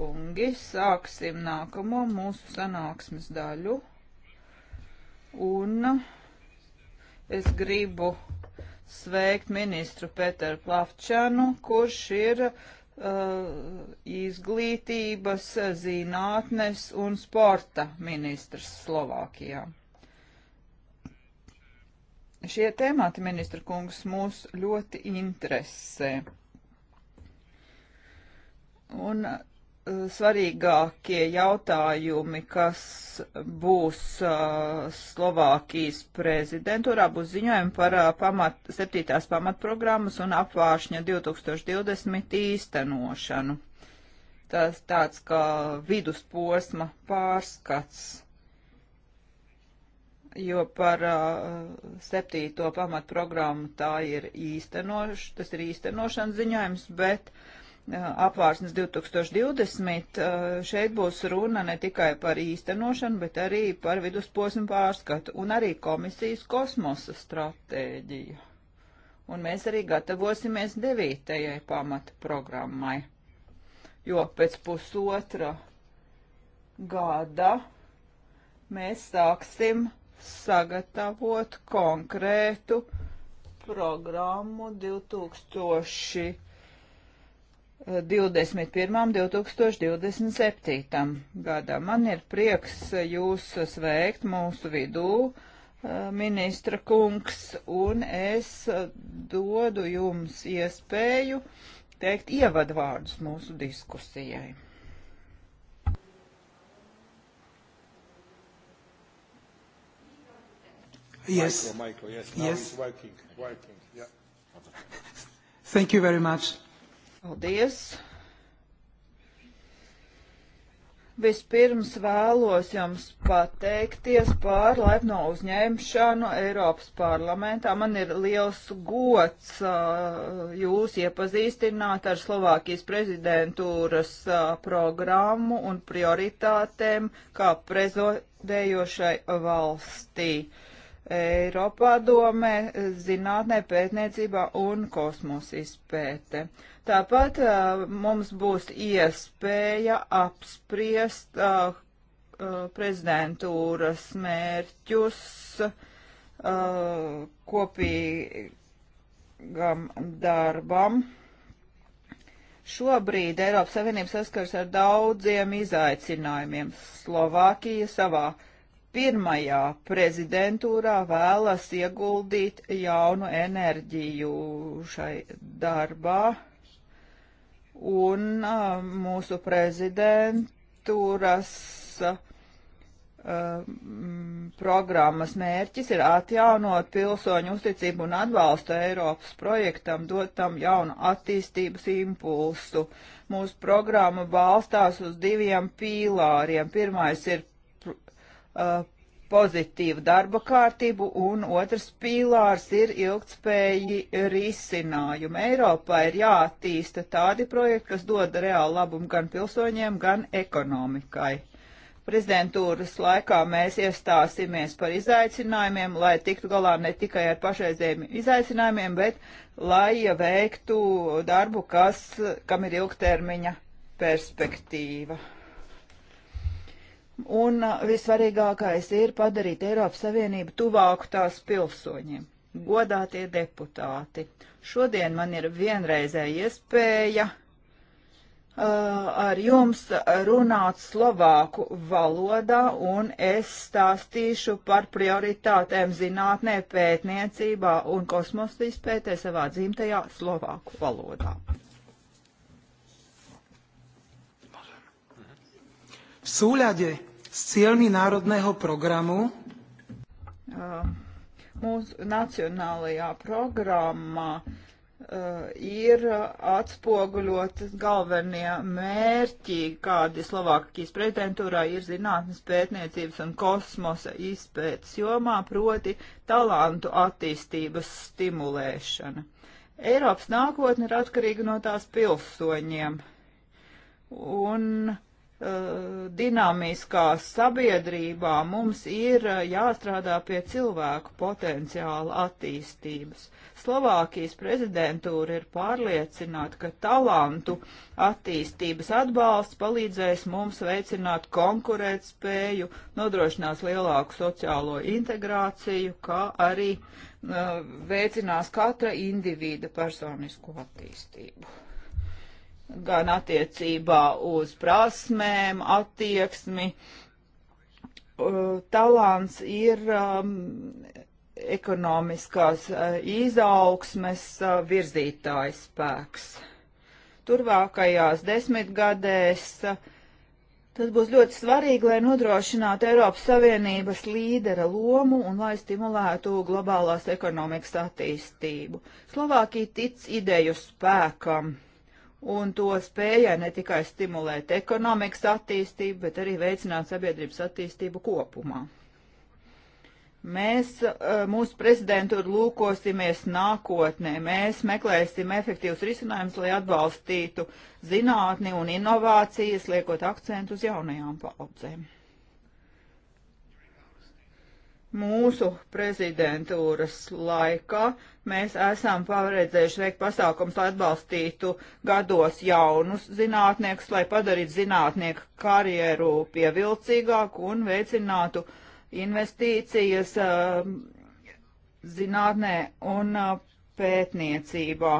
kungi, sāksim nākamo mūsu sanāksmes daļu. Un es gribu sveikt ministru Peteru Plavčanu, kurš ir uh, izglītības, zinātnes un sporta ministrs Slovākijā. Šie temati, ministra kungs, mūs ļoti interesē. Un svarīgākie jautājumi, kas būs uh, Slovākijas prezidentūrā, būs ziņojumi par uh, pamat, septītās pamatprogrammas un apvāršņa 2020 īstenošanu. Tas tāds kā vidusposma pārskats, jo par uh, septīto pamatprogrammu tā ir īstenoš, tas ir īstenošanas ziņojums, bet uh, apvārsnes 2020, šeit būs runa ne tikai par īstenošanu, bet arī par vidusposmu pārskatu un arī komisijas kosmosa stratēģiju. Un mēs arī gatavosimies devītajai pamata programmai, jo pēc pusotra gada mēs sāksim sagatavot konkrētu programmu 2000. 21. 2027. gadā. Man ir prieks jūs sveikt mūsu vidū, eh, ministra kungs, un es dodu jums iespēju teikt ievadvārdus mūsu diskusijai. Yes. Michael, Michael, yes. Now yes. It's working. Working. Yeah. Thank you very much. Paldies! Vispirms vēlos jums pateikties par laipno uzņemšanu Eiropas parlamentā. Man ir liels gods jūs iepazīstināt ar Slovākijas prezidentūras programmu un prioritātēm kā prezidējošai valstī. Eiropā domē, zinātnē, pētniecībā un kosmosa izpēte. Uh, Tāpat uh, mums būs iespēja apspriest uh, prezidentūras mērķus kopīgam darbam. Šobrīd Eiropas Savienība saskars ar daudziem izaicinājumiem. Slovākija savā pirmajā prezidentūrā vēlas ieguldīt jaunu enerģiju šai darbā un mūsu prezidentūras programmas mērķis ir atjaunot pilsoņu uzticību un atbalstu Eiropas projektam, dot tam jaunu attīstības impulsu. Mūsu programma balstās uz diviem pīlāriem. Pirmais ir pr uh, pozitīvu darba kārtību, un otrs pīlārs ir ilgtspēji risinājumi. Eiropā ir jāattīsta tādi projekti, kas dod reālu labumu gan pilsoņiem, gan ekonomikai. Prezidentūras laikā mēs iestāsimies par izaicinājumiem, lai tiktu galā ne tikai ar pašreizējiem izaicinājumiem, bet lai veiktu darbu, kas, kam ir ilgtermiņa perspektīva un visvarīgākais ir padarīt Eiropas Savienību tuvāku tās pilsoņiem. Godātie deputāti, šodien man ir vienreizēja iespēja uh, ar jums runāt slovāku valodā, un es stāstīšu par prioritātēm zinātnē, pētniecībā un kosmosa izpētē savā dzimtajā slovāku valodā. V súľade s cieľmi národného programu. Ehm, Mūsu nacionālajā programmā eh, ir atspoguļotas galvenie mērķi, kādi Slovākijas prezidentūrā ir zinātnes pētniecības un kosmosa izpētes jomā, proti talantu attīstības stimulēšana. Eiropas nākotne ir atkarīga no tās pilsoņiem. Un uh, Eh, dinamiskā sabiedrībā mums ir eh, jāstrādā pie cilvēku potenciāla attīstības. Slovākijas prezidentūra ir pārliecināta, ka talantu attīstības atbalsts palīdzēs mums veicināt konkurētspēju, nodrošinās lielāku sociālo integrāciju, kā arī uh, veicinās katra individa personisko attīstību gan attiecībā uz prasmēm, attieksmi. Uh, talants ir um, ekonomiskās uh, izaugsmes uh, virzītājs spēks. Turvākajās desmitgadēs uh, tas būs ļoti svarīgi, lai nodrošinātu Eiropas Savienības līdera lomu un lai stimulētu globālās ekonomikas attīstību. Slovākija tic ideju spēkam un to spējai ne tikai stimulēt ekonomikas attīstību, bet arī veicināt sabiedrības attīstību kopumā. Mēs uh, mūsu prezidentūru lūkosimies nākotnē. Mēs meklēsim efektīvus risinājumus, lai atbalstītu zinātni un inovācijas, liekot akcentu uz jaunajām paudzēm mūsu prezidentūras laikā mēs esam paredzējuši veikt pasākums, lai atbalstītu gados jaunus zinātniekus, lai padarītu zinātnieku karjeru pievilcīgāku un veicinātu investīcijas uh, zinātnē un uh, pētniecībā.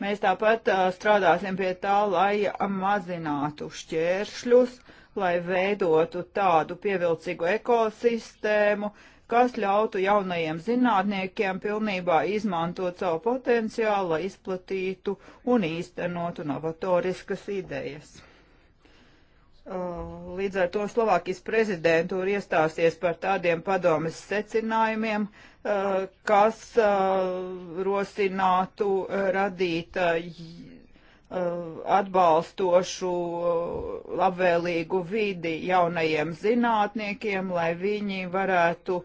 Mēs tāpat uh, strādāsim pie tā, lai mazinātu šķēršļus, uh, lai veidotu tādu pievilcīgu ekosistēmu, kas ļautu jaunajiem zinātniekiem pilnībā izmantot savu potenciālu, lai izplatītu un īstenotu novatoriskas idejas. Uh, līdz ar to Slovākijas prezidentūra iestāsies par tādiem padomes secinājumiem, uh, kas uh, rosinātu radīt Uh, atbalstošu uh, labvēlīgu vidi jaunajiem zinātniekiem, lai viņi varētu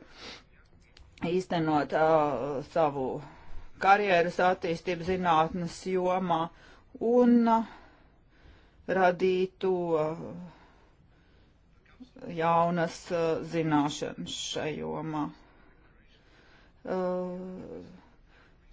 īstenot uh, savu karjeras attīstību zinātnes jomā un uh, radītu uh, jaunas uh, zināšanas šajā jomā. Uh,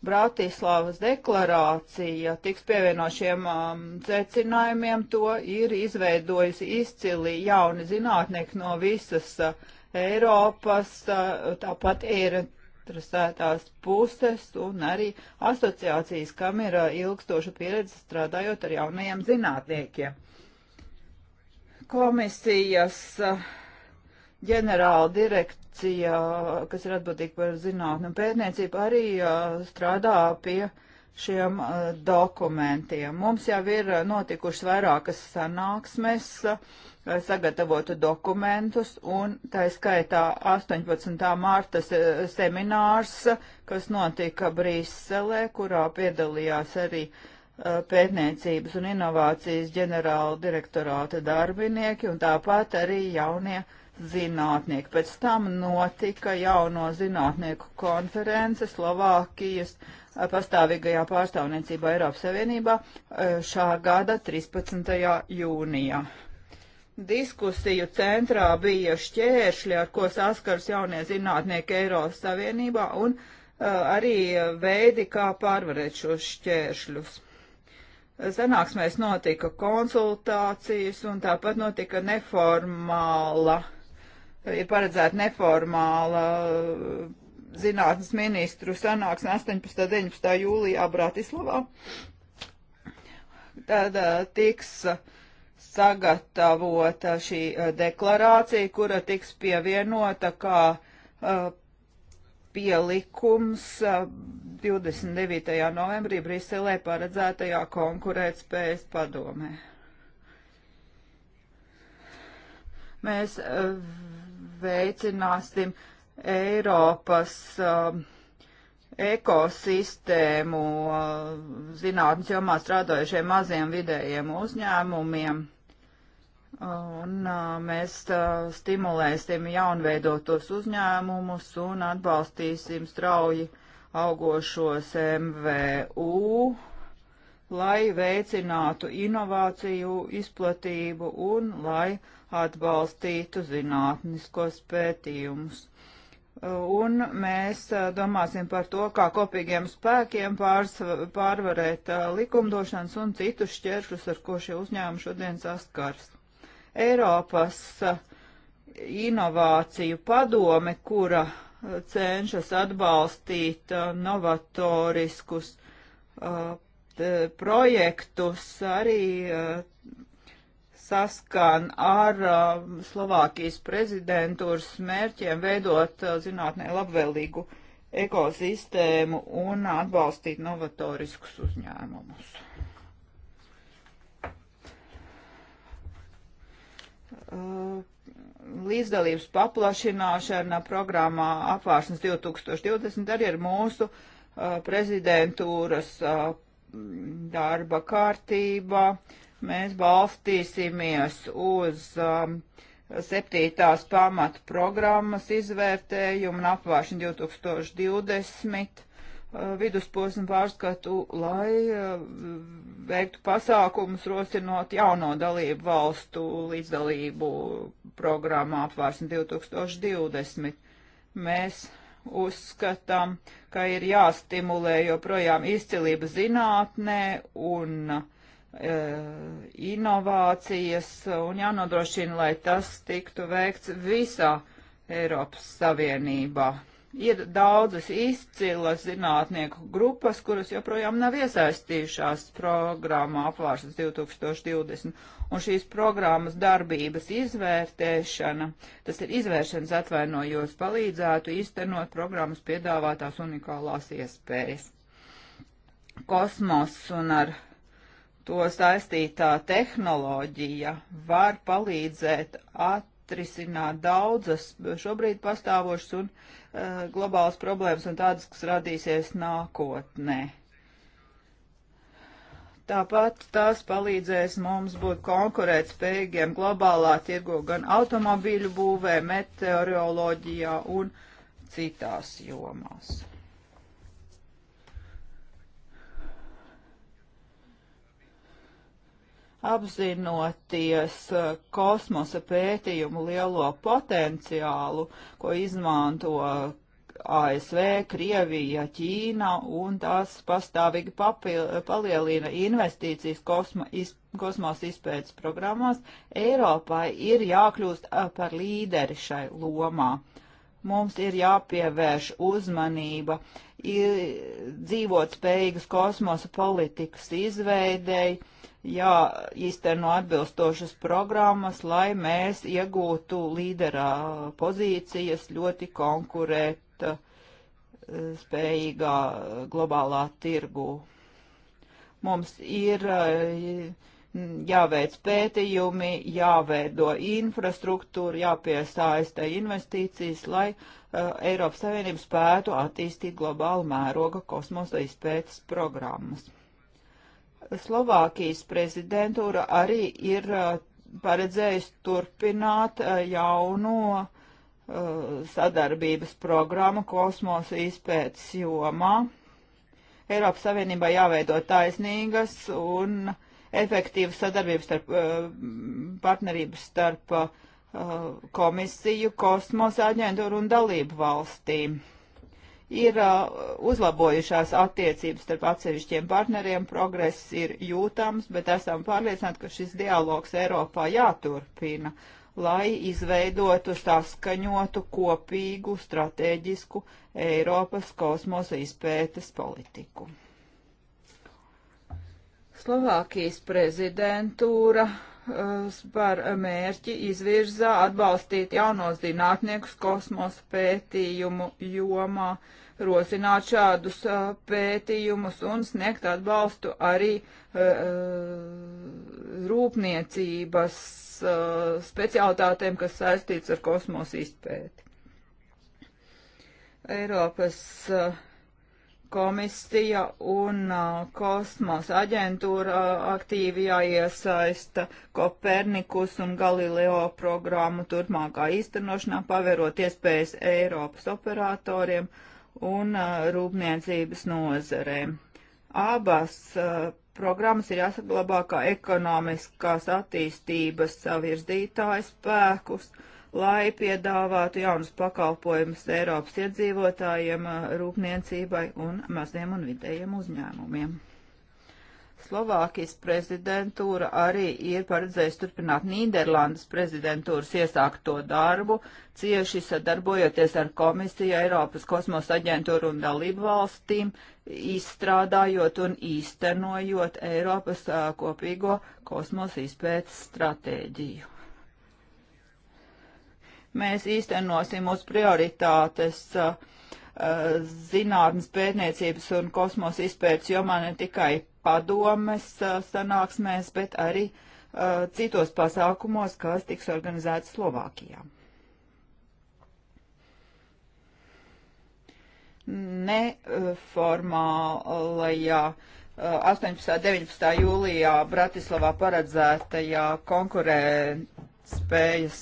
Bratislavas deklarācija tiks pievienot šiem um, secinājumiem, to ir izveidojusi izcili jauni zinātnieki no visas uh, Eiropas, uh, tāpat ir interesētās puses un arī asociācijas, kam ir uh, ilgstoša pieredze strādājot ar jaunajiem zinātniekiem. Komisijas uh, ģenerāla direkcija, kas ir atbildīga par zinātnu un pētniecību, arī strādā pie šiem dokumentiem. Mums jau ir notikušas vairākas sanāksmes, lai sagatavotu dokumentus, un tā skaitā 18. mārta seminārs, kas notika Brīselē, kurā piedalījās arī pētniecības un inovācijas ģenerāla direktorāta darbinieki un tāpat arī jaunie uh, zinātnieki. Pēc tam notika jauno zinātnieku konference Slovākijas eh, pastāvīgajā pārstāvniecībā Eiropas Savienībā eh, šā gada 13. jūnijā. Diskusiju centrā bija šķēršļi, ar ko saskars jaunie zinātnieki Eiropas Savienībā un uh, arī veidi, kā pārvarēt šos šķēršļus. Sanāksmēs notika konsultācijas un tāpat notika neformāla uh, ir paredzēta neformāla uh, zinātnes ministru sanāksme 18. un 19. jūlijā Bratislavā. Tad uh, tiks uh, sagatavota šī deklarācija, kura tiks pievienota kā pielikums 29. novembrī Briselē paredzētajā konkurētspējas padomē. Mēs veicināsim Eiropas um, ekosistēmu uh, zinātnes jomā strādājušiem maziem vidējiem uzņēmumiem. Un uh, mēs uh, stimulēsim jaunveidotos uzņēmumus un atbalstīsim strauji augošos MVU, lai veicinātu inovāciju izplatību un lai atbalstītu zinātniskos pētījumus. Un mēs domāsim par to, kā kopīgiem spēkiem pārs, pārvarēt likumdošanas un citus šķēršļus, ar ko šie uzņēmumi šodien saskars. Eiropas inovāciju padome, kura cenšas atbalstīt novatoriskus projektus, arī saskan ar uh, Slovākijas prezidentūras mērķiem veidot uh, zinātnē labvēlīgu ekosistēmu un atbalstīt novatoriskus uzņēmumus. Uh, līdzdalības paplašināšana programmā apvārsnes 2020 arī ir mūsu uh, prezidentūras uh, darba kārtība. Uh, mēs balstīsimies uz um, septītās pamata programmas izvērtējumu un apvāršanu 2020 uh, vidusposmu pārskatu, lai uh, veiktu pasākumus, rosinot jauno dalību valstu līdzdalību programmā apvāršanu 2020. Mēs uzskatām, ka ir jāstimulē joprojām izcilība zinātnē un uh, Eh, inovācijas un jānodrošina, lai tas tiktu veikts visā Eiropas Savienībā. Ir daudzas izcilas zinātnieku grupas, kuras joprojām nav iesaistījušās programmā apvāršanas 2020, un šīs programmas darbības izvērtēšana, tas ir izvēršanas atvainojos, palīdzētu īstenot programmas piedāvātās unikālās iespējas. Kosmos un ar to saistītā tehnoloģija var palīdzēt atrisināt daudzas šobrīd pastāvošas un uh, globālas problēmas un tādas, kas radīsies nākotnē. Tāpat tās palīdzēs mums būt konkurētspējīgiem globālā tirgo gan automobīļu būvē, meteoroloģijā un citās jomās. apzinoties eh, kosmosa pētījumu lielo potenciālu, ko izmanto ASV, Krievija, Ķīna, un tās pastāvīgi palielina investīcijas kosma, iz, kosmosa izpētes programmās, Eiropai ir jākļūst eh, par līderi šai lomā. Mums ir jāpievērš uzmanība dzīvot spējīgas kosmosa politikas izveidei, uh, jāīsteno atbilstošas programmas, lai mēs iegūtu līderā pozīcijas ļoti konkurēt eh, spējīgā globālā tirgū. Mums ir eh, jāveic pētījumi, jāveido infrastruktūra, jāpiesaista investīcijas, lai uh, Eiropas Savienība spētu attīstīt globālu mēroga kosmosa izpētes programmas. Slovākijas prezidentūra arī ir paredzējusi turpināt jauno sadarbības programmu kosmosa izpētes jomā. Eiropas Savienībā jāveido taisnīgas un efektīvas sadarbības starp, partnerības starp komisiju, kosmosa aģentūru un dalību valstīm ir uh, uzlabojušās attiecības starp atsevišķiem partneriem, progress ir jūtams, bet esam pārliecināti, ka šis dialogs Eiropā jāturpina, lai izveidotu saskaņotu kopīgu strateģisku Eiropas kosmosa izpētes politiku. Slovākijas prezidentūra par mērķi izvirzā atbalstīt jaunos zinātniekus kosmosa pētījumu jomā. Uh, rosināt šādus pētījumus un sniegt atbalstu arī rūpniecības speciālitātēm, kas saistīts ar kosmosa izpēti. Eiropas komisija un kosmosa aģentūra aktīvi jāiesaista Kopernikus un Galileo programmu turpmākā īstenošanā, paverot iespējas Eiropas operatoriem uh, un rūpniecības nozarēm. Abas programmas ir jāsaglabā kā ekonomiskās attīstības virzītāju spēkus, lai piedāvātu jaunus pakalpojumus Eiropas iedzīvotājiem, rūpniecībai un maziem un vidējiem uzņēmumiem. Slovākijas prezidentūra arī ir paredzējusi turpināt Nīderlandes prezidentūras iesākto darbu, cieši sadarbojoties ar komisiju, Eiropas kosmosa aģentūru un dalību valstīm, izstrādājot un īstenojot Eiropas uh, kopīgo kosmosa izpētes stratēģiju. Mēs īstenosim mūsu prioritātes uh, zinātnes pētniecības un kosmosa izpētes jomā ne tikai padomes uh, sanāksmēs, bet arī uh, citos pasākumos, kas tiks organizēts Slovākijā. Neformālajā uh, 18. un 19. jūlijā Bratislavā paredzētajā konkurē, spējas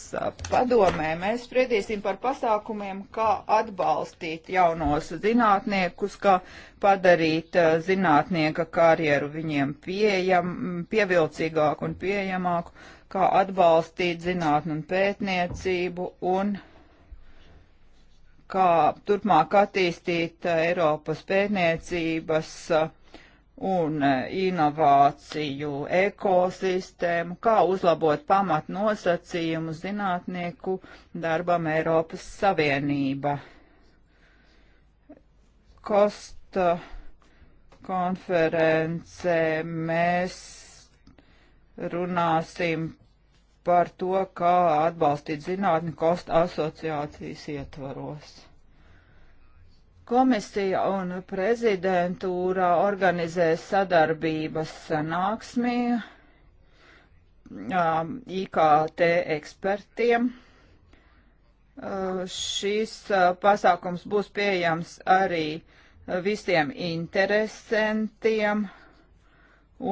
padomē. Mēs spriedīsim par pasākumiem, kā atbalstīt jaunos zinātniekus, kā padarīt zinātnieka karjeru viņiem pieejam, pievilcīgāku un pieejamāku, kā atbalstīt zinātnu un pētniecību un kā turpmāk attīstīt Eiropas pētniecības uh, un e, inovāciju ekosistēmu, kā uzlabot pamatnosacījumu zinātnieku darbam Eiropas Savienība. Kosta konferencē mēs runāsim par to, kā atbalstīt zinātni Kosta asociācijas ietvaros. Komisija un prezidentūra organizē sadarbības sanāksmī IKT ekspertiem. Šis pasākums būs pieejams arī visiem interesantiem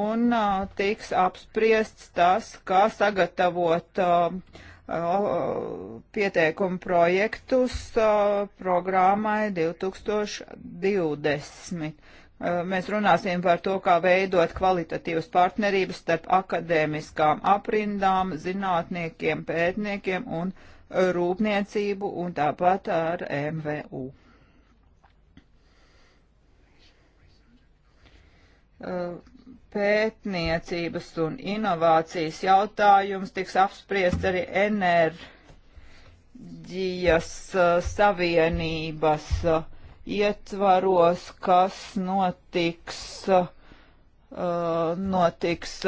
un tiks apspriests tas, kā sagatavot Uh, pieteikumu projektus uh, programmai 2020. Uh, mēs runāsim par to, kā veidot kvalitatīvas partnerības starp akadēmiskām aprindām, zinātniekiem, pētniekiem un rūpniecību un tāpat ar MVU. Uh, pētniecības un inovācijas jautājums tiks apspriests arī enerģijas savienības ietvaros, kas notiks, notiks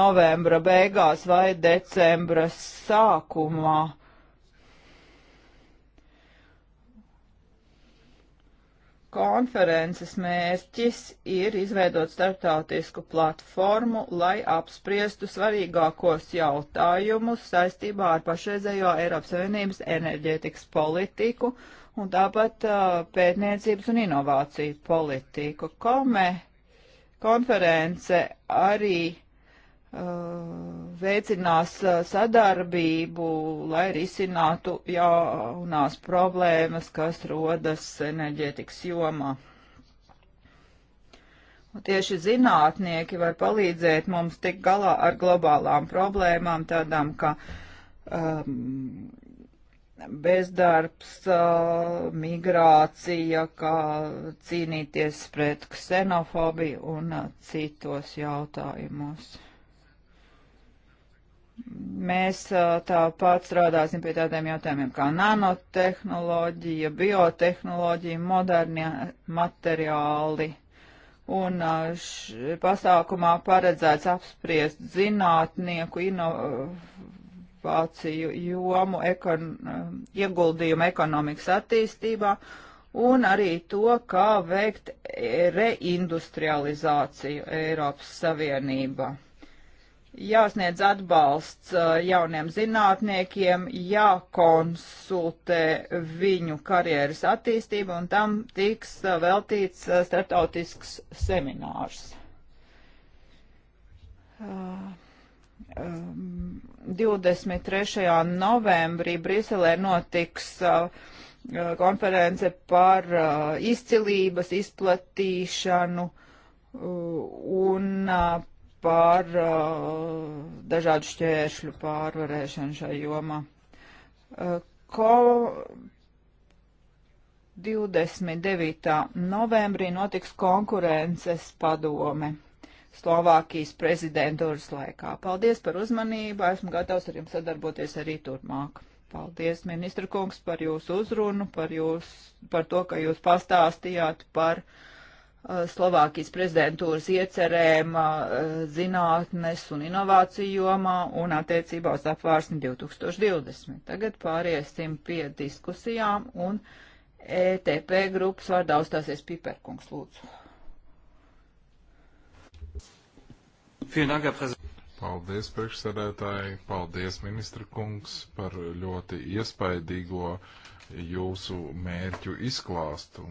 novembra beigās vai decembra sākumā. Mm konferences mērķis ir izveidot starptautisku platformu, lai apspriestu svarīgākos jautājumus saistībā ar pašreizējo Eiropas Savienības enerģētikas politiku un tāpat uh, pētniecības un inovāciju politiku. Kome konference arī Uh, veicinās uh, sadarbību, lai risinātu jaunās problēmas, kas rodas enerģētikas jomā. Un tieši zinātnieki var palīdzēt mums tik galā ar globālām problēmām, tādām kā um, bezdarbs, uh, migrācija, kā cīnīties pret ksenofobiju un uh, citos jautājumos. Mēs tāpat strādāsim pie tādiem jautājumiem kā nanotehnoloģija, biotehnoloģija, modernie materiāli. Un š, pasākumā paredzēts apspriest zinātnieku inovāciju jomu, ekon, ieguldījumu ekonomikas attīstībā un arī to, kā veikt e, reindustrializāciju Eiropas Savienībā jāsniedz atbalsts uh, jauniem zinātniekiem, jākonsultē viņu karjeras attīstību, un tam tiks uh, veltīts uh, starptautisks seminārs. 23. Um, novembrī Briselē notiks konference par izcilības izplatīšanu un par uh, dažādu šķēršļu pārvarēšanu šai jomā. Uh, ko 29. novembrī notiks konkurences padome Slovākijas prezidentūras laikā. Paldies par uzmanību, esmu gatavs ar jums sadarboties arī turpmāk. Paldies, ministra kungs, par jūsu uzrunu, par, jūs, par to, ka jūs pastāstījāt par uh, Eh, Slovākijas prezidentūras iecerēm eh, zinātnes un inovāciju jomā un attiecībā uz apvārsni 2020. Tagad pāriesim pie diskusijām un ETP grupas vārdā uzstāsies Piperkungs, lūdzu. Paldies, priekšsēdētāji, paldies, ministra kungs, par ļoti iespaidīgo jūsu mērķu izklāstu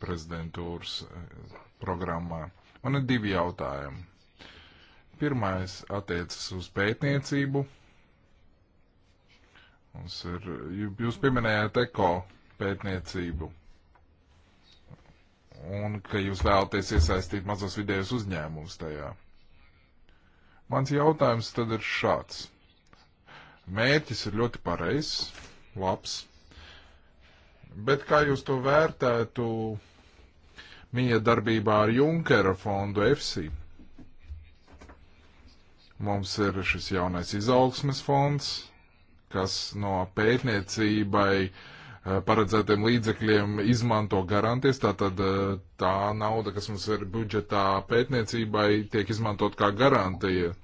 prezidentūras eh, programmā. Man ir divi jautājumi. Pirmais attiecas uz pētniecību. Mums ir, jūs pieminējāt eko pētniecību un ka jūs vēlaties iesaistīt mazos vidējos uzņēmumus tajā. Mans jautājums tad ir šāds. Mērķis ir ļoti pareizs, labs, Bet kā jūs to vērtētu mija darbībā ar Junkera fondu EFSI? Mums ir šis jaunais izaugsmes fonds, kas no pētniecībai eh, paredzētiem līdzekļiem izmanto garantijas. Tātad eh, tā nauda, kas mums ir budžetā pētniecībai, tiek izmantot kā garantija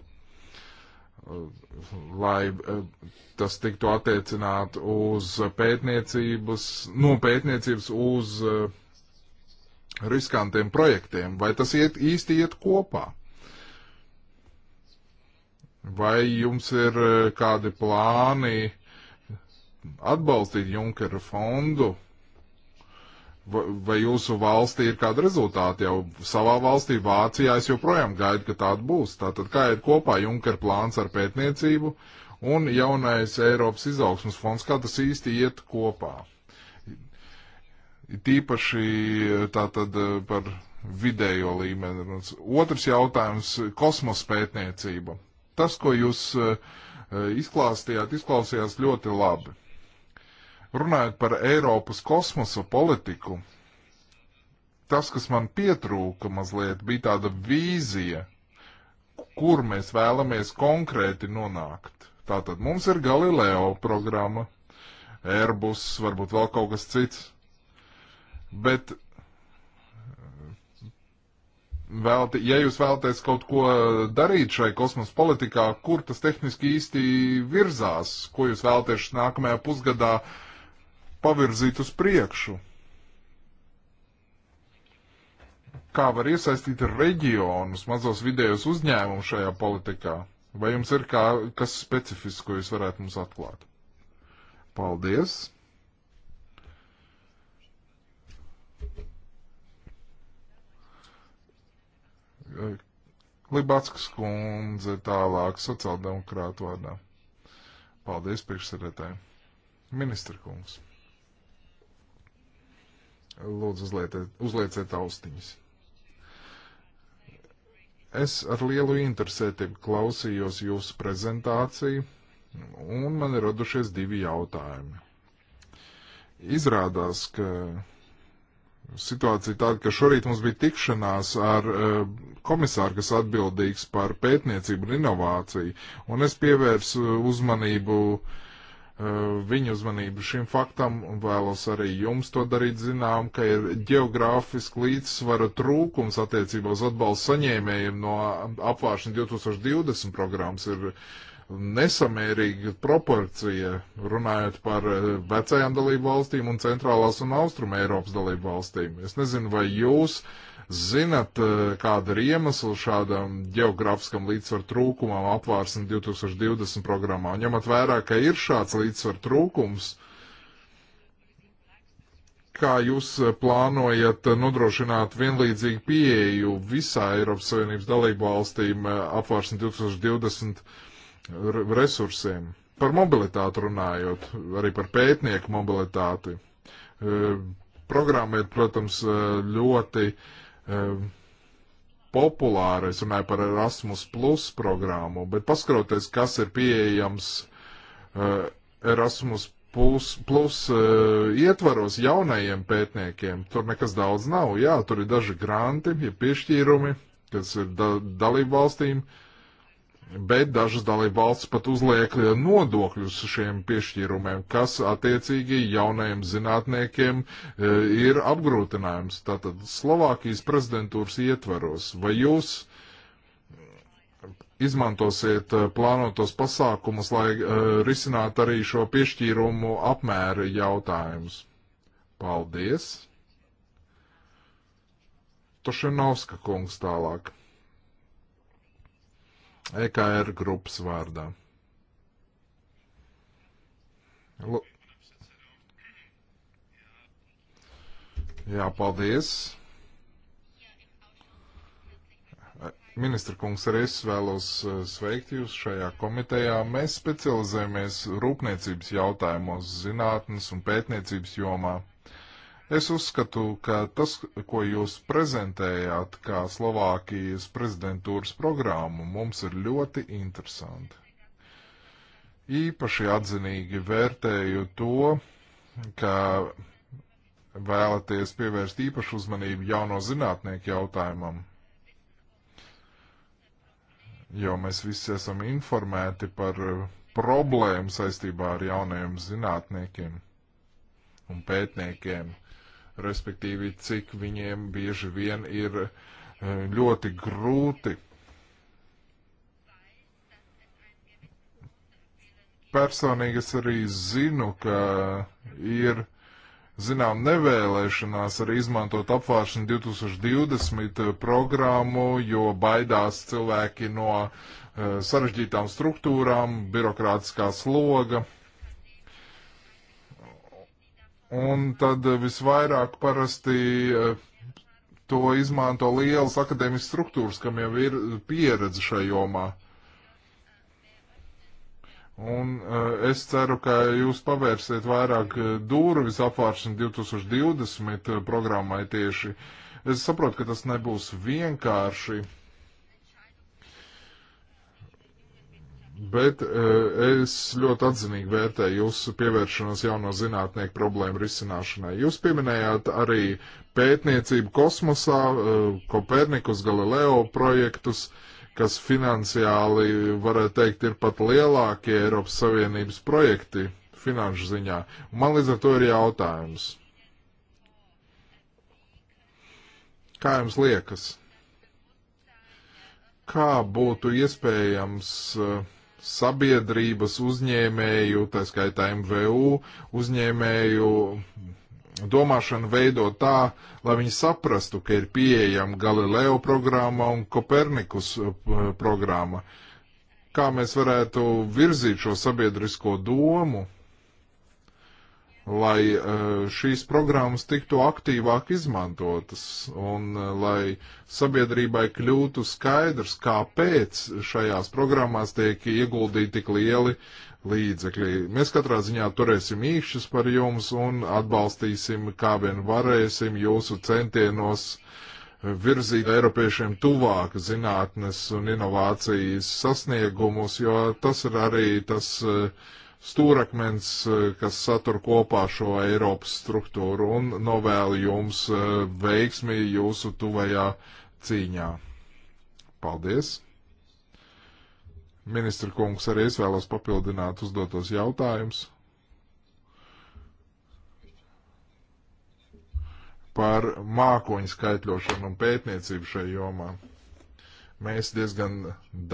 lai eh, tas tiktu attiecināt uz pētniecības, no pētniecības uz eh, riskantiem projektiem, vai tas iet, īsti iet kopā? Vai jums ir eh, kādi plāni atbalstīt Junkera fondu vai jūsu valstī ir kāda rezultāta jau savā valstī, Vācijā es joprojām gaidu, ka tāda būs. Tātad kā ir kopā Junker plāns ar pētniecību un jaunais Eiropas izaugsmas fonds, kā tas īsti iet kopā? Tīpaši tātad par vidējo līmeni. Otrs jautājums - kosmos pētniecība. Tas, ko jūs eh, izklāstījāt, izklausījās ļoti labi Runājot par Eiropas kosmosa politiku, tas, kas man pietrūka mazliet, bija tāda vīzija, kur mēs vēlamies konkrēti nonākt. Tātad mums ir Galileo programma, Airbus, varbūt vēl kaut kas cits, bet eh, vēlt, ja jūs vēlaties kaut ko darīt šai kosmosa politikā, kur tas tehniski īsti virzās, ko jūs vēlaties nākamajā pusgadā uh, pavirzīt uz priekšu? Kā var iesaistīt reģionus, mazos vidējos uzņēmumus šajā politikā? Vai jums ir kā, kas specifisks, ko jūs varētu mums atklāt? Paldies! Libatskas kundze tālāk sociāldemokrātu vārdā. Paldies priekšsēdētāji. Ministra kungs. Lūdzu, uzlieciet, uzlieciet austiņas. Es ar lielu interesētību klausījos jūsu prezentāciju, un man ir radušies divi jautājumi. Izrādās, ka situācija tāda, ka šorīt mums bija tikšanās ar e, komisāru, kas atbildīgs par pētniecību un inovāciju, un es pievērsu uzmanību uh, Eh, viņu uzmanību šim faktam un vēlos arī jums to darīt zinām, ka ir geogrāfiski līdzsvara trūkums attiecībā uz atbalstu saņēmējiem no apvāršana 2020 programmas ir nesamērīga proporcija, runājot par eh, vecajām dalību valstīm un centrālās un austruma Eiropas dalību valstīm. Es nezinu, vai jūs uh, Zinat, eh, kāda ir iemesla šādam geogrāfiskam līdzsvaru trūkumam apvārsni 2020 programmā? Ņemot vērā, ka ir šāds līdzsvaru trūkums, kā jūs eh, plānojat eh, nodrošināt vienlīdzīgu pieeju visā Eiropas Savienības dalību valstīm apvārsni 2020 resursiem? Par mobilitāti runājot, arī par pētnieku mobilitāti programma ir, protams, ļoti populāra. Es runāju par Erasmus Plus programmu, bet paskroties, kas ir pieejams e, Erasmus Plus, plus e, ietvaros jaunajiem pētniekiem, tur nekas daudz nav. Jā, tur ir daži granti, ja piešķīrumi, kas ir da dalību valstīm. Uh, bet dažas dalība valsts pat uzliek eh, nodokļus šiem piešķīrumiem, kas attiecīgi jaunajiem zinātniekiem eh, ir apgrūtinājums. Tātad Slovākijas prezidentūras ietvaros, vai jūs izmantosiet eh, plānotos pasākumus, lai risinātu arī šo piešķīrumu apmēru jautājumus? Paldies! Tošenovska kungs tālāk. EKR grupas vārdā. L Jā, paldies. Ministra kungs, arī es vēlos eh, sveikt jūs šajā komitejā. Mēs specializējamies rūpniecības jautājumos, zinātnes un pētniecības jomā. Es uzskatu, ka tas, ko jūs prezentējāt kā Slovākijas prezidentūras programmu, mums ir ļoti interesanti. Īpaši atzinīgi vērtēju to, ka vēlaties pievērst īpašu uzmanību jauno zinātnieku jautājumam, jo mēs visi esam informēti par problēmu saistībā ar jaunajiem zinātniekiem un pētniekiem respektīvi cik viņiem bieži vien ir eh, ļoti grūti personīgi es arī zinu, ka ir zinām nevēlēšanās arī izmantot apvāršanu 2020 eh, programmu, jo baidās cilvēki no uh, sarežģītām struktūrām, birokrātiskā sloga. Un tad eh, visvairāk parasti eh, to izmanto lielas akadēmiskas struktūras, kam jau ir pieredze šajā jomā. Un eh, es ceru, ka jūs pavērsiet vairāk durvis apvāršana 2020 programmai tieši. Es saprotu, ka tas nebūs vienkārši Bet eh, es ļoti atzinīgi vērtēju jūsu pievēršanos jauno zinātnieku problēmu risināšanai. Jūs pieminējāt arī pētniecību kosmosā, eh, Kopernikus, Galileo projektus, kas finansiāli, varētu teikt, ir pat lielākie Eiropas Savienības projekti finanšu ziņā. Man līdz ar to ir jautājums. Kā jums liekas? Kā būtu iespējams uh, sabiedrības uzņēmēju, tā skaitā MVU uzņēmēju domāšanu veidot tā, lai viņi saprastu, ka ir pieejama Galileo programma un Kopernikus uh, programma. Kā mēs varētu virzīt šo sabiedrisko domu lai eh, šīs programmas tiktu aktīvāk izmantotas un eh, lai sabiedrībai kļūtu skaidrs, kāpēc šajās programmās tiek ieguldīti tik lieli līdzekļi. Mēs katrā ziņā turēsim īkšķus par jums un atbalstīsim, kā vien varēsim, jūsu centienos virzīt Eiropiešiem tuvāk zinātnes un inovācijas sasniegumus, jo tas ir arī tas uh, stūrakmens, eh, kas satur kopā šo Eiropas struktūru un novēlu jums eh, veiksmi jūsu tuvajā cīņā. Paldies! Ministra kungs, arī es vēlos papildināt uzdotos jautājumus par mākoņu skaitļošanu un pētniecību šajā jomā. Mēs diezgan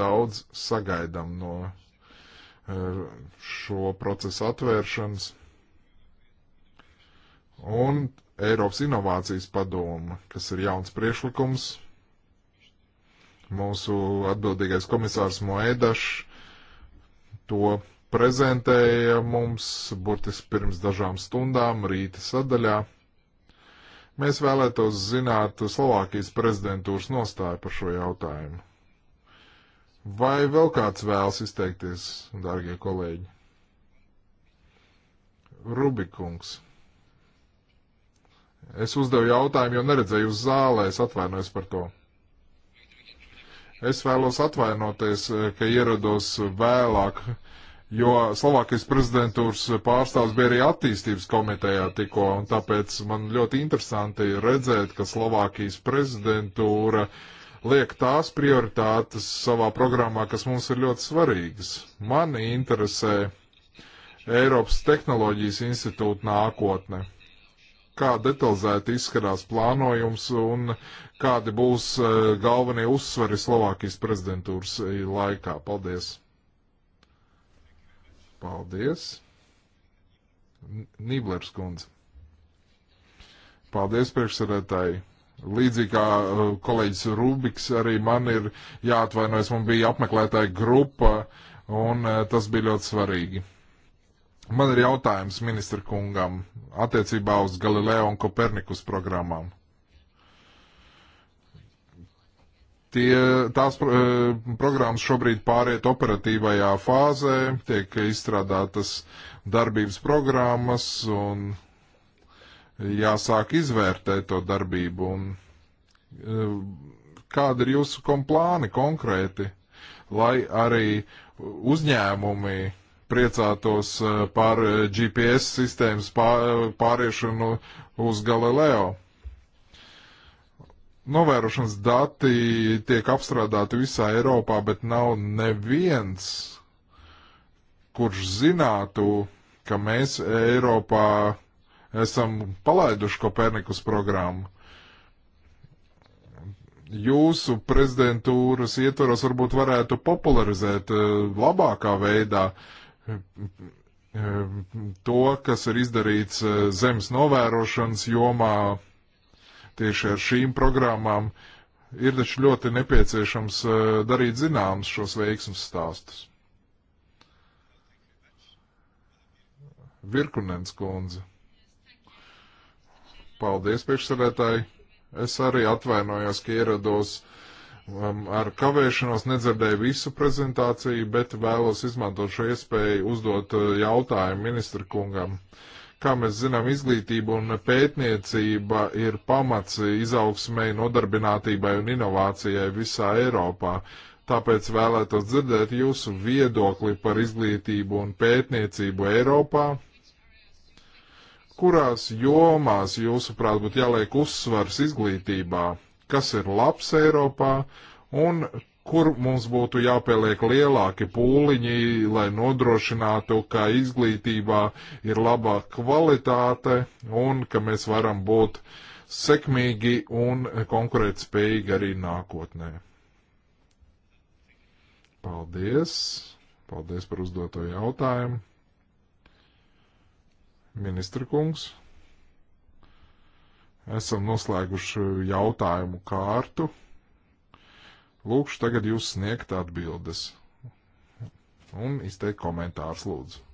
daudz sagaidām no Eh, šo procesu atvēršanas. Un Eiropas inovācijas padoma, kas ir jauns priešlikums. Mūsu atbildīgais komisārs Moedašs to prezentēja mums burtiski pirms dažām stundām rīta sadaļā. Mēs vēlētos zināt Slovākijas prezidentūras nostāju par šo jautājumu. Vai vēl kāds vēlas izteikties, dārgie kolēģi? Rubikungs. Es uzdevu jautājumu, jo neredzēju uz zālē, es atvainojos par to. Es vēlos atvainoties, ka ierados vēlāk, jo Slovākijas prezidentūras pārstāvs bija arī attīstības komitejā tikko, un tāpēc man ļoti interesanti redzēt, ka Slovākijas prezidentūra uh, liek tās prioritātes savā programmā, kas mums ir ļoti svarīgas. Mani interesē Eiropas Tehnoloģijas institūta nākotne. Kā detalizēti izskatās plānojums un kādi būs eh, galvenie uzsveri Slovākijas prezidentūras eh, laikā? Paldies! Paldies! N Niblers kundze! Paldies priekšsēdētāji! Līdzīgi kā uh, kolēģis Rubiks, arī man ir jāatvainojas, man bija apmeklētāja grupa, un uh, tas bija ļoti svarīgi. Man ir jautājums ministra kungam attiecībā uz Galileo un Kopernikus programmām. Tie, tās pro, uh, programmas šobrīd pāriet operatīvajā fāzē, tiek izstrādātas darbības programmas un jāsāk izvērtēt to darbību. Un, e, kāda ir jūsu plāni konkrēti, lai arī uzņēmumi priecātos e, par e, GPS sistēmas pāriešanu uz Galileo? Novērošanas dati tiek apstrādāti visā Eiropā, bet nav neviens, kurš zinātu, ka mēs Eiropā esam palaiduši Kopernikus programmu. Jūsu prezidentūras ietvaros varbūt varētu popularizēt eh, labākā veidā eh, to, kas ir izdarīts eh, zemes novērošanas jomā tieši ar šīm programmām. Ir taču ļoti nepieciešams darīt zināms šos veiksmus stāstus. Virkunens kundze. Paldies, priekšsēdētāji. Es arī atvainojos, ka ierados um, ar kavēšanos, nedzirdēju visu prezentāciju, bet vēlos izmantot šo iespēju uzdot uh, jautājumu ministra kungam. Kā mēs zinām, izglītība un pētniecība ir pamats izaugsmai, nodarbinātībai un inovācijai visā Eiropā. Tāpēc vēlētos dzirdēt jūsu viedokli par izglītību un pētniecību Eiropā, kurās jomās, jūsuprāt, būtu jāliek uzsvars izglītībā, kas ir labs Eiropā un kur mums būtu jāpieliek lielāki pūliņi, lai nodrošinātu, ka izglītībā ir labā kvalitāte un ka mēs varam būt sekmīgi un konkurētspējīgi arī nākotnē. Paldies! Paldies par uzdoto jautājumu! Ministra kungs, esam noslēguši jautājumu kārtu. Lūkšu tagad jūs sniegt atbildes un izteikt komentārus lūdzu.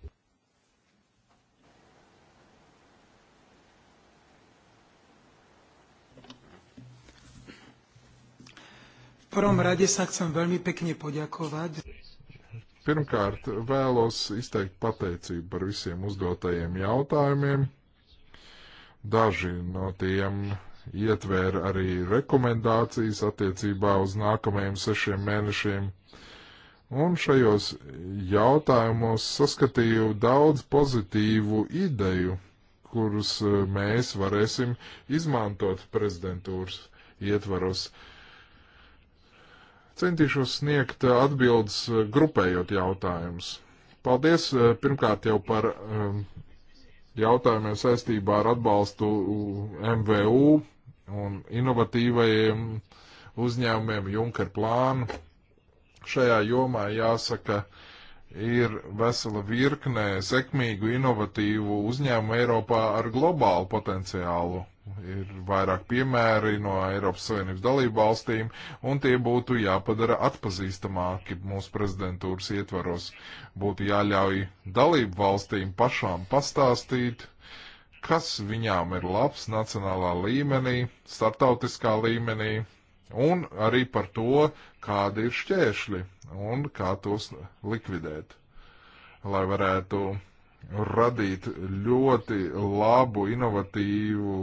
prvom rade sa chcem veľmi pekne poďakovať. Pirmkārt, vēlos izteikt pateicību par visiem uzdotajiem jautājumiem. Daži no tiem ietvēra arī rekomendācijas attiecībā uz nākamajiem sešiem mēnešiem. Un šajos jautājumos saskatīju daudz pozitīvu ideju, kurus mēs varēsim izmantot prezidentūras ietvaros. Uh, Centīšos sniegt eh, atbildes eh, grupējot jautājumus. Paldies eh, pirmkārt jau par ehm, jautājumiem saistībā ar atbalstu MVU un inovatīvajiem uzņēmumiem Junker plānu. Šajā jomā jāsaka, uh, ir vesela virknē sekmīgu, inovatīvu uzņēmumu Eiropā ar globālu potenciālu. Ir vairāk piemēri no Eiropas Savienības dalību valstīm, un tie būtu jāpadara atpazīstamāki mūsu prezidentūras ietvaros. Būtu jāļauj dalību valstīm pašām pastāstīt, kas viņām ir labs nacionālā līmenī, starptautiskā līmenī, un arī par to, kādi ir šķēršļi un kā tos likvidēt, lai varētu radīt ļoti labu, inovatīvu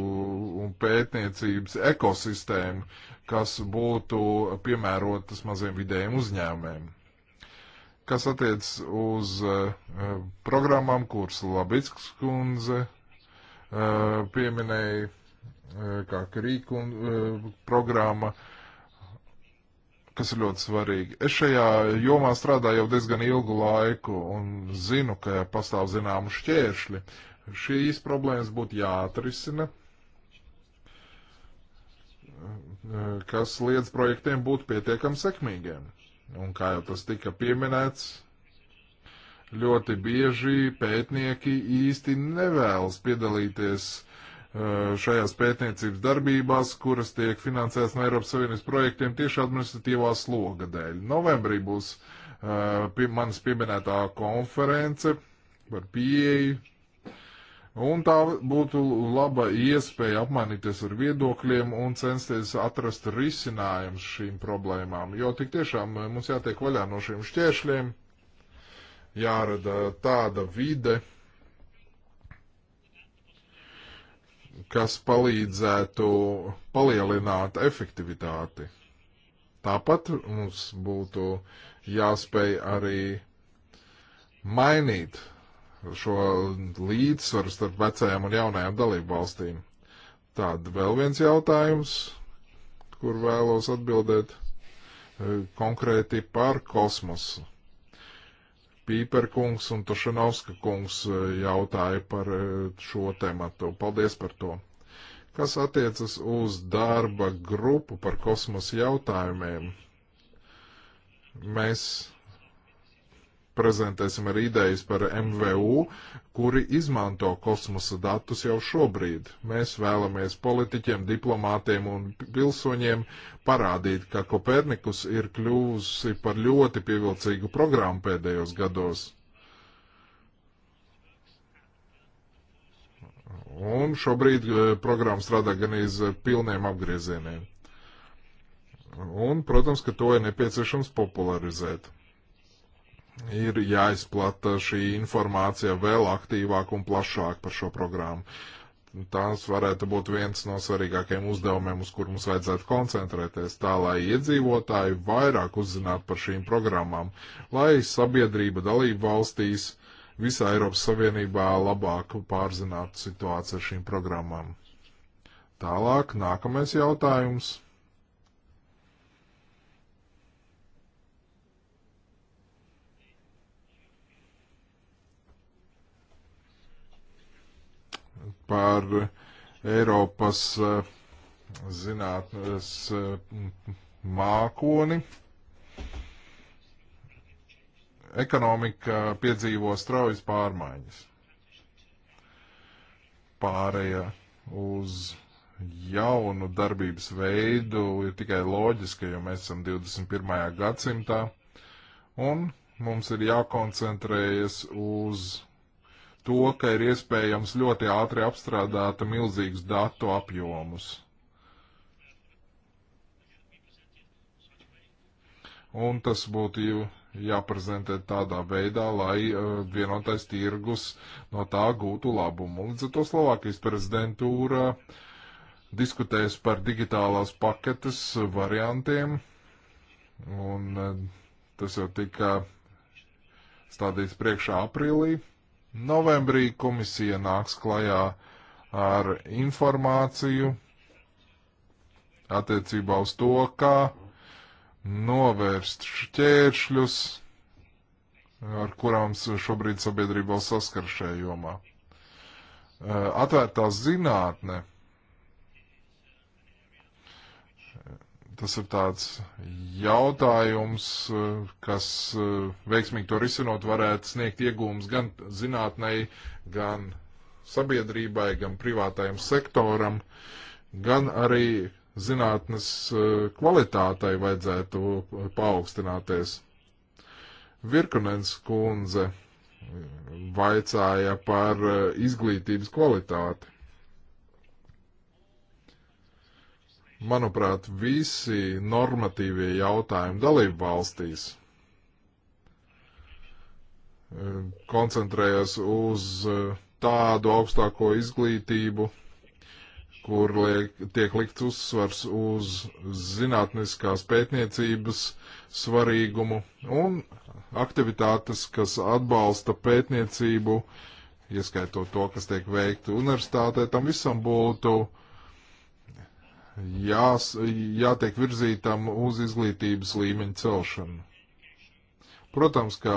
un pētniecības ekosistēmu, kas būtu piemērotas maziem vidējiem uzņēmēm. Kas attiec uz uh, programmām, kuras Labicks kundze uh, pieminēja, uh, kā Krīkun programma, uh, kas ir ļoti svarīgi. Es šajā jomā strādāju jau diezgan ilgu laiku un zinu, ka pastāv zināmu šķēršļi. Šīs problēmas būtu jāatrisina, kas liedz projektiem būt pietiekam sekmīgiem. Un kā jau tas tika pieminēts, ļoti bieži pētnieki īsti nevēlas piedalīties Eh, šajās pētniecības darbībās, kuras tiek finansētas no Eiropas Savienības projektiem tieši administratīvā sloga dēļ. Novembrī būs eh, pie manis pieminētā konference par pieeju, un tā būtu laba iespēja apmainīties ar viedokļiem un censties atrast risinājumus šīm problēmām, jo tik tiešām eh, mums jātiek vaļā no šiem šķēršļiem, jārada tāda vide, kas palīdzētu palielināt efektivitāti. Tāpat mums būtu jāspēj arī mainīt šo līdzsvaru starp vecajām un jaunajām dalību valstīm. Tad vēl viens jautājums, kur vēlos atbildēt e, konkrēti par kosmosu. Pīperkungs un Tošanovska kungs eh, jautāja par eh, šo tematu. Paldies par to. Kas attiecas uz darba grupu par kosmosa jautājumiem? Mēs prezentēsim arī idejas par MVU, kuri izmanto kosmosa datus jau šobrīd. Mēs vēlamies politiķiem, diplomātiem un pilsoņiem parādīt, ka Kopernikus ir kļuvusi par ļoti pievilcīgu programmu pēdējos gados. Un šobrīd eh, programma strādā gan iz pilniem apgriezieniem. Un, protams, ka to ir nepieciešams popularizēt ir jāizplata šī informācija vēl aktīvāk un plašāk par šo programmu. Tās varētu būt viens no svarīgākajiem uzdevumiem, uz kur mums vajadzētu koncentrēties, tā lai iedzīvotāji vairāk uzzinātu par šīm programmām, lai sabiedrība dalību valstīs visā Eiropas Savienībā labāk pārzinātu situāciju ar šīm programmām. Tālāk, nākamais jautājums. par Eiropas eh, zinātnes eh, mākoni. Ekonomika piedzīvo straujas pārmaiņas. Pārējā uz jaunu darbības veidu ir tikai loģiska, jo mēs esam 21. gadsimtā, un mums ir jākoncentrējas uz to, ka ir iespējams ļoti ātri apstrādāt milzīgus datu apjomus. Un tas būtu jau jāprezentē tādā veidā, lai uh, vienotais tirgus no tā gūtu labumu. Līdz ar to Slovākijas prezidentūra diskutēs par digitālās paketes variantiem, un uh, tas jau tika stādīts priekšā aprīlī. Novembrī komisija nāks klajā ar informāciju attiecībā uz to, kā novērst šķēršļus, ar kurām šobrīd sabiedrībā saskar šajā jomā. Atvērtā zinātne tas ir tāds jautājums, eh, kas eh, veiksmīgi to risinot varētu sniegt iegūmus gan zinātnei, gan sabiedrībai, gan privātajam sektoram, gan arī zinātnes eh, kvalitātei vajadzētu paaugstināties. Virkunens kundze vaicāja par izglītības kvalitāti. manuprāt, visi normatīvie jautājumi dalību valstīs e, koncentrējas uz e, tādu augstāko izglītību, kur liek, tiek likt uzsvars uz zinātniskās pētniecības svarīgumu un aktivitātes, kas atbalsta pētniecību, ieskaitot to, kas tiek veikta universitātē, tam visam būtu uh, jās, jātiek virzītam uz izglītības līmeņa celšanu. Protams, ka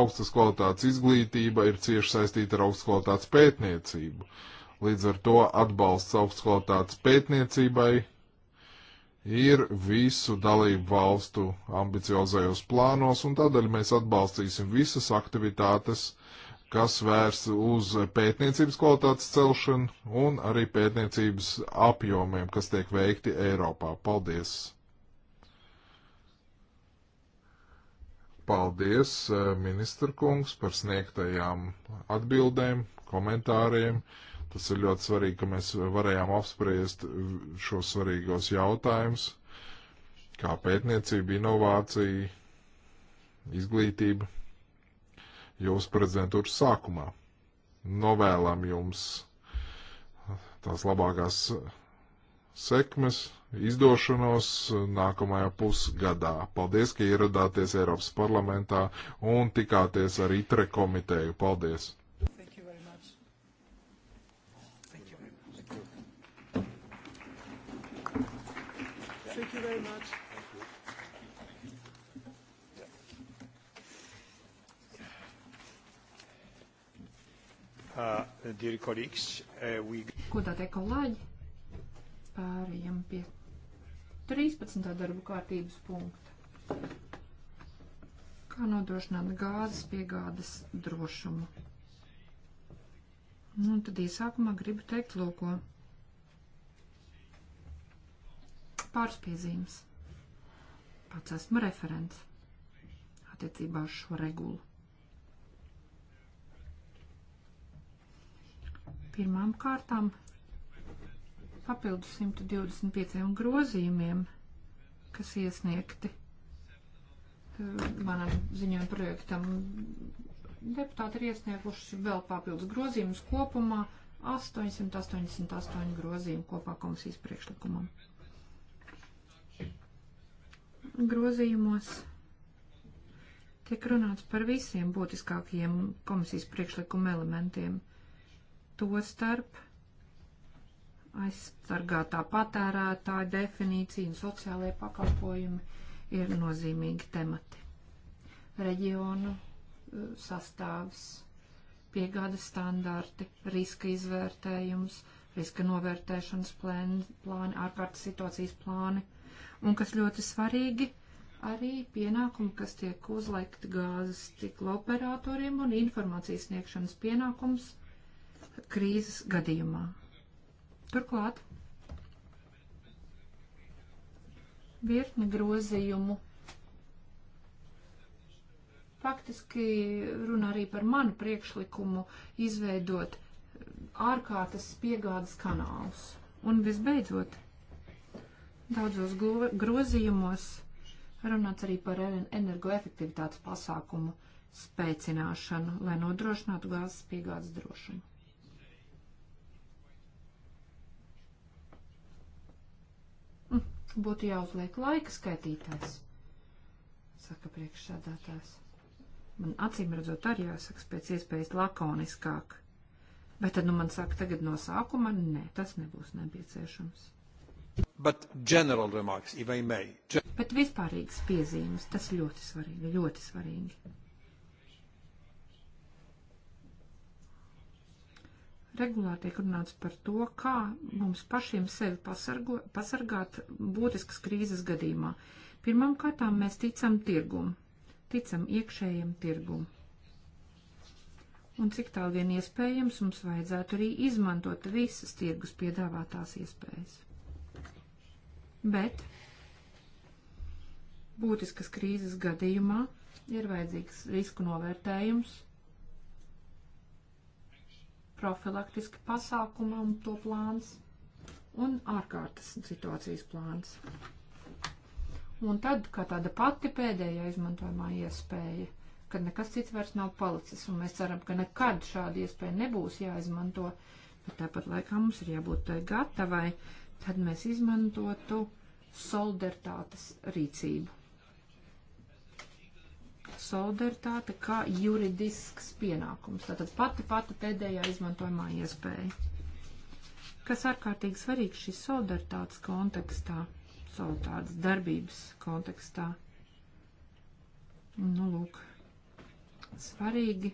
augstas kvalitātes izglītība ir cieši saistīta ar augstas kvalitātes pētniecību. Līdz ar to atbalsts augstas kvalitātes pētniecībai ir visu dalību valstu ambiciozajos plānos, un tādēļ mēs atbalstīsim visas aktivitātes, kas vērs uz pētniecības kvalitātes celšanu un arī pētniecības apjomiem, kas tiek veikti Eiropā. Paldies! Paldies, eh, ministra kungs, par sniegtajām atbildēm, komentāriem. Tas ir ļoti svarīgi, ka mēs varējām apspriest šos svarīgos jautājumus, kā pētniecība, inovācija, izglītība jūsu prezidentūras sākumā. Novēlam jums tās labākās sekmes, izdošanos nākamajā pusgadā. Paldies, ka ieradāties Eiropas parlamentā un tikāties ar ITRE komiteju. Paldies! Uh, dear colleagues, uh, we... Godātie kolēģi, pārējām pie 13. darbu kārtības punkta. Kā nodrošināt gāzes piegādes drošumu? Nu, tad iesākumā gribu teikt lūko. Pāris piezīmes. Pats esmu referents attiecībā uz šo regulu. Pirmām kārtām papildus 125 grozījumiem, kas iesniegti eh, manam ziņojuma projektam. Deputāti ir iesnieguši vēl papildus grozījumus kopumā 888 grozījumu kopā komisijas priekšlikumam. Grozījumos tiek runāts par visiem būtiskākajiem komisijas priekšlikuma elementiem to starp aizsargātā patērētāja definīcija un sociālajie pakalpojumi ir nozīmīgi temati. Reģionu uh, sastāvs, piegādes standarti, riska izvērtējums, riska novērtēšanas plēni, plāni, ārkārtas situācijas plāni. Un kas ļoti svarīgi, arī pienākumi, kas tiek uzlikti gāzes cikla operatoriem un informācijas sniegšanas pienākums krīzes gadījumā. Turklāt virkni grozījumu faktiski runā arī par manu priekšlikumu izveidot ārkārtas piegādes kanālus. Un visbeidzot, daudzos grozījumos runāts arī par energoefektivitātes pasākumu spēcināšanu, lai nodrošinātu gāzes piegādes drošumu. Būtu jāuzliek laika skaitītājs, saka priekšsādātājs. Man acīm redzot arī jāsaka pēc iespējas lakoniskāk. Bet tad nu man saka tagad no sākuma, nē, tas nebūs nepieciešams. But general remarks, if I may. Gen Bet vispārīgas piezīmes, tas ļoti svarīgi, ļoti svarīgi. regulāri tiek runāts par to, kā mums pašiem sevi pasargo, pasargāt būtiskas krīzes gadījumā. Pirmām kārtām mēs ticam tirgum, ticam iekšējiem tirgum. Un cik tālu vien iespējams, mums vajadzētu arī izmantot visas tirgus piedāvātās iespējas. Bet būtiskas krīzes gadījumā ir vajadzīgs risku novērtējums profilaktiski pasākumi un to plāns un ārkārtas situācijas plāns. Un tad, kā tāda pati pēdējā izmantojumā iespēja, kad nekas cits vairs nav palicis, un mēs ceram, ka nekad šāda iespēja nebūs jāizmanto, bet tāpat laikā mums ir jābūt tai eh, gatavai, tad mēs izmantotu solidaritātes rīcību solidaritāte kā juridisks pienākums. Tātad pati pati pēdējā izmantojamā iespēja. Kas ārkārtīgi svarīgs šīs solidaritātes kontekstā, solidaritātes darbības kontekstā. Nu, lūk, svarīgi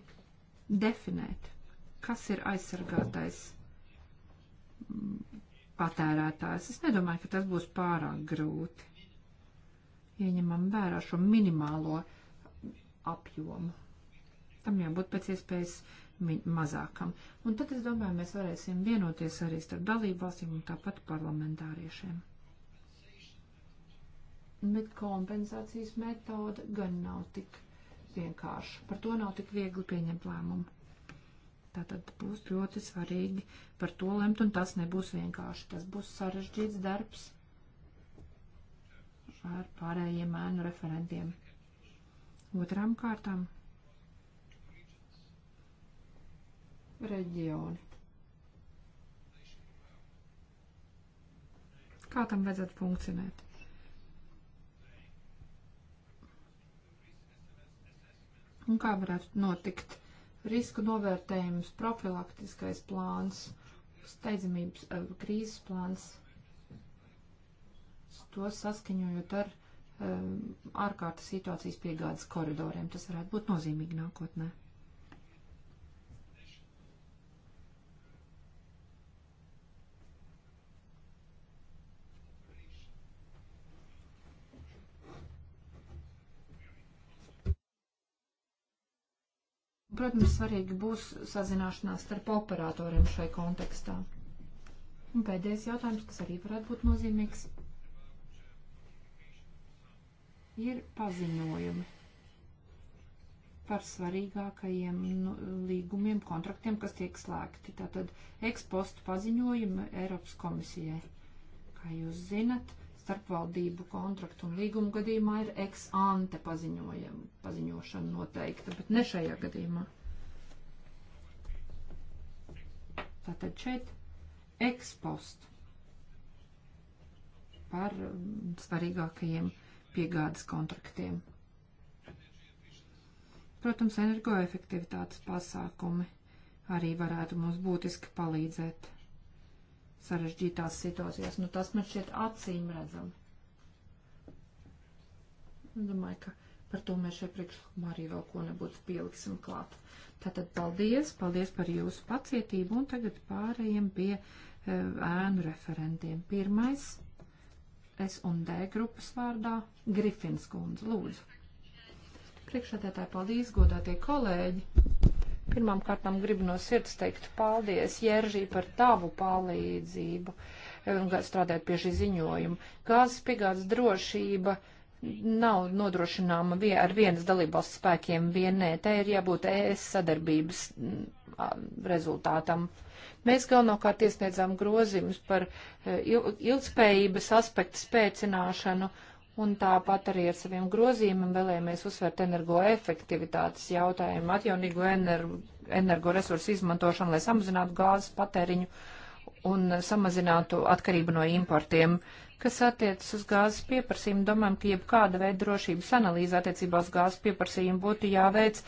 definēt, kas ir aizsargātais mm, patērētājs. Es nedomāju, ka tas būs pārāk grūti. Ieņemam vērā šo minimālo uh, apjomu. Tam jābūt pēc iespējas mazākam. Un tad, es domāju, mēs varēsim vienoties arī starp dalību valstīm un tāpat parlamentāriešiem. Bet kompensācijas metode gan nav tik vienkārša. Par to nav tik viegli pieņemt lēmumu. Tātad būs ļoti svarīgi par to lemt, un tas nebūs vienkārši. Tas būs sarežģīts darbs ar pārējiem ēnu referentiem. Otrām kārtām reģioni. Kā tam vajadzētu funkcionēt? Un kā varētu notikt risku novērtējums, profilaktiskais plāns, steidzamības eh, krīzes plāns, to saskaņojot ar um, ārkārtas situācijas piegādes koridoriem. Tas varētu būt nozīmīgi nākotnē. Protams, svarīgi būs sazināšanās starp operatoriem šai kontekstā. Un pēdējais jautājums, kas arī varētu būt nozīmīgs ir paziņojumi par svarīgākajiem nu, līgumiem, kontraktiem, kas tiek slēgti. Tātad ekspostu paziņojumi Eiropas komisijai. Kā jūs zinat, starpvaldību kontraktu un līgumu gadījumā ir ex ante paziņošana noteikta, bet ne šajā gadījumā. Tātad šeit ekspostu par mm, svarīgākajiem līgumiem piegādes kontraktiem. Protams, energoefektivitātes pasākumi arī varētu mums būtiski palīdzēt sarežģītās situācijās. Nu, tas man šķiet acīm redzam. Domāju, ka par to mēs šeit priekšlikumā arī vēl ko nebūtu pieliksim klāt. Tātad paldies, paldies par jūsu pacietību un tagad pārējiem pie eh, ēnu referentiem. Pirmais S un D grupas vārdā Grifins kundze. Lūdzu. Priekšsēdētāji, paldies, godātie kolēģi. Pirmām kārtām gribu no sirds teikt paldies, Jeržī, par tavu palīdzību, eh, strādājot pie šī ziņojuma. Gāzes piegādes drošība nav nodrošināma vie, ar vienas dalībvalsts spēkiem vienē. Te ir jābūt ES sadarbības mm, rezultātam. Uh, Mēs galvenokārt iesniedzām grozījumus par e, ilgspējības aspektu spēcināšanu Un tāpat arī ar saviem grozījumiem vēlējamies uzsvērt energoefektivitātes jautājumu, atjaunīgo energo, energoresursu izmantošanu, lai samazinātu gāzes patēriņu un samazinātu atkarību no importiem. Uh, Kas attiecas uz gāzes pieprasījumu, domājam, ka jebkāda veida drošības analīze attiecībā uz gāzes pieprasījumu būtu jāveic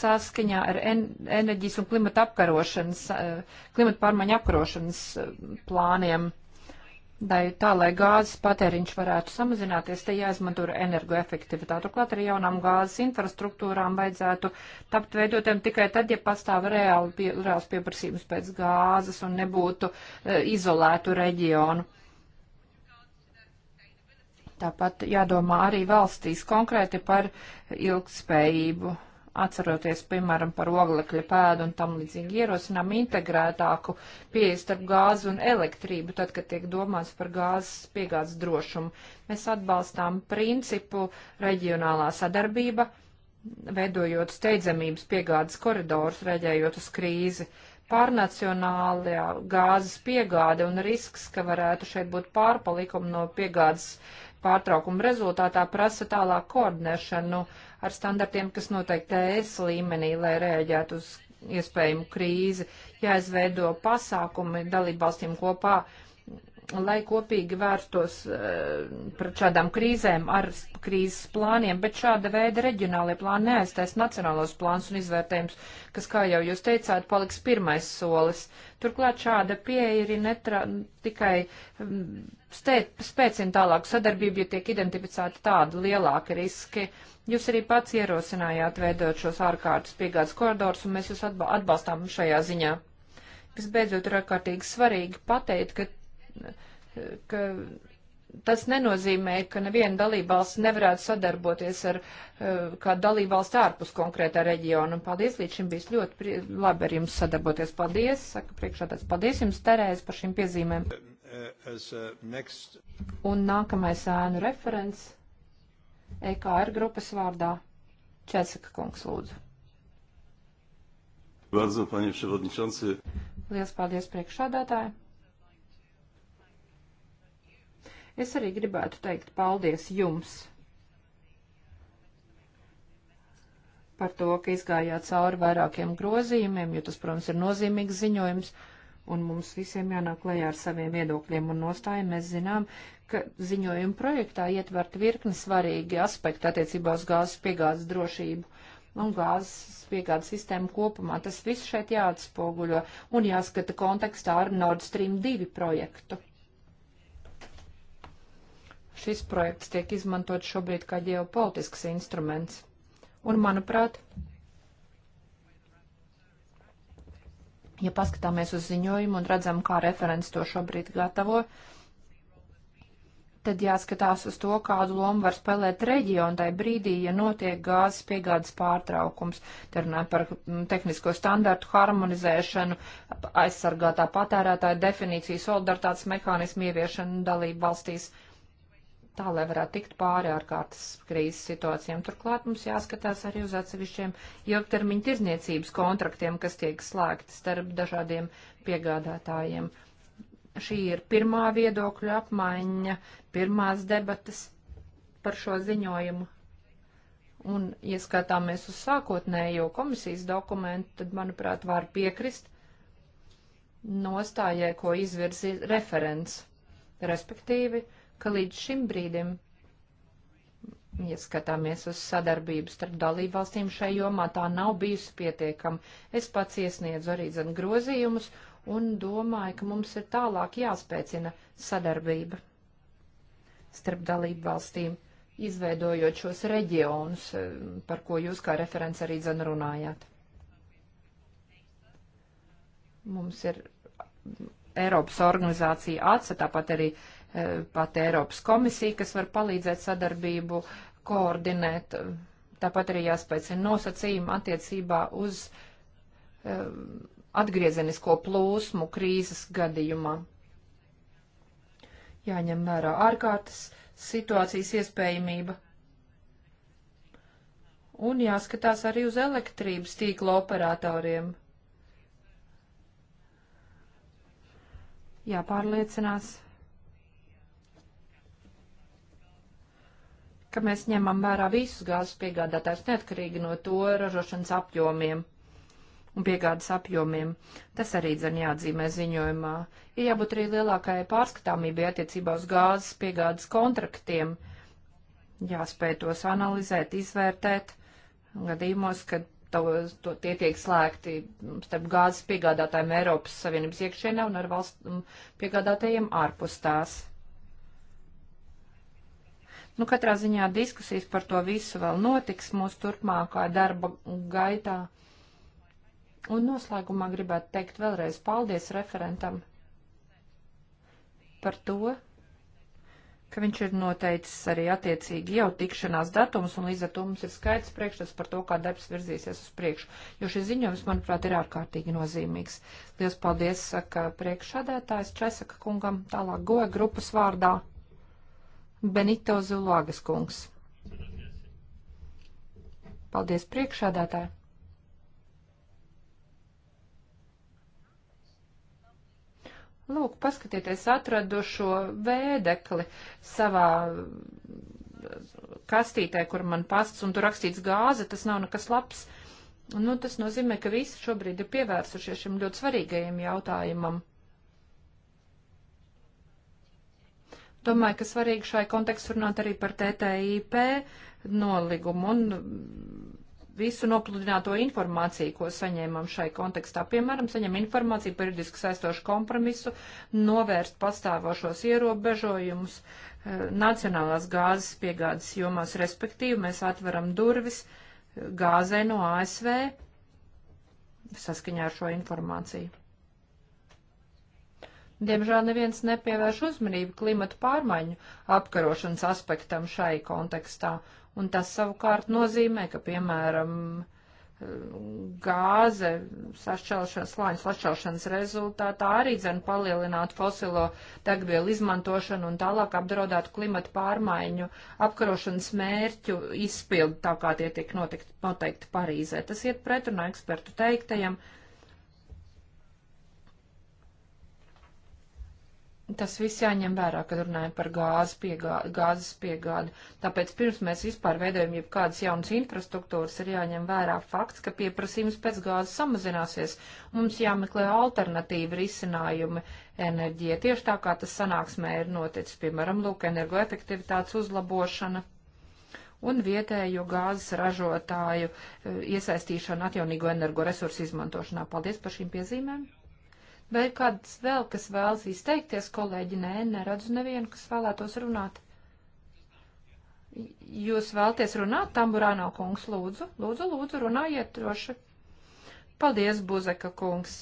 saskaņā ar en enerģijas un klimata apkarošanas, eh, klimata pārmaiņu apkarošanas eh, plāniem. Dai, tā, lai gāzes patēriņš varētu samazināties, te jāizmanto energoefektivitāte. Turklāt arī jaunām gāzes infrastruktūrām vajadzētu tapt veidotiem tikai tad, ja pastāv reāli pie, reāls pieprasījums pēc gāzes un nebūtu e, izolētu reģionu. Tāpat jādomā arī valstīs konkrēti par ilgspējību, atceroties, piemēram, par oglekļa pēdu un tam līdzīgi ierosinām integrētāku pieeju starp gāzi un elektrību, tad, kad tiek domāts par gāzes piegādes drošumu. Mēs atbalstām principu reģionālā sadarbība, veidojot steidzamības piegādes koridorus, reģējot uz krīzi pārnacionālajā gāzes piegāde un risks, ka varētu šeit būt pārpalikumi no piegādes uh, pārtraukuma rezultātā prasa tālāk koordinēšanu ar standartiem, kas noteikti ES līmenī, lai reaģētu uz iespējumu krīzi, jāizveido pasākumi dalībvalstīm kopā, lai kopīgi vērstos eh, pret šādām krīzēm ar krīzes plāniem, bet šāda veida reģionālie plāni neaizstās nacionālos plāns un izvērtējums, kas, kā jau jūs teicāt, paliks pirmais solis. Turklāt šāda pieeja ir netra, tikai mm, stēt, spēcina tālāku sadarbību, jo tiek identificēti tādi lielāki riski. Jūs arī pats ierosinājāt veidot šos ārkārtas piegādes koridors, un mēs jūs atbalstām šajā ziņā. Visbeidzot, ir ārkārtīgi svarīgi pateikt, ka ka tas nenozīmē, ka neviena dalībvalsts nevarētu sadarboties ar eh, kādu dalībvalstu ārpus konkrētā reģiona. Un paldies, līdz šim bijis ļoti labi ar jums sadarboties. Paldies, saka priekšādāts, paldies jums, Terēs, par šīm piezīmēm. Uh, uh, uh, Un nākamais ēnu referents EKR grupas vārdā Česaka kungs lūdzu. Bardzo, panie przewodniczący. Liels paldies priekšādātāji. Es arī gribētu teikt paldies jums par to, ka izgājāt cauri vairākiem grozījumiem, jo tas, protams, ir nozīmīgs ziņojums, un mums visiem jānāk lejā ar saviem viedokļiem un nostājiem. Mēs zinām, ka ziņojuma projektā ietvert virkni svarīgi aspekti attiecībā uz gāzes piegādes drošību un gāzes piegādes sistēmu kopumā. Tas viss šeit jāatspoguļo un jāskata kontekstā ar Nord Stream 2 projektu. Šis projekts tiek izmantot šobrīd kā ģeopolitisks instruments. Un, manuprāt, ja paskatāmies uz ziņojumu un redzam, kā referents to šobrīd gatavo, tad jāskatās uz to, kādu lomu var spēlēt reģionu tajā brīdī, ja notiek gāzes piegādes pārtraukums. Te runājam par mm, tehnisko standartu harmonizēšanu, aizsargātā patērētāja definīciju, solidaritātes mehānismu ieviešanu dalību valstīs. Uh, tā, lai varētu tikt pāri ārkārtas krīzes situācijām. Turklāt mums jāskatās arī uz atsevišķiem ilgtermiņa tirzniecības kontraktiem, kas tiek slēgti starp dažādiem piegādātājiem. Šī ir pirmā viedokļa apmaiņa, pirmās debatas par šo ziņojumu. Un, ja skatāmies uz sākotnējo komisijas dokumentu, tad, manuprāt, var piekrist nostājai, ko izvirzi referents, respektīvi ka līdz šim brīdim, ja skatāmies uz sadarbību starp dalībvalstīm šai jomā, tā nav bijusi pietiekama. Es pats iesniedzu arī zin grozījumus un domāju, ka mums ir tālāk jāspēcina sadarbība starp dalībvalstīm, izveidojot šos reģionus, par ko jūs kā referents arī zin runājāt. Mums ir Eiropas organizācija ACE, tāpat arī uh, Eh, pat Eiropas komisija, kas var palīdzēt sadarbību koordinēt. Tāpat arī jāspēcina nosacījumi attiecībā uz eh, atgriezenisko plūsmu krīzes gadījumā. Jāņem vērā ārkārtas situācijas iespējamība. Un jāskatās arī uz elektrības tīkla operatoriem. Jāpārliecinās. ka mēs ņemam vērā visus gāzes piegādātājus neatkarīgi no to ražošanas apjomiem un piegādes apjomiem. Tas arī dzen jāatzīmē ziņojumā. Ir jābūt arī lielākai pārskatāmībai attiecībā uz gāzes piegādes kontraktiem. Jāspēj tos analizēt, izvērtēt gadījumos, kad to, to, tie tiek slēgti starp gāzes piegādātājiem Eiropas Savienības iekšienē un ar valsts mm, piegādātājiem ārpus tās. Nu, katrā ziņā diskusijas par to visu vēl notiks mūsu turpmākā darba gaitā. Un noslēgumā gribētu teikt vēlreiz paldies referentam par to, ka viņš ir noteicis arī attiecīgi jau tikšanās datums, un līdz ar to mums ir skaidrs priekšstats par to, kā darbs virzīsies uz priekšu, jo šis ziņojums, manuprāt, ir ārkārtīgi nozīmīgs. Lielas paldies, saka priekšādētājs Česaka kungam, tālāk goja grupas vārdā. Benito Zulagas kungs. Paldies priekšādātāji! Lūk, paskatieties, atradu šo vēdekli savā kastītē, kur man pasts, un tur rakstīts gāze, tas nav nekas labs. Nu, tas nozīmē, ka visi šobrīd ir pievērsušies šim ļoti svarīgajam jautājumam. Domāju, ka svarīgi šai kontekstu runāt arī par TTIP noligumu un visu nopludināto informāciju, ko saņēmām šai kontekstā. Piemēram, saņem informāciju par juridiski saistošu kompromisu, novērst pastāvošos ierobežojumus eh, nacionālās gāzes piegādes jomās, respektīvi mēs atveram durvis eh, gāzē no ASV saskaņā ar šo informāciju. Diemžēl neviens nepievērš uzmanību klimatu pārmaiņu apkarošanas aspektam šai kontekstā, un tas savukārt nozīmē, ka, piemēram, gāze sašķelšanas, slāņu sašķelšanas rezultātā arī dzen palielināt fosilo degvielu izmantošanu un tālāk apdraudāt klimatu pārmaiņu apkarošanas mērķu izpildu, tā kā tie tiek noteikti, noteikti Parīzē. Tas iet pretrunā ekspertu teiktajam. No Tas viss jāņem vērā, kad runājam par gāzes piegādi, gāzes piegādi. Tāpēc pirms mēs vispār veidojam jebkādas jaunas infrastruktūras, ir jāņem vērā fakts, ka pieprasījums pēc gāzes samazināsies. Mums jāmeklē alternatīvi risinājumi enerģija. Tieši tā kā tas sanāksmē ir noticis, piemēram, lūk, energoefektivitātes uzlabošana un vietējo gāzes ražotāju e, iesaistīšana atjaunīgo energoresursu izmantošanā. Paldies par šīm piezīmēm! Vai ir kāds vēl, kas vēlas izteikties, kolēģi? Nē, neredzu nevienu, kas vēlētos runāt. Jūs vēlties runāt, tamburāno kungs, lūdzu, lūdzu, lūdzu, runājiet droši. Paldies, Buzeka kungs.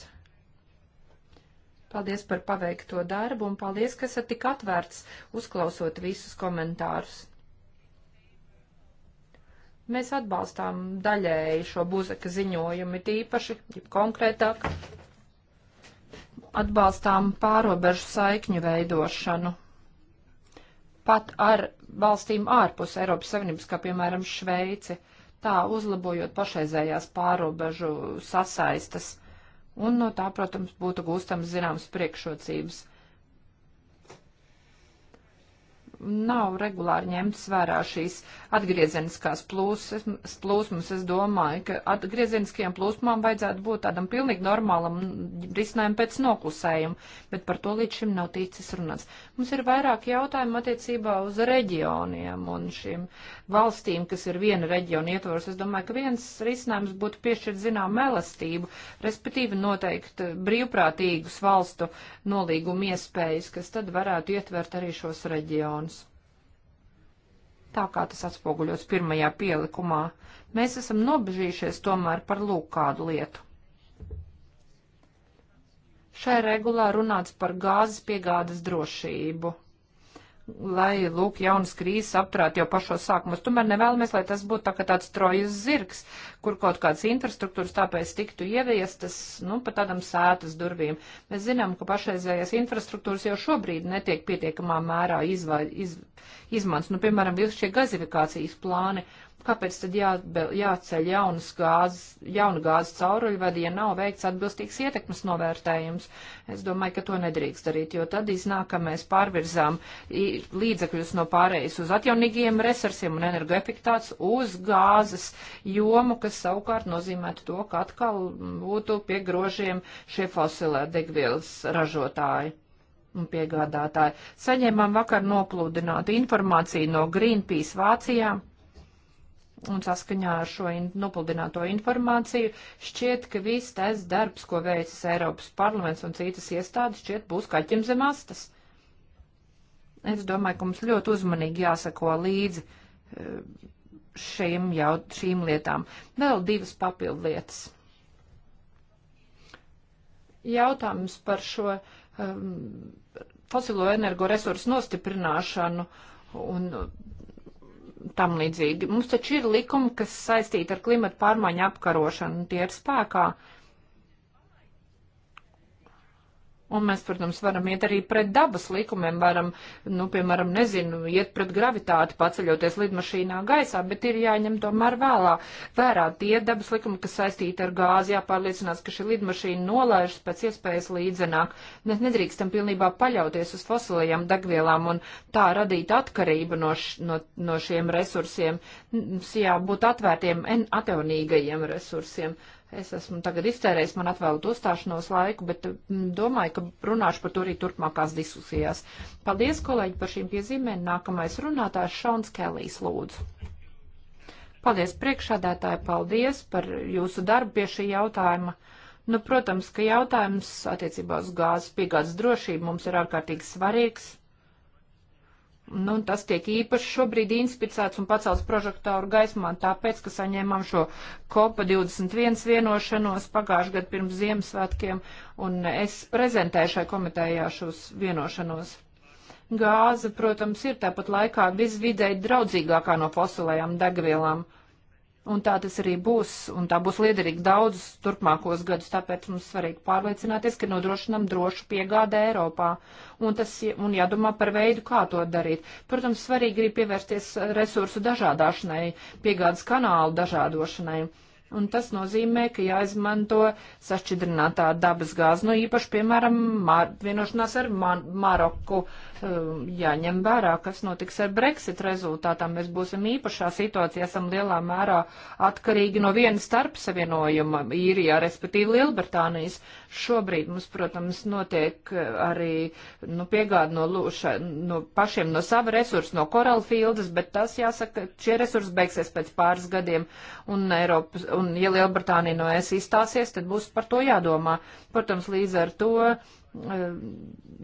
Paldies par paveikto darbu un paldies, ka esat tik atvērts, uzklausot visus komentārus. Mēs atbalstām daļēji šo buzeka ziņojumu, it īpaši, ja konkrētāk, atbalstām pārobežu saikņu veidošanu. Pat ar valstīm ārpus Eiropas Savienības, kā piemēram Šveici, tā uzlabojot pašreizējās pārobežu sasaistas. Un no tā, protams, būtu gūstams zināmas priekšrocības. nav regulāri ņemts vērā šīs atgriezeniskās plūsmas. plūsmas. Es domāju, ka atgriezeniskajām plūsmām vajadzētu būt tādam pilnīgi normālam risinājumam pēc noklusējuma, bet par to līdz šim nav ticis runāts. Mums ir vairāk jautājumu attiecībā uz reģioniem un šīm valstīm, kas ir viena reģiona ietvaros. Es domāju, ka viens risinājums būtu piešķirt zinām elastību, respektīvi noteikt brīvprātīgus valstu nolīgumu iespējas, kas tad varētu ietvert arī šos reģionus tā kā tas atspoguļots pirmajā pielikumā. Mēs esam nobežījušies tomēr par lūk kādu lietu. Šai regulā runāts par gāzes piegādes drošību lai, lūk, jaunas krīzes apturētu jau pašos sākumos. Tomēr nevēlamies, lai tas būtu tā kā tāds trojas zirgs, kur kaut kādas infrastruktūras tāpēc tiktu ieviestas, nu, pa tādam sētas durvīm. Mēs zinām, ka pašreizējās infrastruktūras jau šobrīd netiek pietiekamā mērā izva, iz, izmants. Nu, piemēram, visi šie gazifikācijas plāni. Uh, Kāpēc tad jā, jāceļ jaunas gāzes, jauna gāzes cauruļvadi, ja nav veikts atbilstīgs ietekmes novērtējums? Es domāju, ka to nedrīkst darīt, jo tad iznāk, ka mēs pārvirzām līdzekļus no pārējais uz atjaunīgiem resursiem un energoefektāts uz gāzes jomu, kas savukārt nozīmētu to, ka atkal būtu pie grožiem šie fosilē degvielas ražotāji un piegādātāji. Saņēmām vakar noplūdinātu informāciju no Greenpeace Vācijā Un saskaņā ar šo in nopludināto informāciju šķiet, ka viss tas darbs, ko veicis Eiropas parlaments un citas iestādes, šķiet būs kaķim zem astas. Es domāju, ka mums ļoti uzmanīgi jāsako līdzi eh, šīm, jau, šīm lietām. Vēl divas papildu lietas. Jautājums par šo um, fosilo energoresursu nostiprināšanu un tam līdzīgi. Mums taču ir likumi, kas saistīti ar klimatu pārmaiņu apkarošanu, tie ir spēkā. Uh, Un mēs, protams, varam iet arī pret dabas likumiem, varam, nu, piemēram, nezinu, iet pret gravitāti, paceļoties lidmašīnā gaisā, bet ir jāņem tomēr vēlā vērā tie dabas likumi, kas saistīti ar gāzi, jāpārliecinās, ka šī lidmašīna nolaižas pēc iespējas līdzenāk. Mēs nedrīkstam pilnībā paļauties uz fosilajām degvielām un tā radīt atkarību no, š, no, no šiem resursiem. Mums jābūt atvērtiem un atjaunīgajiem resursiem. Es esmu tagad iztērējis man atvēlot uzstāšanos laiku, bet mm, domāju, ka runāšu par to arī turpmākās diskusijās. Paldies, kolēģi, par šīm piezīmēm. Nākamais runātājs Šons Kelijs lūdzu. Paldies, priekšādētāji, paldies par jūsu darbu pie šī jautājuma. Nu, protams, ka jautājums attiecībā uz gāzes piegādes drošību mums ir ārkārtīgi svarīgs Nu, tas tiek īpaši šobrīd inspicēts un pacēls prožektoru gaismā, tāpēc, ka saņēmām šo kopa 21 vienošanos pagājušajā gadu pirms Ziemassvētkiem, un es prezentēju šai komitējā šos vienošanos. Gāze, protams, ir tāpat laikā visvidēji draudzīgākā no fosilējām degvielām. Uh, Un tā tas arī būs, un tā būs liederīga daudzus turpmākos gadus, tāpēc mums svarīgi pārliecināties, ka nodrošinam drošu piegādi Eiropā, un, tas, un jādomā par veidu, kā to darīt. Protams, svarīgi arī pievērsties resursu dažādāšanai, piegādes kanālu dažādošanai un tas nozīmē, ka jāizmanto sašķidrinātā dabas gāze, nu īpaši, piemēram, mār, vienošanās ar Mar Maroku um, jāņem vērā, kas notiks ar Brexit rezultātā. Mēs būsim īpašā situācijā, esam lielā mērā atkarīgi no viena starpsavienojuma īrijā, respektīvi Lielbritānijas. Šobrīd mums, protams, notiek arī nu, piegāda no, lūša, no pašiem no sava resursa, no Koralfīldas, bet tas jāsaka, šie resursi beigsies pēc pāris gadiem un, Eiropas, un un ja Lielbritānija no es izstāsies, tad būs par to jādomā. Protams, līdz ar to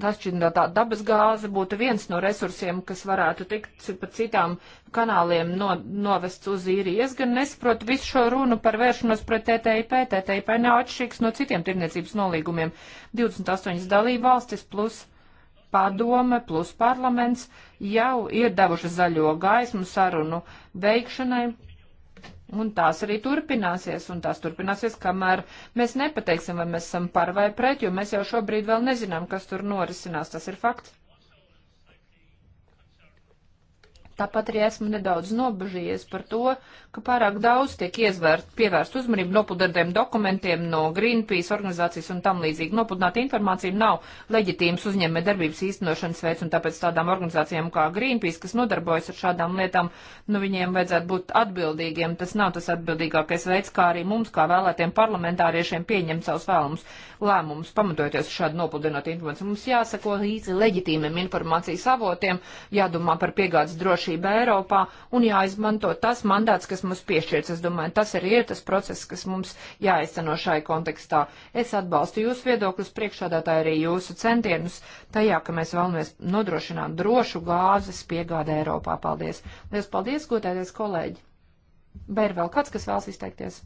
Dažķindotā eh, dabas gāze būtu viens no resursiem, kas varētu tikt pa citām kanāliem no, novests uz īriju. Es gan nesaprotu visu šo runu par vēršanos pret TTIP. TTIP nav atšķirīgs no citiem tirniecības nolīgumiem. 28 dalība valstis plus padome plus parlaments jau ir devuši zaļo gaismu sarunu veikšanai Un tās arī turpināsies, un tās turpināsies, kamēr mēs nepateiksim, vai mēs esam par vai pret, jo mēs jau šobrīd vēl nezinām, kas tur norisinās. Tas ir fakts. Tāpat arī esmu nedaudz nobežījies par to, ka pārāk daudz tiek iezvērst, pievērst uzmanību nopludinātiem dokumentiem no Greenpeace organizācijas un tam līdzīgi. Nopludināta informācija nav leģitīms uzņēmē darbības īstenošanas veids, un tāpēc tādām organizācijām kā Greenpeace, kas nodarbojas ar šādām lietām, nu viņiem vajadzētu būt atbildīgiem. Tas nav tas atbildīgākais veids, kā arī mums, kā vēlētiem parlamentāriešiem, pieņemt savus vēlumus lēmumus, pamatojoties uz šādu nopludinātu informāciju. Mums jāsako līdzi leģitīmiem informācijas avotiem, jādomā par piegādes drošību drošība Eiropā un jāizmanto tas mandāts, kas mums piešķirts. Es domāju, tas arī ir tas process, kas mums jāizceno šai kontekstā. Es atbalstu jūsu viedokļus priekšādātāji arī jūsu centienus tajā, ka mēs vēlamies nodrošināt drošu gāzes piegādi Eiropā. Paldies! Liels paldies, godēties kolēģi! Vai ir vēl kāds, kas vēlas izteikties?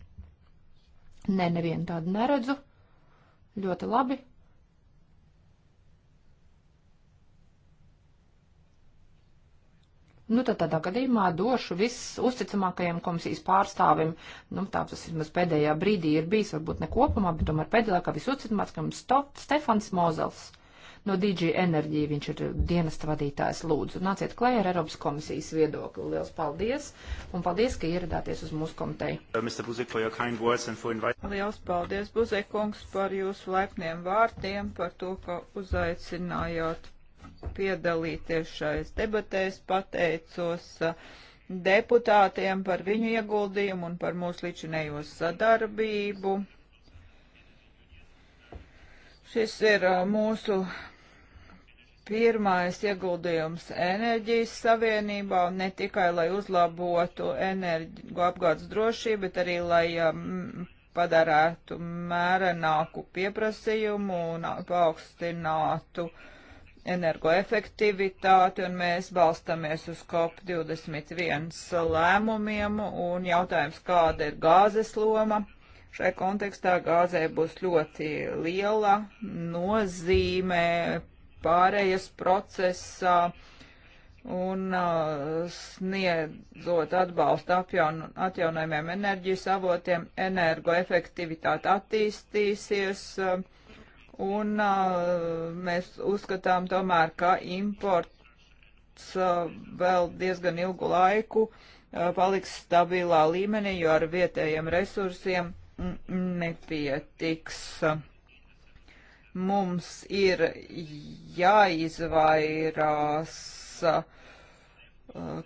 Nē, ne, nevienu tādu neredzu. Ļoti labi. Nu, tad tādā gadījumā došu viss uzticamākajam komisijas pārstāvim, nu, tā tas vismaz pēdējā brīdī ir bijis, varbūt ne kopumā, bet tomēr pēdējā laikā visuticamākajam Stefans Mozels no DG Enerģija, viņš ir dienesta vadītājs. Lūdzu, nāciet klajā ar Eiropas komisijas viedokli. Lielas paldies, un paldies, ka ieradāties uz mūsu komiteju. Uh, Lielas paldies, Buzekungs, par jūsu laipniem vārdiem, par to, ka uzaicinājāt piedalīties šais debatēs, pateicos uh, deputātiem par viņu ieguldījumu un par mūsu līdzinējo sadarbību. Šis ir uh, mūsu pirmais ieguldījums enerģijas savienībā, ne tikai lai uzlabotu enerģiju apgādes drošību, bet arī lai um, padarētu mērenāku pieprasījumu un paaugstinātu uh, energoefektivitāti, un mēs balstamies uz COP21 lēmumiem, un jautājums, kāda ir gāzes loma. Šai kontekstā gāzē būs ļoti liela nozīme pārējas procesā un uh, sniedzot atbalstu apjaun, atjaunojumiem enerģijas avotiem, energoefektivitāte attīstīsies. Uh, Un uh, mēs uzskatām tomēr, ka imports uh, vēl diezgan ilgu laiku uh, paliks stabilā līmenī, jo ar vietējiem resursiem nepietiks. Mums ir jāizvairās,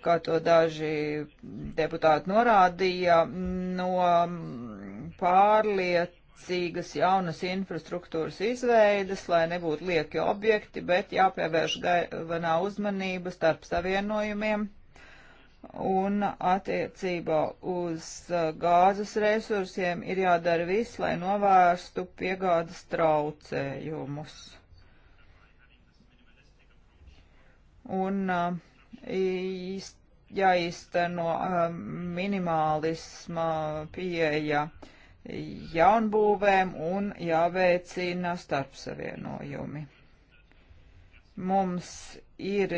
kā to daži deputāti norādīja, no pārliet attiecīgas jaunas infrastruktūras izveidas, lai nebūtu lieki objekti, bet jāpievērš galvenā uzmanība starp savienojumiem un attiecībā uz uh, gāzes resursiem ir jādara viss, lai novērstu piegādas traucējumus. Un uh, īsti jāizteno uh, minimālisma pieeja. Uh, jaunbūvēm un jāveicina starpsavienojumi. Mums ir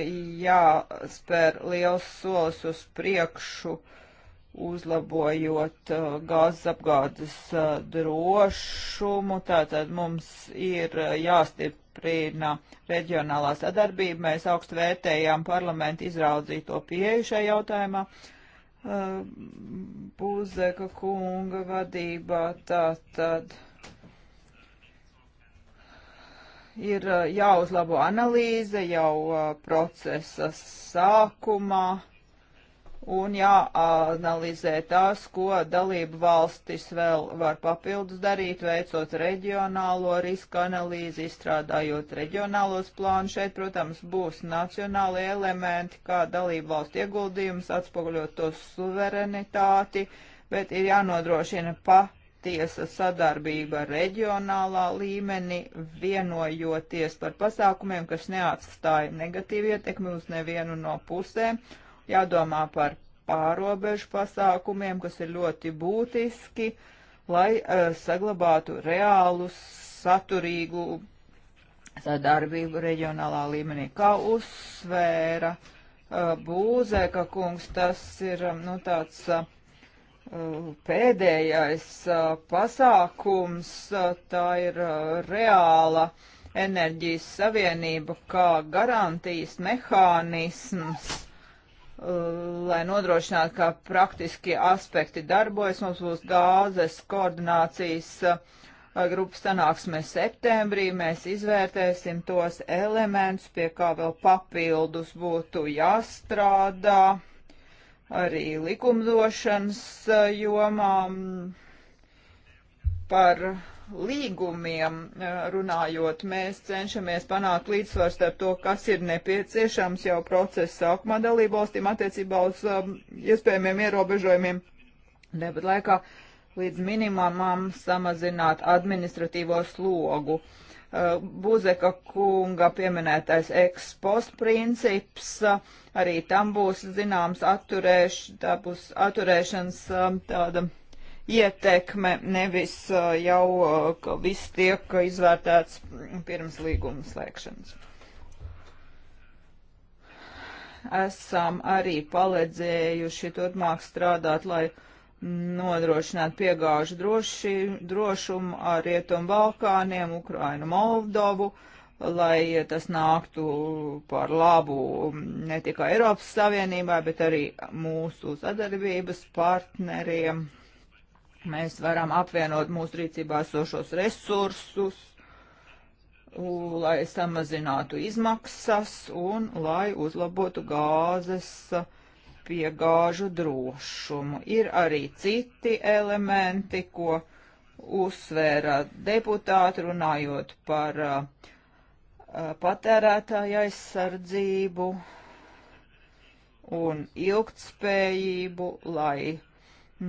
jāspēr liels solis uz priekšu, uzlabojot uh, gāzes apgādes uh, drošumu. Tātad mums ir uh, jāstiprina reģionālā sadarbība. Mēs augstu vērtējām parlamentu izraudzīto pieeju šajā jautājumā. Uh, Būzeka kunga vadībā. Tātad ir uh, jāuzlabo analīze jau uh, procesa sākumā un jāanalizē tas, ko dalību valstis vēl var papildus darīt, veicot reģionālo riska analīzi, izstrādājot reģionālos plānus. Šeit, protams, būs nacionāli elementi, kā dalību valstu ieguldījums, atspoguļot to suverenitāti, bet ir jānodrošina pa tiesa sadarbība reģionālā līmenī, vienojoties par pasākumiem, kas neatstāja negatīvu ietekmi uz nevienu no pusēm, jādomā par pārobežu pasākumiem, kas ir ļoti būtiski, lai uh, saglabātu reālu saturīgu sadarbību reģionālā līmenī. Kā uzsvēra uh, eh, Būzēka kungs, tas ir eh, nu, tāds uh, pēdējais pasākums, tā ir reāla enerģijas savienība kā garantijas mehānisms Uh, lai nodrošinātu, ka praktiskie aspekti darbojas. Mums būs gāzes koordinācijas uh, grupas sanāksme septembrī. Mēs izvērtēsim tos elementus, pie kā vēl papildus būtu jāstrādā arī likumdošanas uh, jomām par līgumiem e, runājot, mēs cenšamies panākt līdzsvars starp to, kas ir nepieciešams jau procesa sākumā dalībvalstīm attiecībā uz um, iespējamiem ierobežojumiem, nepat laikā līdz minimumam samazināt administratīvo slogu. Uh, Buzeka kunga pieminētais ekspost princips, uh, arī tam būs zināms atturēš, tā būs atturēšanas uh, tāda ietekme, nevis uh, jau uh, viss tiek izvērtēts pirms līguma slēgšanas. Esam arī paledzējuši turpmāk strādāt, lai nodrošināt piegāžu droši, drošumu ar Rietumu Balkāniem, Ukrainu, Moldovu, lai tas nāktu par labu ne tikai Eiropas Savienībai, bet arī mūsu sadarbības partneriem. Mēs varam apvienot mūsu rīcībā sošos resursus, lai samazinātu izmaksas un lai uzlabotu gāzes piegāžu drošumu. Ir arī citi elementi, ko uzsvēra deputāti runājot par uh, patērētāju aizsardzību un ilgtspējību, lai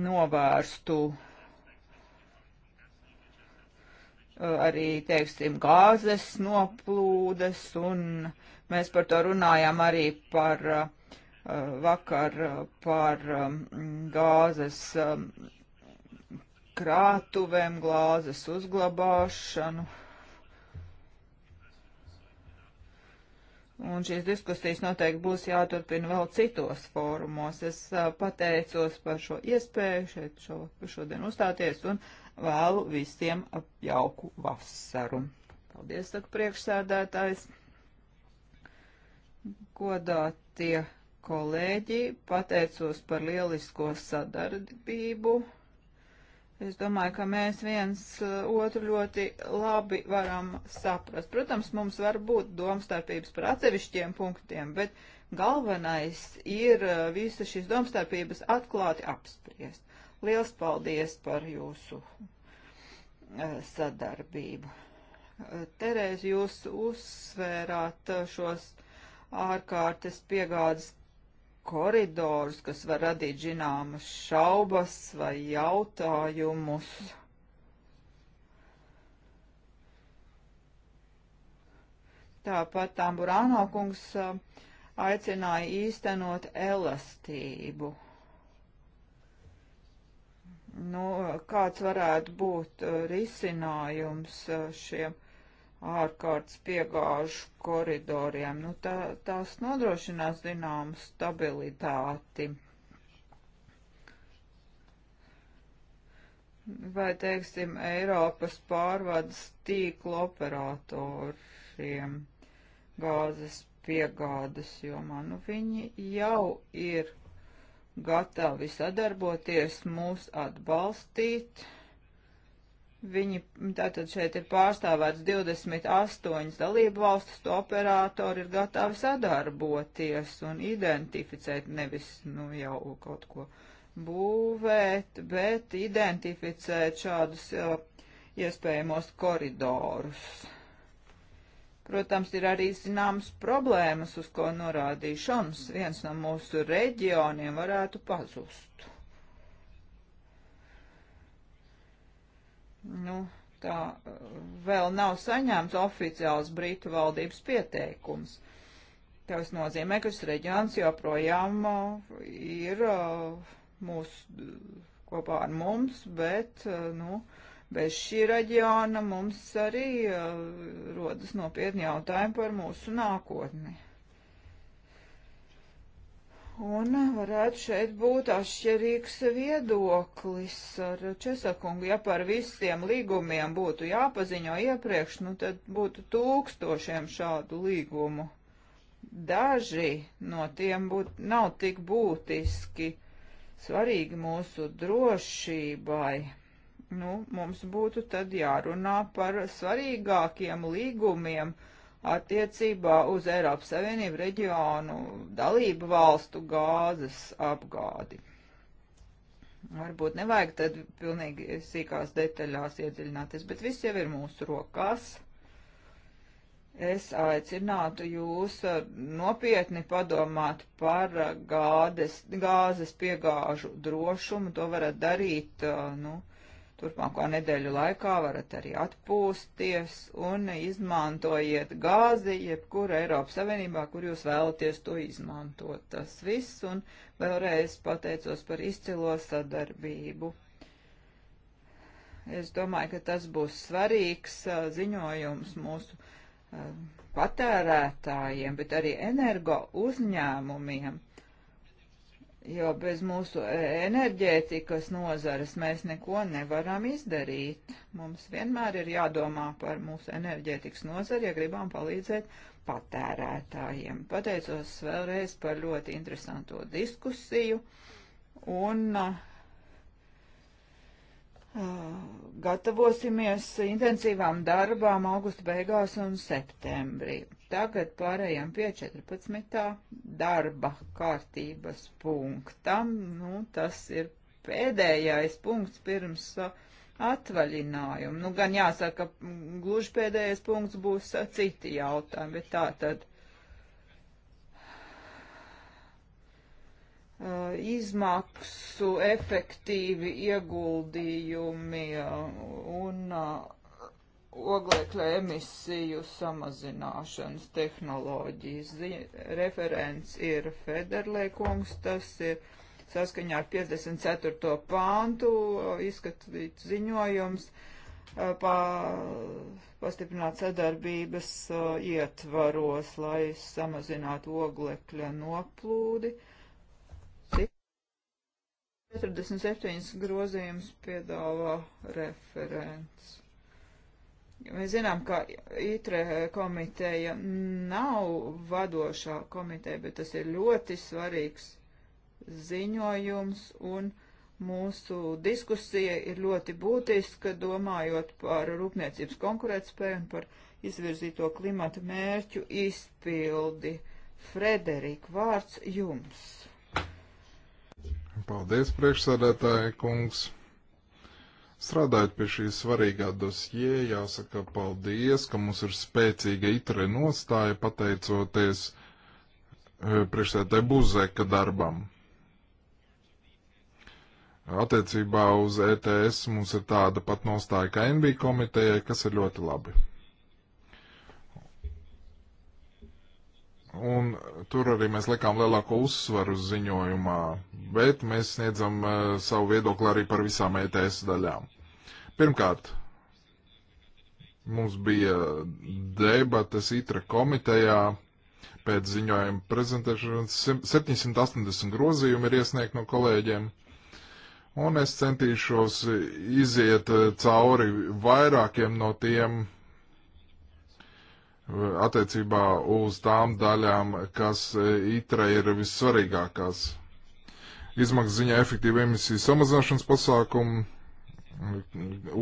novērstu uh, arī, teiksim, gāzes noplūdes, un mēs par to runājām arī par uh, vakar uh, par um, gāzes um, krātuvēm, glāzes uzglabāšanu. Un šīs diskusijas noteikti būs jāturpina vēl citos fórumos. Es uh, pateicos par šo iespēju šeit šo, šodien uzstāties un vēlu visiem jauku vasaru. Paldies, saka priekšsēdētājs. Godātie kolēģi, pateicos par lielisko sadarbību. Es domāju, ka mēs viens uh, otru ļoti labi varam saprast. Protams, mums var būt domstarpības par atsevišķiem punktiem, bet galvenais ir uh, visas šīs domstarpības atklāti apspriest. Liels paldies par jūsu uh, sadarbību. Terēz, jūs uzsvērāt šos ārkārtas piegādes koridorus, kas var radīt zināmas šaubas vai jautājumus. Tāpat Tamburāno kungs aicināja īstenot elastību. Nu, kāds varētu būt risinājums šiem? Uh, ārkārtas piegāžu koridoriem. Nu, tā, tās nodrošinās zināmu stabilitāti. Vai, teiksim, Eiropas pārvades tīklu operatoriem gāzes piegādes jomā, nu, viņi jau ir gatavi sadarboties, mūs atbalstīt Viņi tātad šeit ir pārstāvēts 28 dalību valstis, to operātori ir gatavi sadarboties un identificēt nevis, nu, jau kaut ko būvēt, bet identificēt šādus jau, iespējamos koridorus. Protams, ir arī zināmas problēmas, uz ko norādīja Šoms, viens no mūsu reģioniem varētu pazust. nu, tā eh, vēl nav saņemts oficiāls Britu valdības pieteikums. Tas nozīmē, ka šis reģions joprojām eh, ir eh, mūsu kopā ar mums, bet, nu, bez šī reģiona mums arī rodas nopietni jautājumi par mūsu nākotni. Un varētu šeit būt atšķirīgs viedoklis ar Česakungu. Ja par visiem līgumiem būtu jāpaziņo iepriekš, nu tad būtu tūkstošiem šādu līgumu. Daži no tiem būt, nav tik būtiski svarīgi mūsu drošībai. Nu, mums būtu tad jārunā par svarīgākiem līgumiem, uh, attiecībā uz Eiropas Savienību reģionu dalību valstu gāzes apgādi. Varbūt nevajag tad pilnīgi sīkās detaļās iedziļināties, bet viss jau ir mūsu rokās. Es aicinātu jūs nopietni padomāt par gādes, gāzes piegāžu drošumu. To varat darīt, nu, turpmāko nedēļu laikā varat arī atpūsties un izmantojiet gāzi, jebkura Eiropas Savienībā, kur jūs vēlaties to izmantot. Tas viss un vēlreiz pateicos par izcilo sadarbību. Es domāju, ka tas būs svarīgs ziņojums mūsu patērētājiem, bet arī energo uzņēmumiem jo bez mūsu e, enerģētikas nozares mēs neko nevaram izdarīt. Mums vienmēr ir jādomā par mūsu enerģētikas nozari, ja gribam palīdzēt patērētājiem. Pateicos vēlreiz par ļoti interesanto diskusiju un uh, gatavosimies intensīvām darbām augusta beigās un septembrī. Tagad pārējām pie 14. darba kārtības punktam. Nu, tas ir pēdējais punkts pirms uh, atvaļinājumu. Nu, gan jāsaka, gluži pēdējais punkts būs uh, citi jautājumi, bet tā tad Uh, izmaksu efektīvi ieguldījumi uh, un uh, oglekļa emisiju samazināšanas tehnoloģijas. Referents ir Federlē kungs, tas ir saskaņā ar 54. pāntu izskatīts ziņojums pa, pastiprināt sadarbības ietvaros, lai samazinātu oglekļa noplūdi. 47 grozījums piedāvā referents. Mēs zinām, ka ITRE komiteja nav vadošā komiteja, bet tas ir ļoti svarīgs ziņojums un mūsu diskusija ir ļoti būtiska, domājot par rūpniecības konkurētspēju un par izvirzīto klimata mērķu izpildi. Frederika, vārds jums. Paldies, priekšsādātāja kungs. Strādājot pie šī svarīgā dosjē, jāsaka paldies, ka mums ir spēcīga itre nostāja pateicoties eh, priekšsēdētāju Buzeka darbam. Attiecībā uz ETS mums ir tāda pat nostāja kā NB komitejai, kas ir ļoti labi. Un tur arī mēs likām lielāko uzsvaru ziņojumā, bet mēs sniedzam uh, savu viedokli arī par visām ETS daļām. Pirmkārt, mums bija debates ITRA e komitejā pēc ziņojuma prezentēšanas. 780 grozījumi ir iesniegt no kolēģiem. Un es centīšos iziet eh, cauri vairākiem no tiem, attiecībā uz tām daļām, kas e, ITRA ir vissvarīgākās. Izmaksas ziņā efektīva emisiju samazināšanas pasākumu,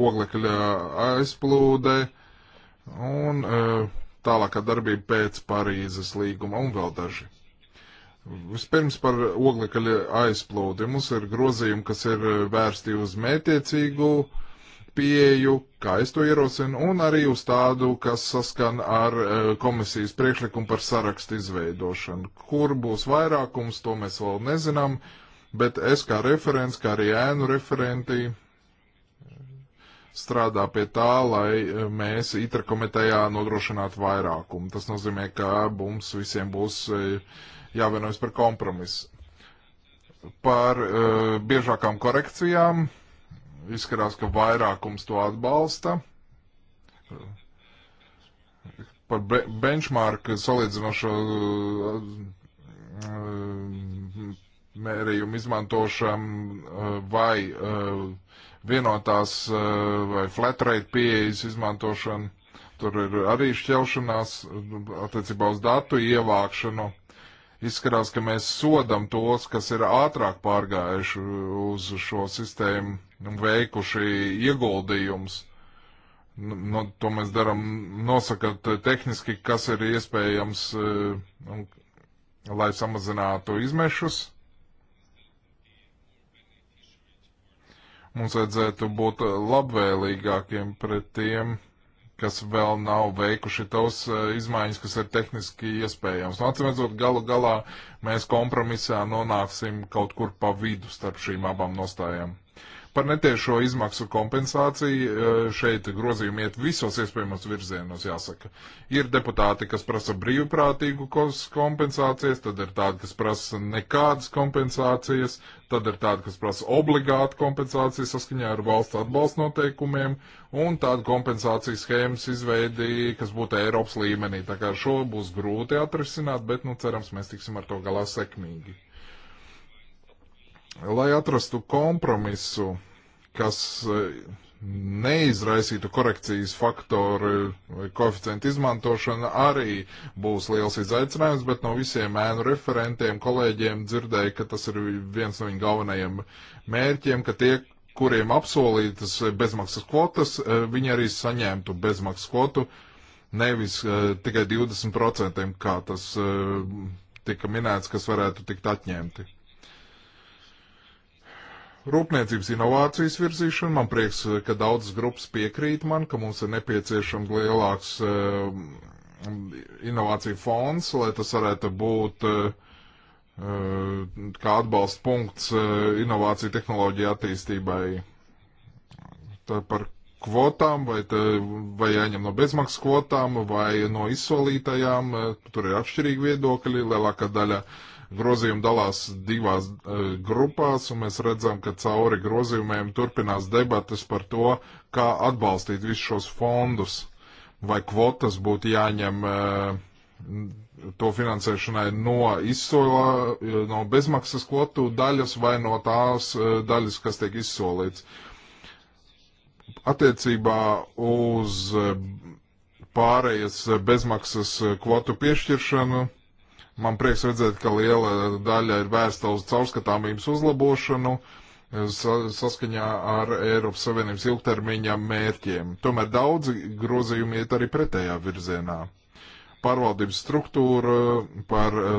oglekļa aizplūde un e, tālākā darbība pēc Parīzes līguma un vēl daži. Vispirms par oglekļa aizplūdi. Mums ir grozījumi, kas ir e, vērsti uz mētiecīgu uh, pieeju, kā es to ierosinu, un arī uz tādu, kas saskan ar e, komisijas priekšlikumu par sarakstu izveidošanu. Kur būs vairākums, to mēs vēl nezinām, bet es kā referents, kā arī ēnu referentī strādā pie tā, lai e, mēs itra komitejā nodrošinātu vairākumu. Tas nozīmē, ka mums visiem būs e, jāvienojas par kompromisu par uh, biežākām korekcijām. Izskatās, ka vairākums to atbalsta. Par be benchmark salīdzinošo uh, mērījumu izmantošanu uh, vai uh, vienotās vai flat rate pieejas izmantošanu. Tur ir arī šķelšanās attiecībā uz datu ievākšanu. Izskatās, ka mēs sodam tos, kas ir ātrāk pārgājuši uz šo sistēmu veikuši ieguldījums. No, nu, nu, to mēs darām, nosakot eh, tehniski, kas ir iespējams, eh, un, lai samazinātu izmešus. Mums vajadzētu būt labvēlīgākiem pret tiem, kas vēl nav veikuši tos eh, izmaiņas, kas ir tehniski iespējams. Nu, atcīmredzot, galu galā mēs kompromisā nonāksim kaut kur pa vidu starp šīm abām nostājām. Par netiešo izmaksu kompensāciju e, šeit grozījumi iet visos iespējamos virzienos, jāsaka. Ir deputāti, kas prasa brīvprātīgu kompensācijas, tad ir tādi, kas prasa nekādas kompensācijas, tad ir tādi, kas prasa obligātu kompensāciju saskaņā ar valsts atbalsta noteikumiem, un tāda kompensācijas schēmas izveidi, kas būtu Eiropas līmenī. Tā kā šo būs grūti atrisināt, bet, nu, cerams, mēs tiksim ar to galā sekmīgi lai atrastu kompromisu kas e, neizraisītu korekcijas faktoru vai koeficientu izmantošana arī būs liels izaicinājums, bet no visiem ēnu referentiem, kolēģiem dzirdēju, ka tas ir viens no viņu galvenajiem mērķiem, ka tie, kuriem apsolītas bezmaksas kvotas, e, viņi arī saņemtu bezmaksas kvotu, nevis uh, tikai 20%, kā tas uh, tika minēts, kas varētu tikt atņemti. Rūpniecības inovācijas virzīšana, man prieks, eh, ka daudzas grupas piekrīt man, ka mums ir nepieciešams lielāks uh, inovāciju fonds, lai tas varētu būt uh, kā atbalsta punkts uh, inovāciju tehnoloģiju attīstībai. Tā par kvotām, vai, te, vai jāņem no bezmaksas kvotām, vai no izsolītajām, tur ir atšķirīgi viedokļi, lielākā daļa uh, Grozījumi dalās divās uh, grupās, un mēs redzam, ka cauri grozījumiem turpinās debatas par to, kā atbalstīt visus šos fondus, vai kvotas būtu jāņem uh, to finansēšanai no izsolā, no bezmaksas kvotu daļas vai no tās uh, daļas, kas tiek izsolīts. Attiecībā uz pārējas bezmaksas kvotu piešķiršanu Man prieks redzēt, ka liela daļa ir vērsta uz caurskatāmības uzlabošanu saskaņā ar Eiropas Savienības ilgtermiņa mērķiem. Tomēr daudzi grozījumi iet arī pretējā virzienā. Pārvaldības struktūra par eh,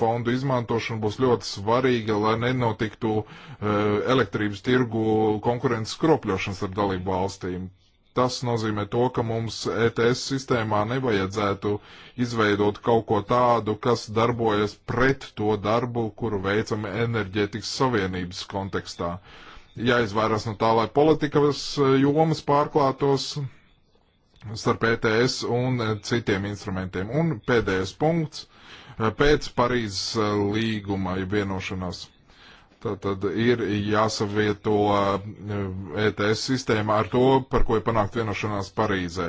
fondu izmantošanu būs ļoti svarīga, lai nenotiktu eh, elektrības tirgu konkurences skropļošanas ar dalību valstīm tas nozīmē to, ka mums ETS sistēmā nevajadzētu izveidot kaut ko tādu, kas darbojas pret to darbu, kuru veicam enerģētikas savienības kontekstā. Jāizvairās no tā, lai politikas e, jomas pārklātos starp ETS un e, citiem instrumentiem. Un pēdējais punkts e, pēc Parīzes līguma vienošanās Tātad ir jāsavieto ETS eh, e sistēma ar to, par ko ir panākt vienošanās Parīzē.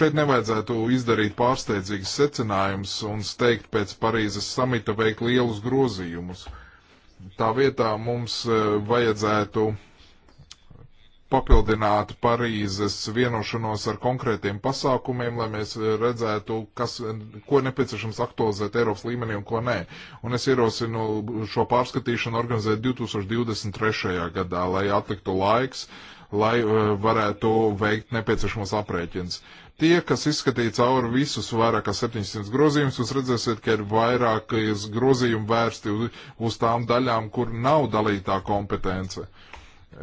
Šeit nevajadzētu izdarīt pārsteidzīgas secinājumus un steigt pēc Parīzes samita veikt lielus grozījumus. Tā vietā mums eh, vajadzētu uh, papildināt Parīzes vienošanos ar konkrētiem pasākumiem, lai mēs redzētu, kas, ko nepieciešams aktualizēt Eiropas līmenī un ko nē. Un es ierosinu šo pārskatīšanu organizēt 2023. gadā, lai atliktu laiks, lai eh, varētu veikt nepieciešamos aprēķins. Tie, kas izskatīja cauri visus vairāk kā 700 grozījumus, jūs redzēsiet, ka ir vairākas grozījumi vērsti uz, uz tām daļām, kur nav dalītā kompetence. Uh,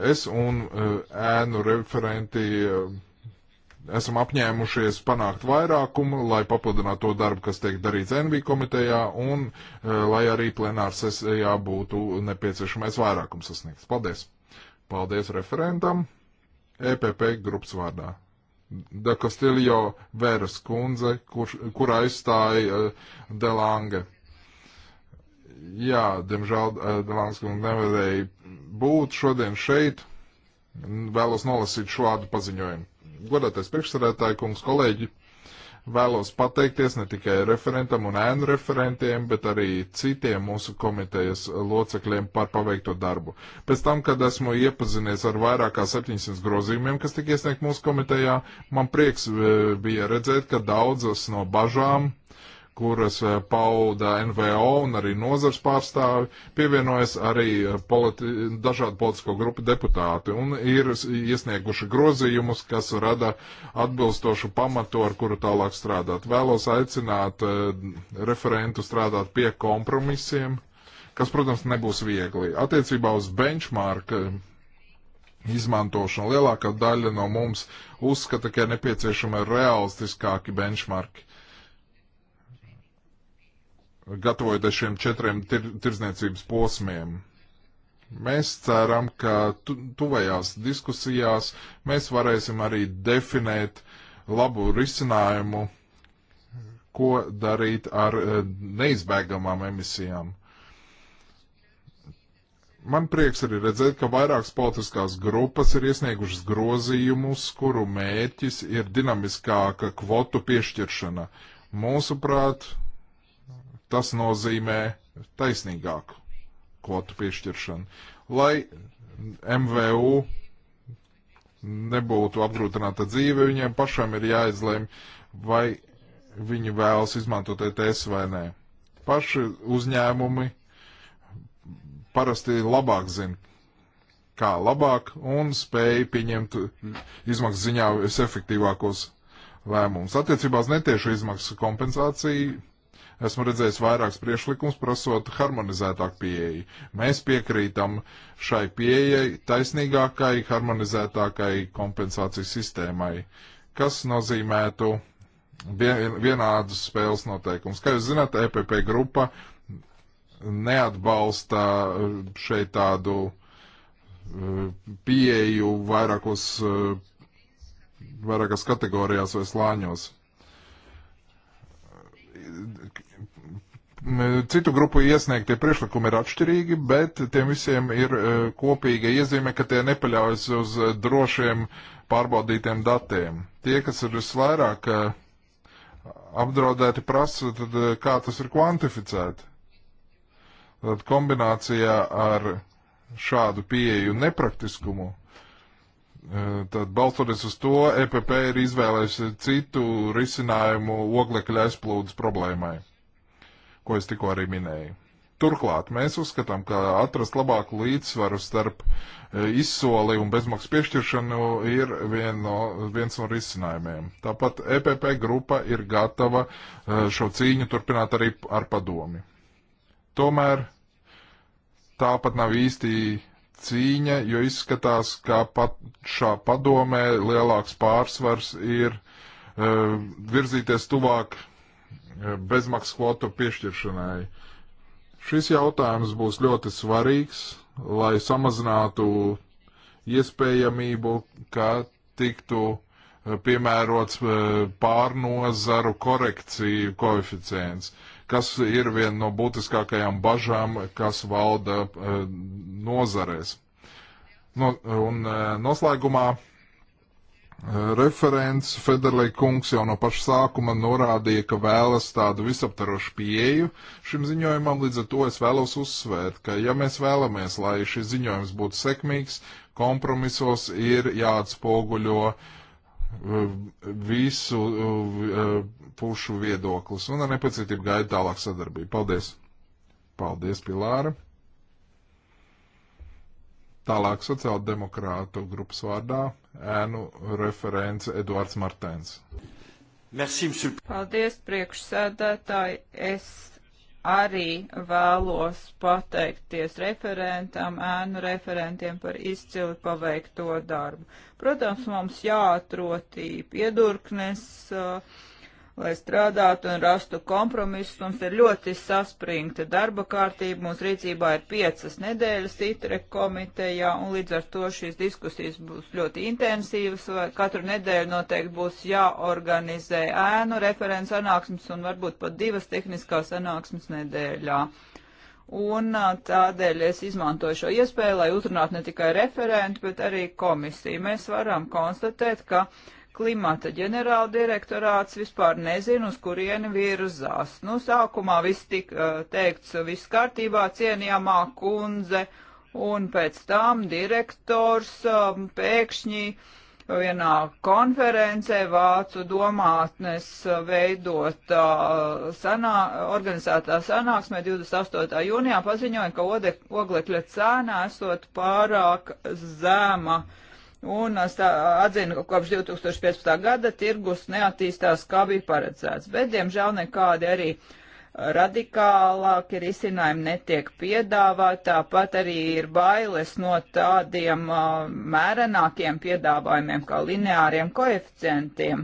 Es un e, ēnu referenti e, esam apņēmušies panākt vairākumu, lai papildinātu to darbu, kas tiek darīts NV komitejā, un e, lai arī plenāra sesijā būtu nepieciešamais vairākums sasniegts. Paldies! Paldies referentam EPP grupas vārdā. Da Castillo Veras kundze, kur, kur aizstāja Delange. Jā, diemžēl Dānskam eh, nevarēja būt šodien šeit. Vēlos nolasīt šādu paziņojumu. Godātais priekšsarētāji, kungs, kolēģi, vēlos pateikties ne tikai referentam un ēnu referentiem, bet arī citiem mūsu komitejas locekļiem par paveikto darbu. Pēc tam, kad esmu iepazinies ar vairāk kā 700 grozījumiem, kas tika iesniegt mūsu komitejā, man prieks eh, bija redzēt, ka daudzas no bažām. Mm kuras eh, pauda NVO un arī nozars pārstāvi, pievienojas arī eh, politi dažādu politisko grupu deputāti un ir iesnieguši grozījumus, kas rada atbilstošu pamatu, ar kuru tālāk strādāt. Vēlos aicināt eh, referentu strādāt pie kompromisiem, kas, protams, nebūs viegli. Attiecībā uz benchmark izmantošanu lielākā daļa no mums uzskata, ka ir nepieciešami realistiskāki benchmarki gatavojoties šiem četriem tir, tirzniecības posmiem. Mēs ceram, ka tu, tuvējās diskusijās mēs varēsim arī definēt labu risinājumu, ko darīt ar eh, neizbēgamām emisijām. Man prieks arī redzēt, ka vairākas politiskās grupas ir iesniegušas grozījumus, kuru mērķis ir dinamiskāka kvotu piešķiršana. Mūsuprāt, Tas nozīmē taisnīgāku kvotu piešķiršanu, lai MVU nebūtu apgrūtināta dzīve, viņiem pašam ir jāizlēm, vai viņi vēlas izmantot ETS vai nē. Paši uzņēmumi parasti labāk zina, kā labāk, un spēja pieņemt izmaksu ziņā visefektīvākos lēmumus. Attiecībās netiešu izmaksu kompensāciju Esmu redzējis vairākus priešlikumus, prasot harmonizētāku pieeju. Mēs piekrītam šai pieejai, taisnīgākai, harmonizētākai kompensācijas sistēmai, kas nozīmētu vienādus spēles noteikumus. Kā jūs zināt, EPP grupa neatbalsta šeit tādu uh, pieeju vairākos, uh, vairākās kategorijās vai slāņos. Citu grupu iesniegtie priekšlikumi ir atšķirīgi, bet tiem visiem ir e, kopīga iezīme, ka tie nepaļaujas uz drošiem pārbaudītiem datiem. Tie, kas ir visvairāk e, apdraudēti, prasa, tad e, kā tas ir kvantificēti. Tad kombinācijā ar šādu pieeju nepraktiskumu Tad balstoties uz to, EPP ir izvēlējusi citu risinājumu oglekļa aizplūdes problēmai, ko es tikko arī minēju. Turklāt mēs uzskatām, ka atrast labāku līdzsvaru starp izsoli un bezmaksas piešķiršanu ir vien no, viens no risinājumiem. Tāpat EPP grupa ir gatava šo cīņu turpināt arī ar padomi. Tomēr tāpat nav īsti cīņa, jo izskatās, ka pat šā padomē lielāks pārsvars ir uh, virzīties tuvāk e, bezmaksas kvotu piešķiršanai. Šis jautājums būs ļoti svarīgs, lai samazinātu iespējamību, ka tiktu e, piemērots pārnozaru korekciju koeficients. Uh, kas ir viena no būtiskākajām bažām, kas valda eh, nozarēs. No, un eh, noslēgumā eh, referents Federlī kungs jau no paša sākuma norādīja, ka vēlas tādu visaptarošu pieeju šim ziņojumam, līdz ar to es vēlos uzsvērt, ka ja mēs vēlamies, lai šis ziņojums būtu sekmīgs, kompromisos ir jāatspoguļo uh, visu eh, pušu viedoklis un ar nepacietību gaida tālāk sadarbību. Paldies! Paldies, Pilāra! Tālāk sociāldemokrātu grupas vārdā ēnu referents Eduards Martens. Merci, Paldies, priekšsēdētāji! Es arī vēlos pateikties referentam, ēnu referentiem par izcili paveikto darbu. Protams, mums jāatrotī piedurknes. Uh, lai strādātu un rastu kompromisus. Mums ir ļoti saspringta darba kārtība, mums rīcībā ir piecas nedēļas itre komitejā, un līdz ar to šīs diskusijas būs ļoti intensīvas. Katru nedēļu noteikti būs jāorganizē ēnu referents sanāksmes un varbūt pat divas tehniskās sanāksmes nedēļā. Un tādēļ es izmantoju šo iespēju, lai uzrunātu ne tikai referentu, bet arī komisiju. Mēs varam konstatēt, ka uh, klimata ģenerāla direktorāts vispār nezina, uz kurieni virzās. Nu, sākumā viss tika eh, teikts, viss kārtībā, cienījamā kundze, un pēc tam direktors eh, pēkšņi vienā konferencē Vācu domātnes veidotā eh, sanā, organizētā sanāksmē 28. jūnijā paziņoja, ka oglekļa cēna esot pārāk zema un atzina, ka kopš 2015. gada tirgus neattīstās, kā bija paredzēts. Bet, diemžēl, nekādi arī radikālāki risinājumi netiek piedāvāti, tāpat arī ir bailes no tādiem uh, mērenākiem piedāvājumiem, kā lineāriem koeficientiem.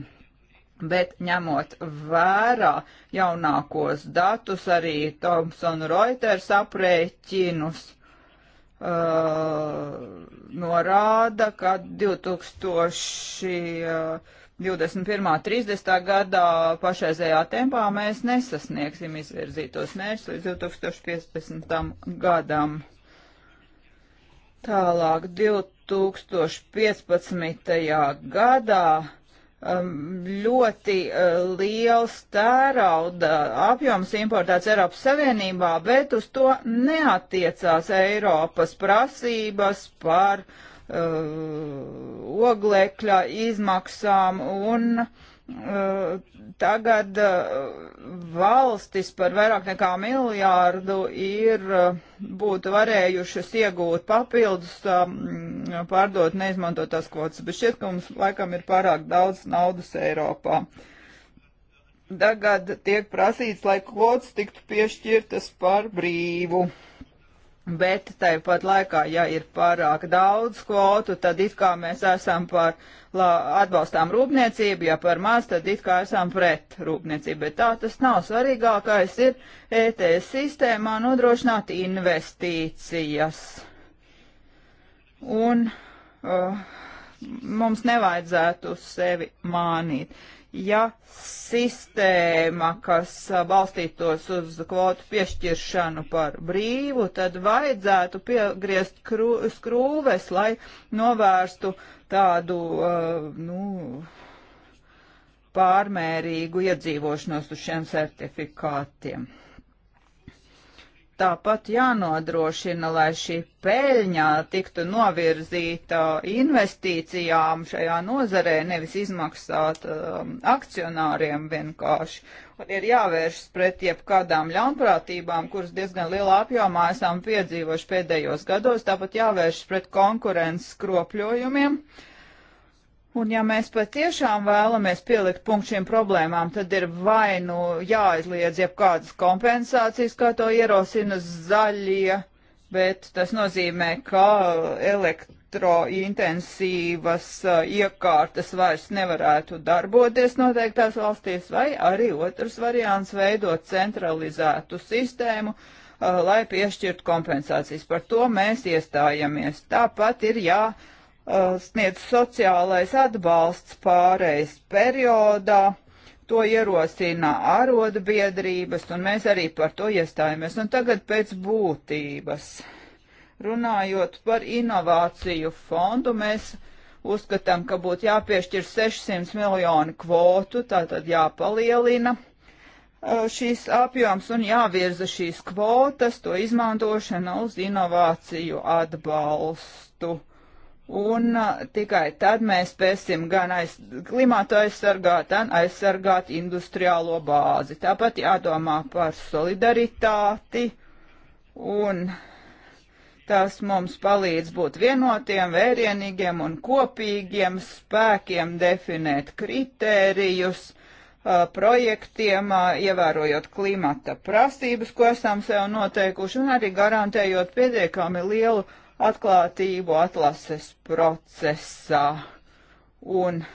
Bet ņemot vērā jaunākos datus, arī Thomson Reuters aprēķinus, uh, norāda, ka 2021. 30. Uh, gadā pašreizējā tempā mēs nesasniegsim izvirzītos mērķus līdz 2050. gadam. Tālāk 2015. gadā Um, ļoti uh, liels tērauda apjoms importēts Eiropas Savienībā, bet uz to neatiecās Eiropas prasības par uh, oglekļa izmaksām un uh, tagad eh, valstis par vairāk nekā miljārdu ir eh, būtu varējušas iegūt papildus, um, pārdot neizmantotās kvotas, bet šķiet, ka mums laikam ir pārāk daudz naudas Eiropā. Tagad tiek prasīts, lai kvotas tiktu piešķirtas par brīvu. Bet tāpat laikā, ja ir pārāk daudz kvotu, tad it kā mēs esam par la, atbalstām rūpniecību, ja par maz, tad it kā esam pret rūpniecību. Bet tā tas nav. Svarīgākais ir ETS sistēmā nodrošināt investīcijas. Un uh, mums nevajadzētu sevi mānīt. Uh, ja sistēma, kas balstītos uz kvotu piešķiršanu par brīvu, tad vajadzētu piegriezt krū, skrūves, lai novērstu tādu, uh, nu, pārmērīgu iedzīvošanos uz šiem certifikātiem. Tāpat jānodrošina, lai šī peļņā tiktu novirzīta investīcijām šajā nozarē, nevis izmaksāt um, akcionāriem vienkārši. Un ir jāvēršas pret jebkādām ļaunprātībām, kuras diezgan lielā apjomā esam piedzīvojuši pēdējos gados, tāpat jāvēršas pret konkurences skropļojumiem. Uh, Un ja mēs patiešām vēlamies pielikt punktu šīm problēmām, tad ir vai nu jāizliedz jeb kādas kompensācijas, kā to ierosina zaļie, bet tas nozīmē, ka elektrointensīvas uh, iekārtas vairs nevarētu darboties noteiktās valstīs, vai arī otrs variants veidot centralizētu sistēmu, uh, lai piešķirtu kompensācijas. Par to mēs iestājamies. Tāpat ir jā. Ja Uh, sniedz sociālais atbalsts pārejas periodā. To ierosina arotbiedrības, un mēs arī par to iestājamies. Un tagad pēc būtības. Runājot par inovāciju fondu, mēs uzskatām, ka būtu jāpiešķir 600 miljoni kvotu, tātad jāpalielina uh, šīs apjoms un jāvirza šīs kvotas, to izmantošana uz inovāciju atbalstu. Un tikai tad mēs spēsim gan aiz, klimatu aizsargāt, gan aizsargāt industriālo bāzi. Tāpat jādomā par solidaritāti, un tas mums palīdz būt vienotiem, vērienīgiem un kopīgiem spēkiem definēt kritērijus projektiem, ievērojot klimata prasības, ko esam sev noteikuši, un arī garantējot pietiekami lielu atklātību atlases procesā un, uh,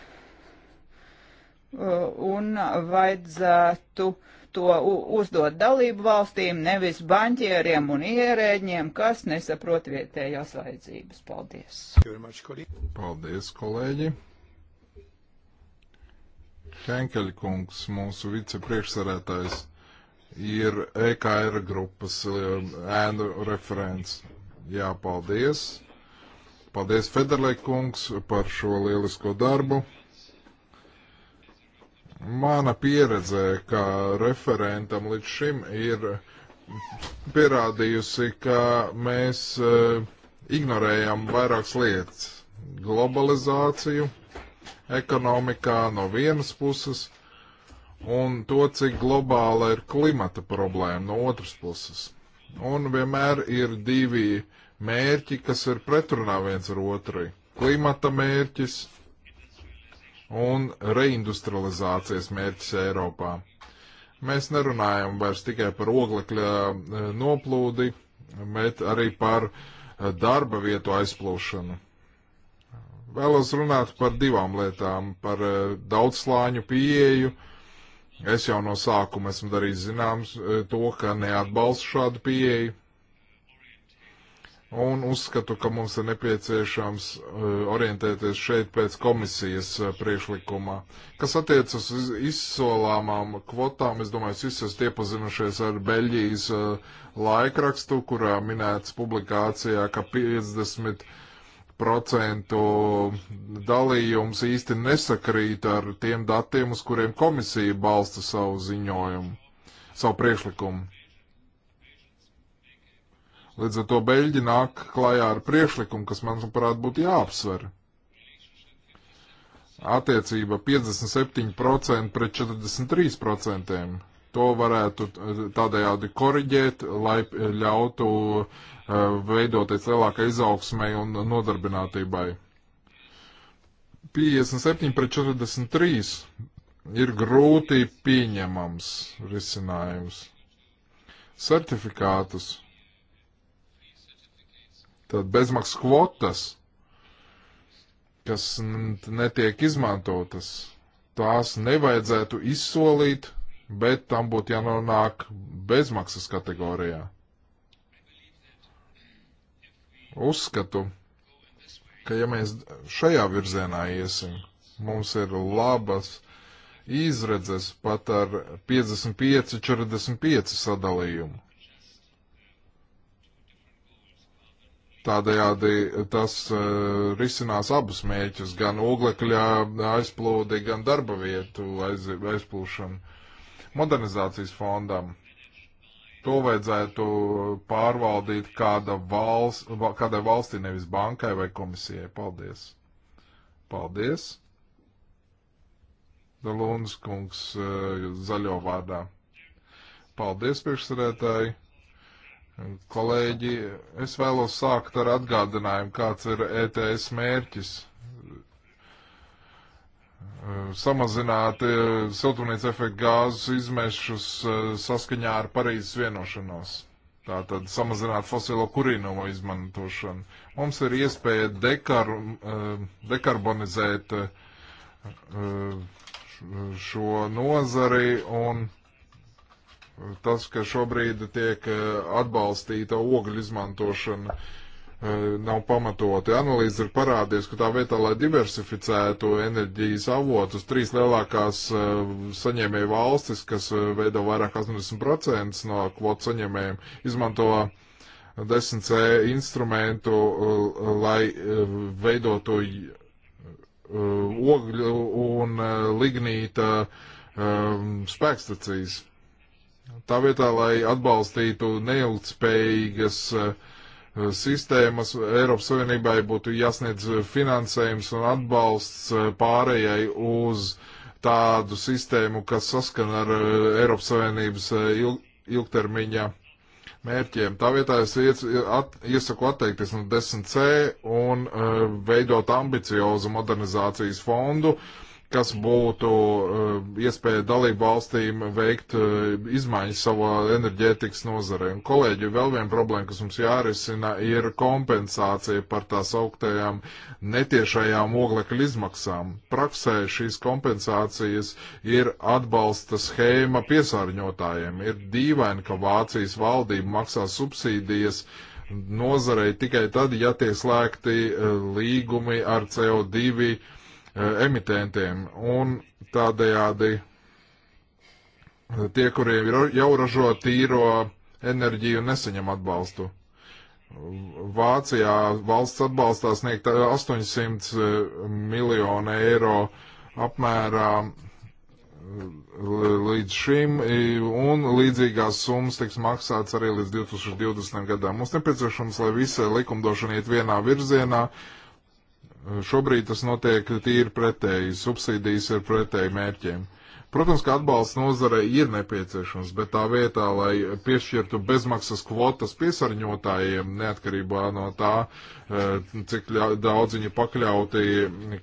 un vajadzētu to uzdot dalību valstīm, nevis banķieriem un ierēģiem, kas nesaprot vietējās vajadzības. Paldies! Paldies, kolēģi! Henkeļkungs, mūsu vicepriekšsarētājs, ir EKR grupas um, ēnu referents. Jā, paldies. Paldies, Federlai kungs, par šo lielisko darbu. Mana pieredze, kā referentam līdz šim, ir pierādījusi, ka mēs uh, ignorējam vairākas lietas. Globalizāciju ekonomikā no vienas puses un to, cik globāla ir klimata problēma no otras puses. Un vienmēr ir divi mērķi, kas ir pretrunā viens ar otru. Klimata mērķis un reindustrializācijas mērķis Eiropā. Mēs nerunājam vairs tikai par oglekļa e, noplūdi, bet arī par e, darba vietu aizplūšanu. Vēlos runāt par divām lietām - par e, daudzslāņu pieeju Es jau no sākuma esmu darījis zināms e, to, ka neatbalstu šādu pieeju. Un uzskatu, ka mums ir nepieciešams e, orientēties šeit pēc komisijas e, priekšlikumā. Kas attiecas uz izsolāmām kvotām, es domāju, es visi esat iepazinušies ar Beļģijas laikrakstu, kurā minēts publikācijā, ka 50 procentu dalījums īsti nesakrīt ar tiem datiem, uz kuriem komisija balsta savu ziņojumu, savu priekšlikumu. Līdz ar to Beļģi nāk klajā ar priekšlikumu, kas, manuprāt, būtu jāapsver. Attiecība 57% pret 43% to varētu eh, tādējādi koriģēt, lai ļautu eh, veidoties lielākai izaugsmai un nodarbinātībai. 57 pret 43 ir grūti pieņemams risinājums. Certifikātus. Tad bezmaksas kvotas, kas netiek izmantotas, tās nevajadzētu izsolīt bet tam būtu jānonāk bezmaksas kategorijā. Uzskatu, ka ja mēs šajā virzienā iesim, mums ir labas izredzes pat ar 55-45 sadalījumu. Tādējādi tas uh, risinās abus mērķus, gan oglekļa aizplūdi, gan darba vietu aiz, aizplūšanu modernizācijas fondam. To vajadzētu pārvaldīt kāda valsts, kādai valstī, nevis bankai vai komisijai. Paldies! Paldies! Dalūnas kungs eh, zaļo vārdā. Paldies, priekšsarētāji! Kolēģi, es vēlos sākt ar atgādinājumu, kāds ir ETS mērķis samazināt eh, siltumnīca efekta gāzu izmešus eh, saskaņā ar Parīzes vienošanos. Tātad samazināt fosilo kurīnumu izmantošanu. Mums ir iespēja dekar, eh, dekarbonizēt šo nozari un tas, ka šobrīd tiek atbalstīta ogļu izmantošana uh, E, nav pamatoti. Analīze ir parādījusi, ka tā vietā, lai diversificētu enerģijas avotus, trīs lielākās e, saņēmēju valstis, kas e, veido vairāk 80% no kvotu saņēmējiem, izmanto 10C instrumentu, lai veidotu ogļu un lignīta spēkstacijas. Tā vietā, lai atbalstītu neilgtspējīgas uh, Eh, sistēmas Eiropas Savienībai būtu jāsniedz eh, finansējums un atbalsts eh, pārējai uz tādu sistēmu, kas saskan ar Eiropas Savienības ilg ilgtermiņa mērķiem. Tā vietā es at, iesaku atteikties no 10C un uh, veidot ambiciozu modernizācijas fondu, uh, kas būtu eh, iespēja dalību valstīm veikt eh, izmaiņas savā enerģētikas nozarē. Un, kolēģi, vēl viena problēma, kas mums jārisina, ir kompensācija par tās augtajām netiešajām oglekļa izmaksām. Praksē šīs kompensācijas ir atbalsta schēma piesārņotājiem. Ir dīvaini, ka Vācijas valdība maksā subsīdijas nozarei tikai tad, ja tiek slēgti eh, līgumi ar CO2 Eh, emitentiem. Un tādējādi tie, kuriem ir jau ražo tīro enerģiju, nesaņem atbalstu. Vācijā valsts atbalstā sniegt 800 eh, eh, miljonu eiro apmērā līdz šim, un līdzīgās summas tiks maksāts arī līdz 2020. gadam. Mums nepieciešams, lai visa likumdošana iet vienā virzienā, uh, Šobrīd tas notiek tīri pretēji, subsīdijas ir pretēji mērķiem. Protams, ka atbalsts nozarei ir nepieciešams, bet tā vietā, lai piešķirtu bezmaksas kvotas piesārņotājiem, neatkarībā no tā, eh, cik daudz viņi pakļauti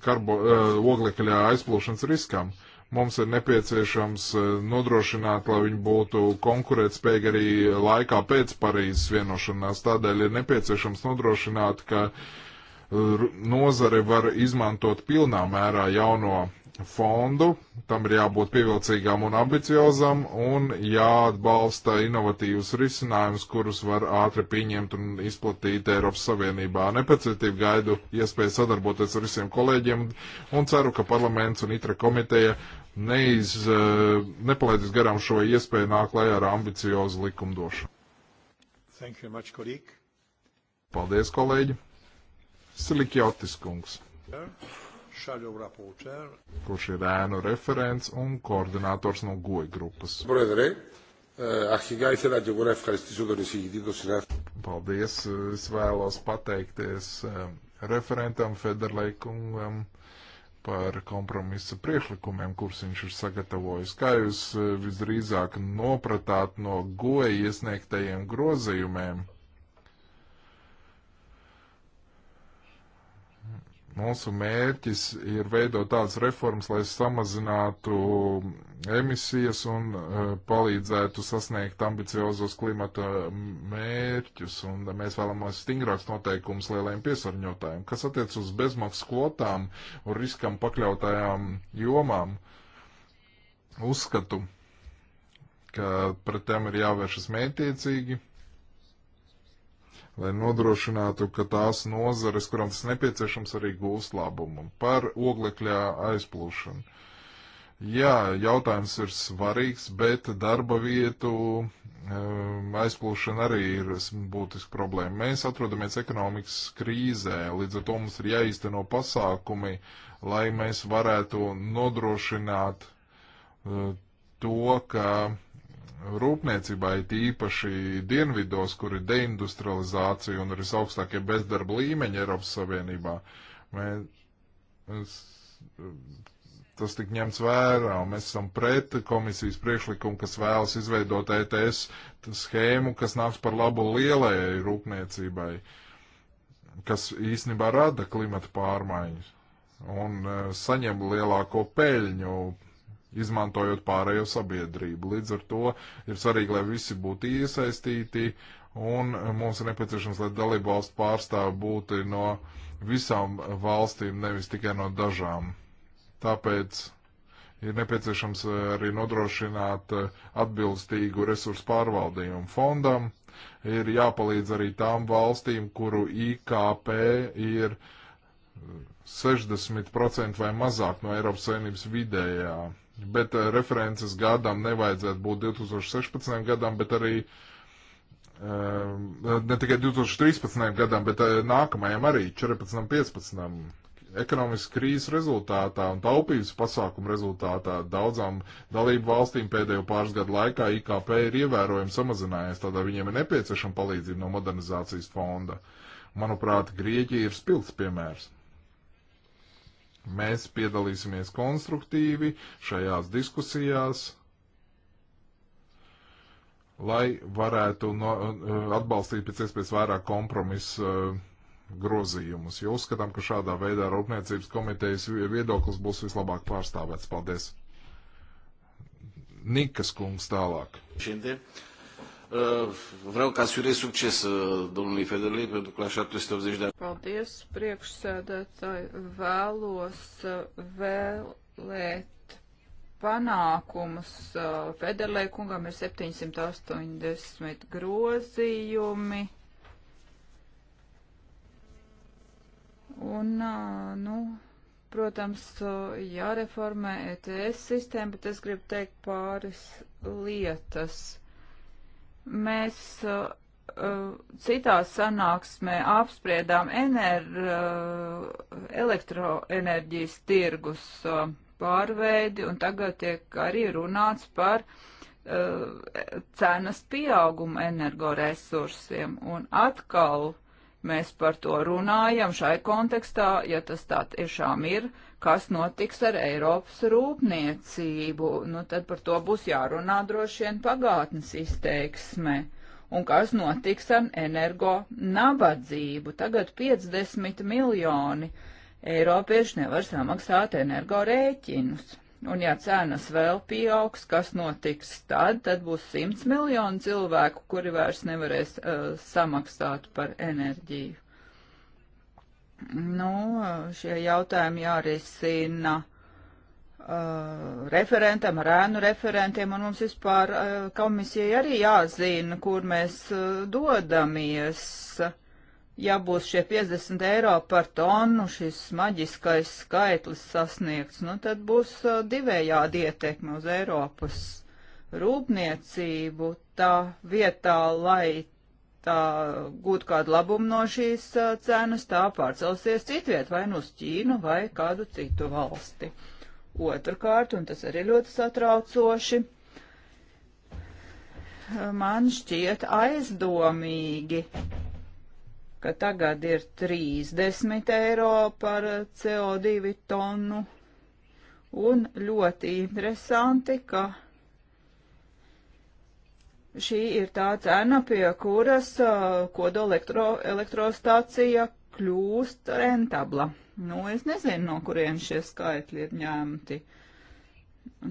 karbo, eh, oglekļa aizplūšanas riskam, mums ir nepieciešams eh, nodrošināt, lai viņi būtu konkurētspējīgi arī laikā pēc Parīzes vienošanās. Tādēļ ir nepieciešams nodrošināt, ka uh, nozare var izmantot pilnā mērā jauno fondu, tam ir jābūt pievilcīgām un ambiciozam un jāatbalsta inovatīvus risinājumus, kurus var ātri pieņemt un izplatīt Eiropas Savienībā. Nepacietību gaidu iespēju sadarboties ar visiem kolēģiem un ceru, ka parlaments un itra komiteja neiz, eh, nepalaidīs garām šo iespēju nāk lajā ar ambiciozu likumdošanu. Much, kolēģi. Paldies, kolēģi! Silikjotis kungs, kurš ir ēnu referents un koordinators no goja grupas. Eh, Paldies, es vēlos pateikties eh, referentam Federlai kungam par kompromisa priekšlikumiem, kurus viņš ir sagatavojis. Kā jūs eh, visdrīzāk nopratāt no goja iesniegtajiem grozījumiem? Mūsu mērķis ir veidot tādas reformas, lai samazinātu emisijas un uh, palīdzētu sasniegt ambiciozos klimata mērķus. Un mēs vēlamies stingrāks noteikums lielajiem piesārņotājiem, kas attiec uz bezmaksas kvotām un riskam pakļautajām jomām. Uzskatu, ka pret tām ir jāvēršas mētiecīgi lai nodrošinātu, ka tās nozares, kurām tas nepieciešams, arī gūst labumu par oglekļa aizplūšanu. Jā, jautājums ir svarīgs, bet darba vietu um, aizplūšana arī ir būtiska problēma. Mēs atrodamies ekonomikas krīzē, līdz ar to mums ir jāīsteno pasākumi, lai mēs varētu nodrošināt uh, to, ka rūpniecībai, tīpaši dienvidos, kur ir deindustrializācija un ir visaugstākie bezdarba līmeņi Eiropas Savienībā. Mēs, tas tik ņemts vērā, un mēs esam pret komisijas priekšlikumu, kas vēlas izveidot ETS schēmu, kas nāks par labu lielajai rūpniecībai, kas īstenībā rada klimata pārmaiņas un eh, saņem lielāko peļņu izmantojot pārējo sabiedrību. Līdz ar to ir svarīgi, lai visi būtu iesaistīti, un mums ir nepieciešams, lai dalību valstu pārstāvi būtu no visām valstīm, nevis tikai no dažām. Tāpēc ir nepieciešams eh, arī nodrošināt eh, atbilstīgu resursu pārvaldījumu fondam. Ir jāpalīdz arī tām valstīm, kuru IKP ir 60% eh, vai mazāk no Eiropas Savienības vidējā bet eh, references gadam nevajadzētu būt 2016. gadam, bet arī eh, ne tikai 2013. gadam, bet eh, nākamajam arī 14. 15. Ekonomiskas krīzes rezultātā un taupības pasākumu rezultātā daudzām dalību valstīm pēdējo pāris gadu laikā IKP ir ievērojami samazinājies, tādā viņiem ir nepieciešama palīdzība no modernizācijas fonda. Manuprāt, Grieķija ir spilgts piemērs. Mēs piedalīsimies konstruktīvi šajās diskusijās, lai varētu no, eh, atbalstīt pēc iespējas vairāk kompromisu eh, grozījumus, jo uzskatām, ka šādā veidā Rūpniecības komitejas viedoklis būs vislabāk pārstāvēts. Paldies! Nikas kungs tālāk. Šindien. Uh, vreau ca să urez succes uh, domnului Federlei pentru că la 780 de ani. Paldies, priekšsēdētāji. Vēlos uh, vēlēt panākumus. Federlei kungam ir 780 grozījumi. Un, nu, protams, jāreformē ETS sistēma, bet es gribu teikt pāris lietas Mēs uh, uh, citā sanāksmē apspriedām ener, uh, elektroenerģijas tirgus uh, pārveidi, un tagad tiek arī runāts par uh, cenas pieaugumu energoresursiem. Un atkal mēs par to runājam šai kontekstā, ja tas tā tiešām ir, uh, kas notiks ar Eiropas rūpniecību. Nu, tad par to būs jārunā droši vien pagātnes izteiksme. Un kas notiks ar energo nabadzību? Tagad 50 miljoni eiropieši nevar samaksāt energo rēķinus. Un ja cenas vēl pieaugs, kas notiks tad? Tad būs 100 miljoni cilvēku, kuri vairs nevarēs uh, samaksāt par enerģiju. Nu, šie jautājumi jārisina uh, referentam, ar ēnu referentiem, un mums vispār uh, komisijai arī jāzina, kur mēs uh, dodamies. Ja būs šie 50 eiro par tonu, šis maģiskais skaitlis sasniegts, nu tad būs uh, divējādi ietekme uz Eiropas rūpniecību, tā vietā, lai tā gūt kādu labumu no šīs cenas, tā pārcelsies citviet, vai nu uz Ķīnu, vai kādu citu valsti. Otrakārt, un tas arī ļoti satraucoši, man šķiet aizdomīgi, ka tagad ir 30 eiro par CO2 tonu, un ļoti interesanti, ka Šī ir tā cena, pie kuras uh, kodolelektrostacija kļūst rentabla. Nu, es nezinu, no kurien šie skaitļi ir ņemti.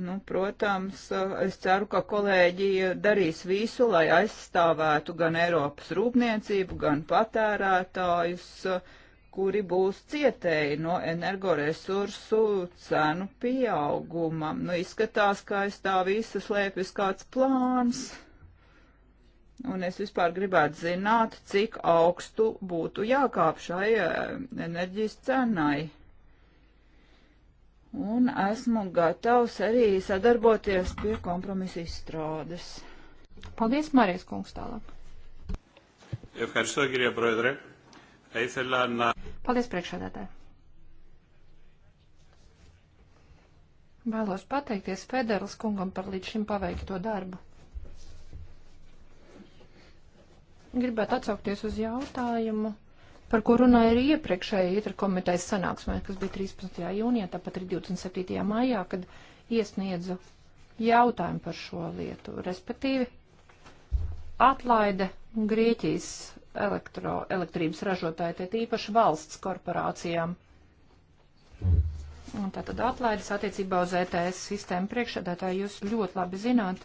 Nu, protams, uh, es ceru, ka kolēģi darīs visu, lai aizstāvētu gan Eiropas rūpniecību, gan patērētājus, uh, kuri būs cietēji no energoresursu cenu pieauguma. Nu, izskatās, ka aiz tā visa slēpjas kāds plāns. Mm. Un es vispār gribētu zināt, cik augstu būtu jākāp šai eh, enerģijas cenai. Un esmu gatavs arī sadarboties pie kompromisa izstrādes. Paldies, Marijas kungs, tālāk. Paldies, priekšādātāji. Vēlos pateikties Federas kungam par līdz šim paveikto darbu. gribētu atsaukties uz jautājumu, par ko runāja arī iepriekšējā itra komitejas sanāksmē, kas bija 13. jūnijā, tāpat arī 27. maijā, kad iesniedzu jautājumu par šo lietu, respektīvi atlaide Grieķijas elektro, elektrības ražotāji, tie tīpaši valsts korporācijām. Un tātad atlaides attiecībā uz ETS sistēmu priekšsēdētāji jūs ļoti labi zināt,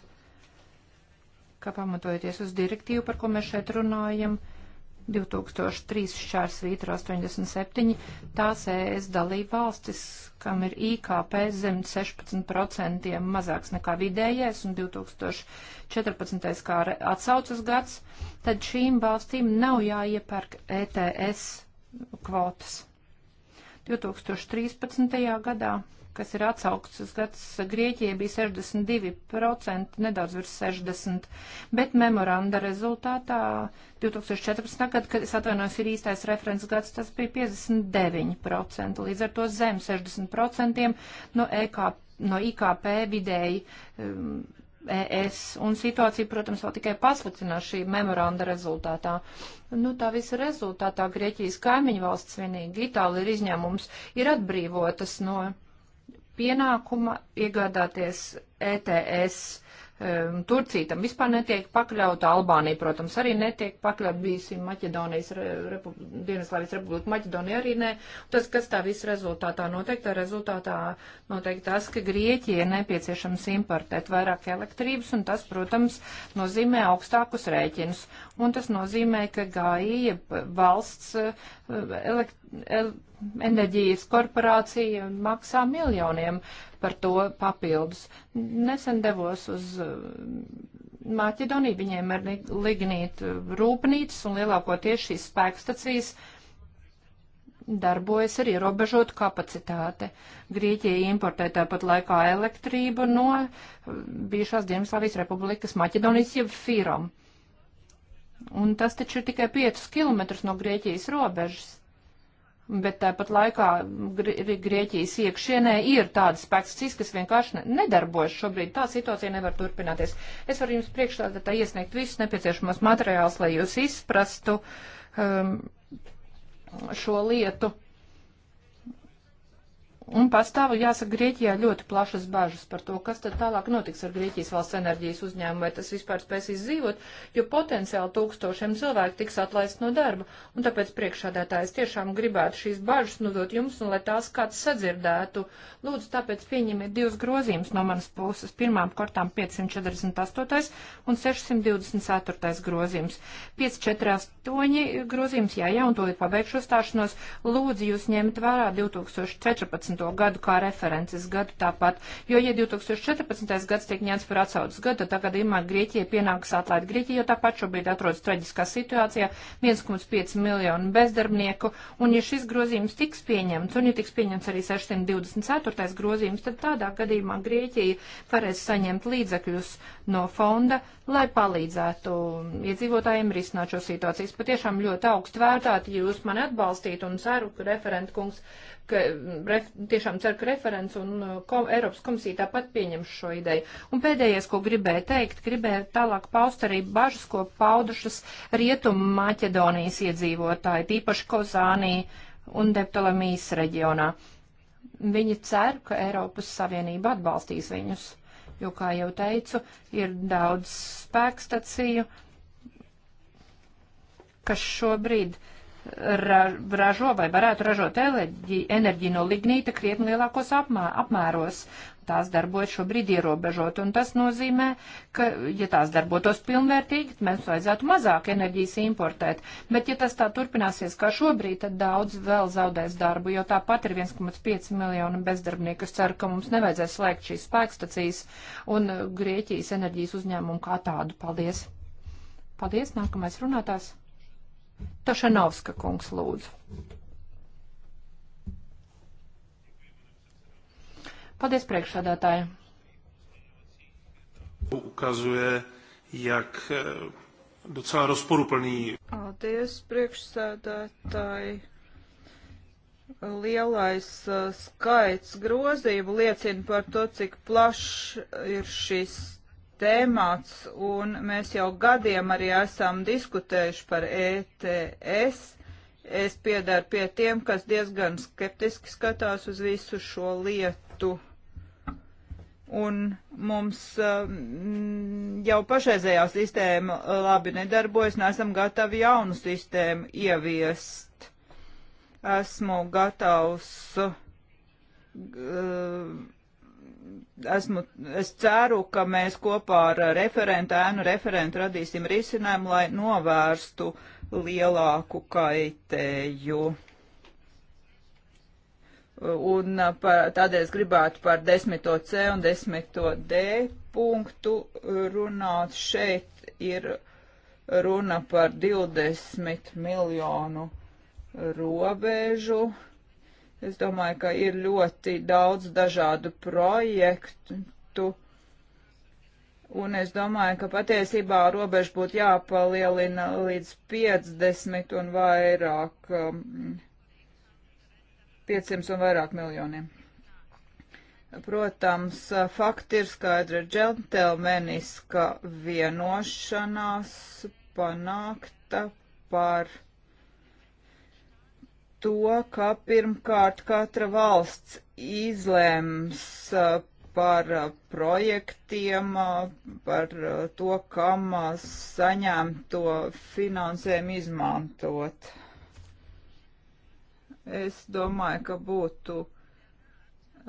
kā pamatojoties uz direktīvu, par ko mēs šeit runājam, 2003 šārs vītra 87, tās ES dalība valstis, kam ir IKP zem 16% mazāks nekā vidējais un 2014. kā atsaucas gads, tad šīm valstīm nav jāiepērk ETS kvotas. 2013. gadā kas ir atsaukts uz gads. Grieķija bija 62%, nedaudz virs 60%, bet memoranda rezultātā 2014. gada, kad es atvainojos, ir īstais referents gads, tas bija 59%, līdz ar to zem 60% no, EK, no IKP vidēji. Um, ES, un situācija, protams, vēl tikai pasliktinās šī memoranda rezultātā. Nu, tā visa rezultātā Grieķijas kaimiņu valsts vienīgi, Itālija ir izņēmums, ir atbrīvotas no pienākuma iegādāties ETS. Ehm, Turcija tam vispār netiek pakļauta, Albānija, protams, arī netiek pakļauta, bijusi Maķedonijas, Repu, Dienaslāvijas Republika, Maķedonija arī nē. Tas, kas tā viss rezultātā noteikti, rezultātā noteikti tas, ka Grieķija nepieciešams importēt vairāk elektrības, un tas, protams, nozīmē augstākus rēķinus. Un tas nozīmē, ka GAI e, valsts eh, elekt, el, enerģijas korporācija maksā miljoniem par to papildus. Nesen devos uz uh, Maķedoniju, viņiem ir lignīta uh, rūpnīcas un lielāko tieši šīs spēkstacijas darbojas ar ierobežotu kapacitāti. Grieķija importē tāpat laikā elektrību no uh, bijušās Dienvidslāvijas republikas Maķedonijas jeb Firom. Un tas taču ir tikai 5 km no Grieķijas robežas. Bet tāpat laikā Grieķijas iekšienē ir tāda spēks, kas vienkārši nedarbojas šobrīd. Tā situācija nevar turpināties. Es varu jums priekšstādātā iesniegt visus nepieciešamos materiālus, lai jūs izprastu um, šo lietu. Un pastāv, jāsaka, Grieķijā ļoti plašas bažas par to, kas tad tālāk notiks ar Grieķijas valsts enerģijas uzņēmumu, vai tas vispār spēs izdzīvot, jo potenciāli tūkstošiem cilvēku tiks atlaist no darba. Un tāpēc priekšādētājs tiešām gribētu šīs bažas nodot nu jums, un lai tās kāds sadzirdētu, lūdzu, tāpēc pieņemiet divus grozījumus no manas puses. Pirmām kārtām 548. un 624. grozījums. 548 grozījums, jā, jā, un to ir pabeigšu stāšanos. Lūdzu, jūs ņemt vērā 2014. 2014. gadu kā references gadu tāpat, jo, ja 2014. gads tiek ņemts par atsaucas gadu, tad tagad imā Grieķija pienāks atlaid Grieķiju, jo tāpat šobrīd atrodas traģiskā situācijā 1,5 miljonu bezdarbnieku, un ja šis grozījums tiks pieņemts, un ja tiks pieņemts arī 624. grozījums, tad tādā gadījumā Grieķija varēs saņemt līdzekļus no fonda, lai palīdzētu iedzīvotājiem risināt šo situāciju. Es patiešām ļoti augstu vērtātu, ja jūs mani atbalstītu un ceru, ka referentkungs ka ref, tiešām ceru, ka referents un uh, kom, Eiropas komisija tāpat pieņems šo ideju. Un pēdējais, ko gribēju teikt, gribēju tālāk paust arī bažas, ko paudušas Rietumu Maķedonijas iedzīvotāji, tīpaši Kozānī un Deptolemijas reģionā. Viņi cer, ka Eiropas Savienība atbalstīs viņus, jo, kā jau teicu, ir daudz spēkstaciju, kas šobrīd uh, ra, ražo vai varētu ražot eleģi, enerģiju no lignīta krietni lielākos apmā, apmēros. Tās darbojas šobrīd ierobežot, un tas nozīmē, ka, ja tās darbotos pilnvērtīgi, mums vajadzētu mazāk enerģijas importēt. Bet, ja tas tā turpināsies kā šobrīd, tad daudz vēl zaudēs darbu, jo tāpat ir 1,5 miljonu bezdarbnieku. Es ceru, ka mums nevajadzēs slēgt šīs spēkstacijas un uh, Grieķijas enerģijas uzņēmumu kā tādu. Paldies! Paldies! Nākamais runātājs! Tašanovska kungs lūdzu. Paldies priekšsādātāji. Ukazuje, jak eh, docela rozporuplný. Paldies priekšsādātāji. Lielais uh, skaits grozību liecina par to, cik plašs ir šis temats, un mēs jau gadiem arī esam diskutējuši par ETS. Es piedaru pie tiem, kas diezgan skeptiski skatās uz visu šo lietu. Un mums um, jau pašreizējā sistēma uh, labi nedarbojas, neesam gatavi jaunu sistēmu ieviest. Esmu gatavs uh, esmu, es ceru, ka mēs kopā ar referentu, ēnu referentu radīsim risinājumu, lai novērstu lielāku kaitēju. Un uh, par, tādēļ es gribētu par 10C un 10D punktu runāt. Šeit ir runa par 20 miljonu robežu. Uh, Es domāju, ka ir ļoti daudz dažādu projektu. Un es domāju, ka patiesībā robeža būtu jāpalielina līdz 50 un vairāk, 500 um, un vairāk miljoniem. Protams, fakti ir skaidri džentelmeniska vienošanās panākta par to, ka pirmkārt katra valsts izlems uh, par uh, projektiem, uh, par to, kam saņemt to finansējumu izmantot. Es domāju, ka būtu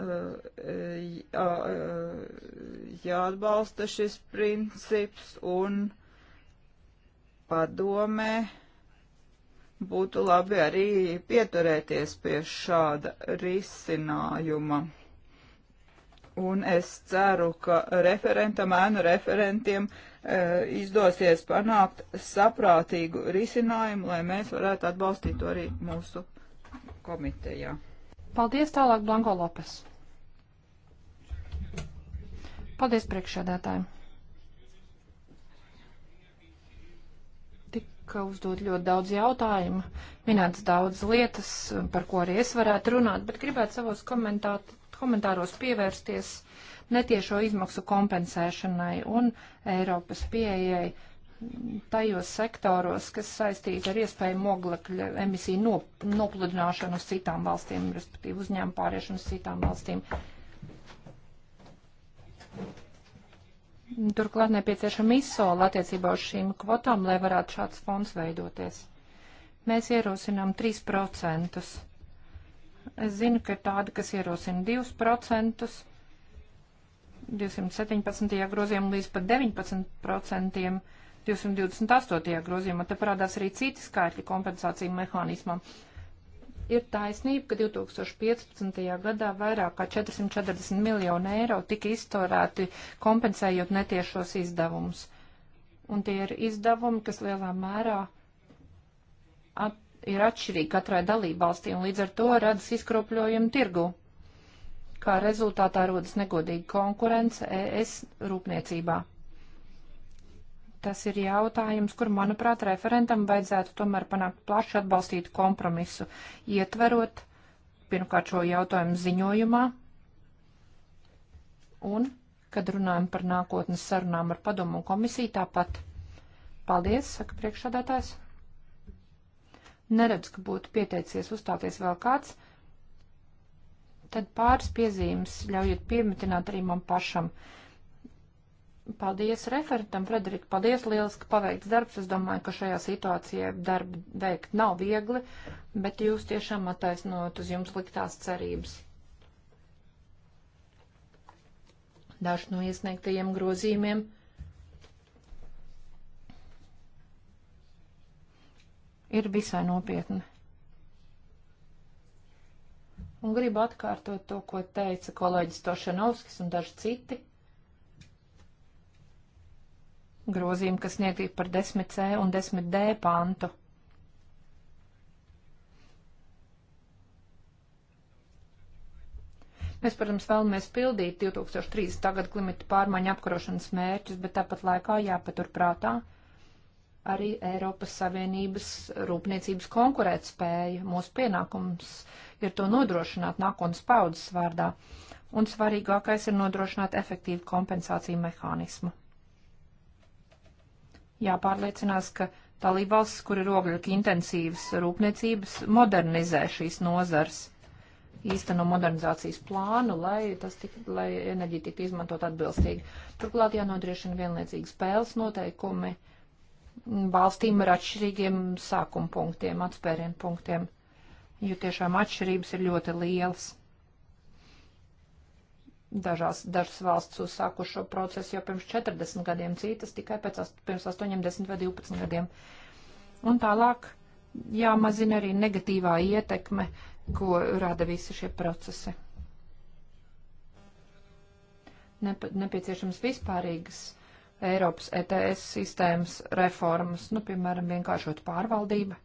jā, jāatbalsta šis princips un padomē būtu labi arī pieturēties pie šāda risinājuma. Un es ceru, ka referentam, ēnu referentiem e, izdosies panākt saprātīgu risinājumu, lai mēs varētu atbalstīt to arī mūsu komitejā. Paldies tālāk, Blanko Lopes. Paldies priekšsēdētājiem. ka uzdot ļoti daudz jautājumu, minēts daudz lietas, par ko arī es varētu runāt, bet gribētu savos komentāros pievērsties netiešo izmaksu kompensēšanai un Eiropas pieejai tajos sektoros, kas saistīti ar iespēju oglekļa emisiju nop, nopludināšanu uz citām valstīm, respektīvi uzņēmu pāriešanu uz citām valstīm. Thank you. Turklāt nepieciešama izsola attiecībā uz šīm kvotām, lai varētu šāds fonds veidoties. Mēs ierosinām 3%. Es zinu, ka ir tādi, kas ierosina 2%, 217. grozījumā līdz pat 19%. 228. grozījumā te parādās arī citi skaitļi kompensāciju mehānismam. Uh, ir taisnība, ka 2015. gadā vairāk kā 440 miljonu eiro tika iztorēti kompensējot netiešos izdevumus. Un tie ir izdevumi, kas lielā mērā at ir atšķirīgi katrai dalībvalstī un līdz ar to radas izkropļojumi tirgu. Kā rezultātā rodas negodīga konkurence ES rūpniecībā tas ir jautājums, kur, manuprāt, referentam vajadzētu tomēr panākt plaši atbalstītu kompromisu, ietverot pirmkārt šo jautājumu ziņojumā un, kad runājam par nākotnes sarunām ar padomu un komisiju, tāpat. Paldies, saka priekšādātājs. Neredz, ka būtu pieteicies uzstāties vēl kāds. Tad pāris piezīmes ļaujiet piemetināt arī man pašam. Uh, Paldies referentam, Frederika, paldies lieliski paveikts darbs. Es domāju, ka šajā situācijā darbu veikt nav viegli, bet jūs tiešām attaisnot uz jums liktās cerības. Daži no iesniegtajiem grozījumiem ir visai nopietni. Un gribu atkārtot to, ko teica kolēģis Tošanovskis un daži citi grozījumi, kas sniegti par 10c un 10d pantu. Mēs, protams, vēlamies pildīt 2030. gada klimata pārmaiņu apkarošanas mērķus, bet tāpat laikā jāpaturprātā arī Eiropas Savienības rūpniecības konkurētspēja. Mūsu pienākums ir to nodrošināt nākotnes paudzes vārdā, un svarīgākais ir nodrošināt efektīvu kompensāciju mehānismu jāpārliecinās, ka dalībvalstis, kur ir ogļu intensīvas rūpniecības, modernizē šīs nozars, īsteno modernizācijas plānu, lai, tik, lai enerģija tiktu izmantot atbilstīgi. Turklāt jānodriešina vienlaicīgi spēles noteikumi valstīm ar atšķirīgiem sākuma punktiem, atspērienu punktiem, jo tiešām atšķirības ir ļoti lielas. Dažās, dažas valsts uzsāku šo procesu jau pirms 40 gadiem, citas tikai pēc, pirms 8, 10 vai 12 gadiem. Un tālāk jāmazina arī negatīvā ietekme, ko rada visi šie procesi. Nepa, nepieciešams vispārīgas Eiropas ETS sistēmas reformas, nu, piemēram, vienkāršot pārvaldība,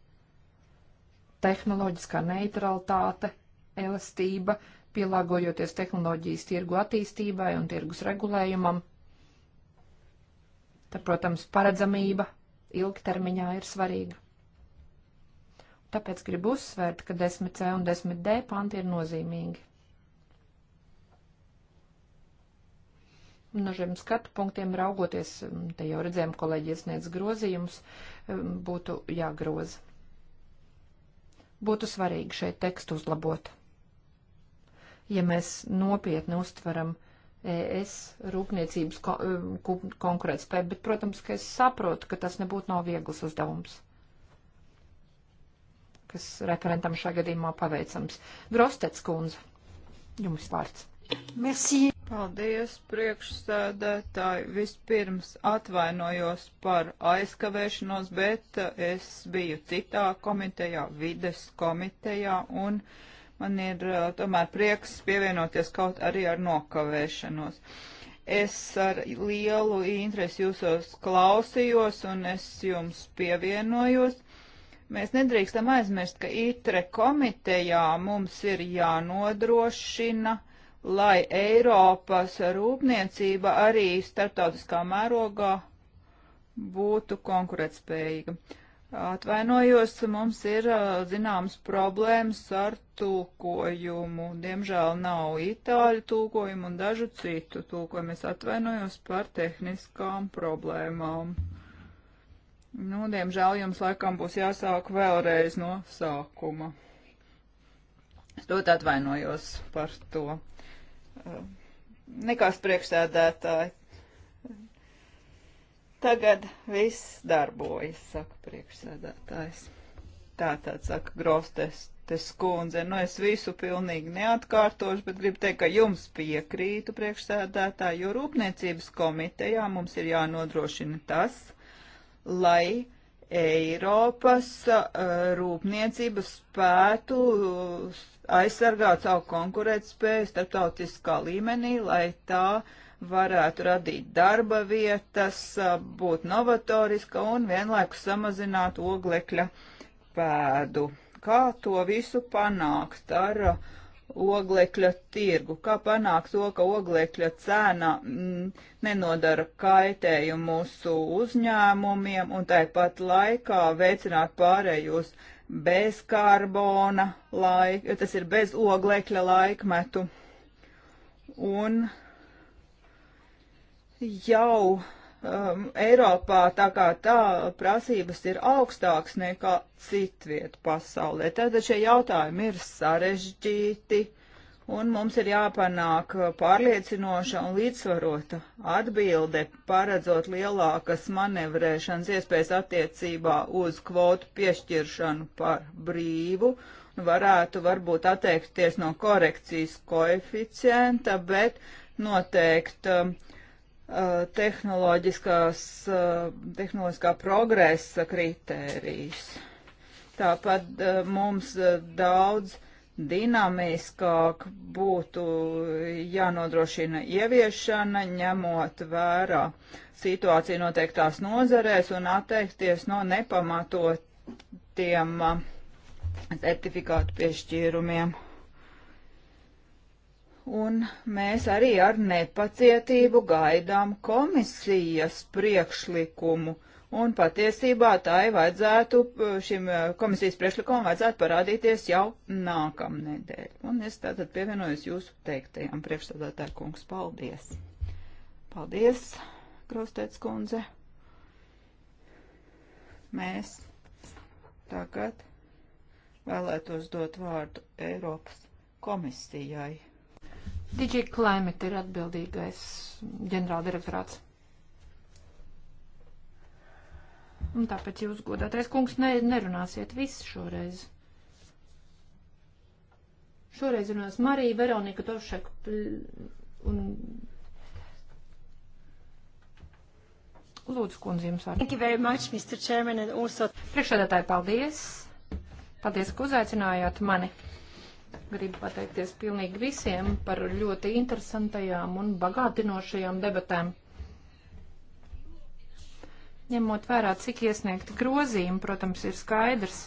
tehnoloģiskā neutralitāte, elastība, pielāgojoties tehnoloģijas tirgu attīstībai un tirgus regulējumam. Tad, protams, paredzamība ilgtermiņā ir svarīga. Tāpēc gribu uzsvērt, ka 10C un 10D panti ir nozīmīgi. No šiem skatu punktiem raugoties, te jau redzējām, kolēģi iesniedz grozījumus, būtu jāgroza. Būtu svarīgi šeit tekstu uzlabot ja mēs nopietni uztveram ES rūpniecības ko, um, konkurētspēju, bet, protams, ka es saprotu, ka tas nebūtu nav viegls uzdevums, kas referentam šajā gadījumā paveicams. Grostets kundze, jums vārds. Merci. Paldies, priekšsēdētāji. Vispirms atvainojos par aizkavēšanos, bet es biju citā komitejā, vides komitejā, un uh, Man ir uh, tomēr prieks pievienoties kaut arī ar nokavēšanos. Es ar lielu interesi jūsos klausījos un es jums pievienojos. Mēs nedrīkstam aizmirst, ka ITRE komitejā mums ir jānodrošina, lai Eiropas rūpniecība arī starptautiskā mērogā būtu konkurētspējīga. Atvainojos, mums ir zināmas problēmas ar tūkojumu. Diemžēl nav itāļu tūkojumu un dažu citu tūkojumu. Es atvainojos par tehniskām problēmām. Nu, diemžēl jums laikam būs jāsāk vēlreiz no sākuma. Es ļoti atvainojos par to. Nekas priekšsēdētāji Tagad viss darbojas, saka priekšsēdētājs. Tā tad saka Grostes kundze. Nu, es visu pilnīgi neatkārtošu, bet gribu teikt, ka jums piekrītu priekšsēdētāji, jo Rūpniecības komitejā mums ir jānodrošina tas, lai Eiropas rūpniecība spētu aizsargāt savu konkurētspēju starptautiskā līmenī, lai tā uh, varētu radīt darba vietas, būt novatoriska un vienlaikus samazināt oglekļa pēdu. Kā to visu panākt ar oglekļa tirgu? Kā panākt to, ka oglekļa cena mm, nenodara kaitējumu mūsu uzņēmumiem un tāpat laikā veicināt pārējos bez karbona laika, tas ir bez oglekļa laikmetu? Un jau um, Eiropā tā kā tā prasības ir augstāks nekā citviet pasaulē. Tātad šie jautājumi ir sarežģīti un mums ir jāpanāk pārliecinoša un līdzsvarota atbilde, paredzot lielākas manevrēšanas iespējas attiecībā uz kvotu piešķiršanu par brīvu varētu varbūt atteikties no korekcijas koeficienta, bet noteikt um, Eh, tehnoloģiskās, eh, tehnoloģiskā progresa kritērijus. Tāpat eh, mums daudz dinamiskāk būtu jānodrošina ieviešana, ņemot vērā situāciju noteiktās nozarēs un atteikties no nepamatotiem certifikātu piešķīrumiem un mēs arī ar nepacietību gaidām komisijas priekšlikumu. Un patiesībā tai vajadzētu, šim eh, komisijas priekšlikumam vajadzētu parādīties jau nākamnedēļ. Un es tātad pievienojos jūsu teiktajam priekšstādātāju kungs. Paldies! Paldies, Graustēts kundze! Mēs tagad vēlētos dot vārdu Eiropas komisijai. DJ Climate ir atbildīgais ģenerāldirektorāts. Un tāpēc jūs, godātais kungs, ne, nerunāsiet visu šoreiz. Šoreiz runās Marija, Veronika Tošek un Lūdzu, kundze, jums vārds. Thank you very much, Mr. Chairman, and also... Priekšsēdētāji, paldies. Paldies, ka uzaicinājāt mani. Gribu pateikties pilnīgi visiem par ļoti interesantajām un bagātinošajām debatēm. Ņemot vērā, cik iesniegti grozījumi, protams, ir skaidrs,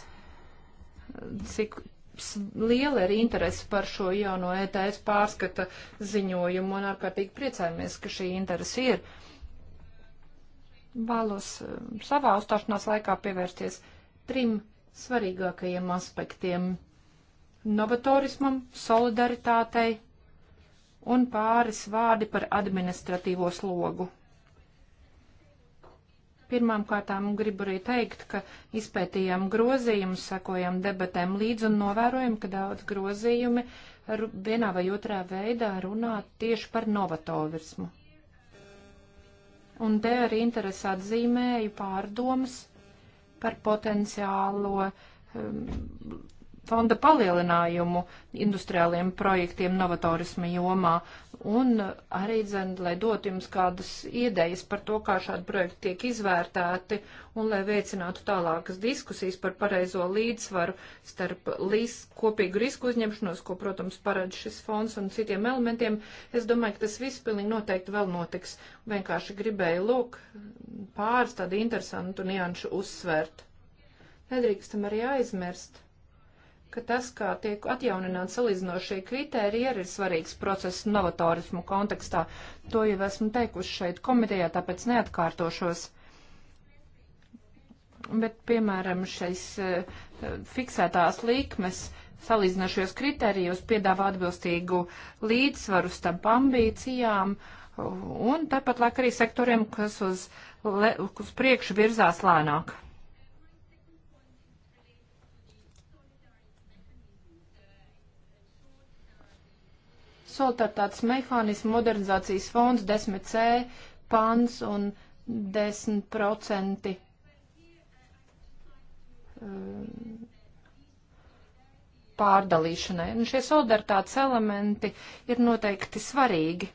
cik liela ir interese par šo jauno ETS pārskata ziņojumu un ārkārtīgi priecājamies, ka šī interese ir. Vēlos eh, savā uzstāšanās laikā pievērsties trim svarīgākajiem aspektiem novatorismam, solidaritātei un pāris vārdi par administratīvo slogu. Pirmām kārtām gribu arī teikt, ka izpētījām grozījumus, sekojam debatēm līdz un novērojam, ka daudz grozījumi vienā vai otrā veidā runā tieši par novatorismu. Un te arī interesē atzīmēju pārdomas par potenciālo um, fonda palielinājumu industriāliem projektiem novatorisma jomā un arī, dzen, lai dotu jums kādas idejas par to, kā šādi projekti tiek izvērtēti un lai veicinātu tālākas diskusijas par pareizo līdzsvaru starp līdz kopīgu risku uzņemšanos, ko, protams, paredz šis fonds un citiem elementiem. Es domāju, ka tas viss pilnīgi noteikti vēl notiks. Vienkārši gribēju lūk pāris tādu interesantu nianšu uzsvērt. Nedrīkstam arī aizmirst ka tas, kā tiek atjaunināt salīdzinošie kritēriji, arī ir svarīgs process novatorismu kontekstā. To jau esmu teikusi šeit komitejā, tāpēc neatkārtošos. Bet, piemēram, šais uh, fiksētās līkmes salīdzinošos kritērijos piedāvā atbilstīgu līdzsvaru starp ambīcijām un tāpat laik arī sektoriem, kas uz, le, uz priekšu virzās lēnāk. solidaritātes mehānismu, modernizācijas fonds, 10C, pants un 10% um, pārdalīšanai. Un šie solidaritātes elementi ir noteikti svarīgi.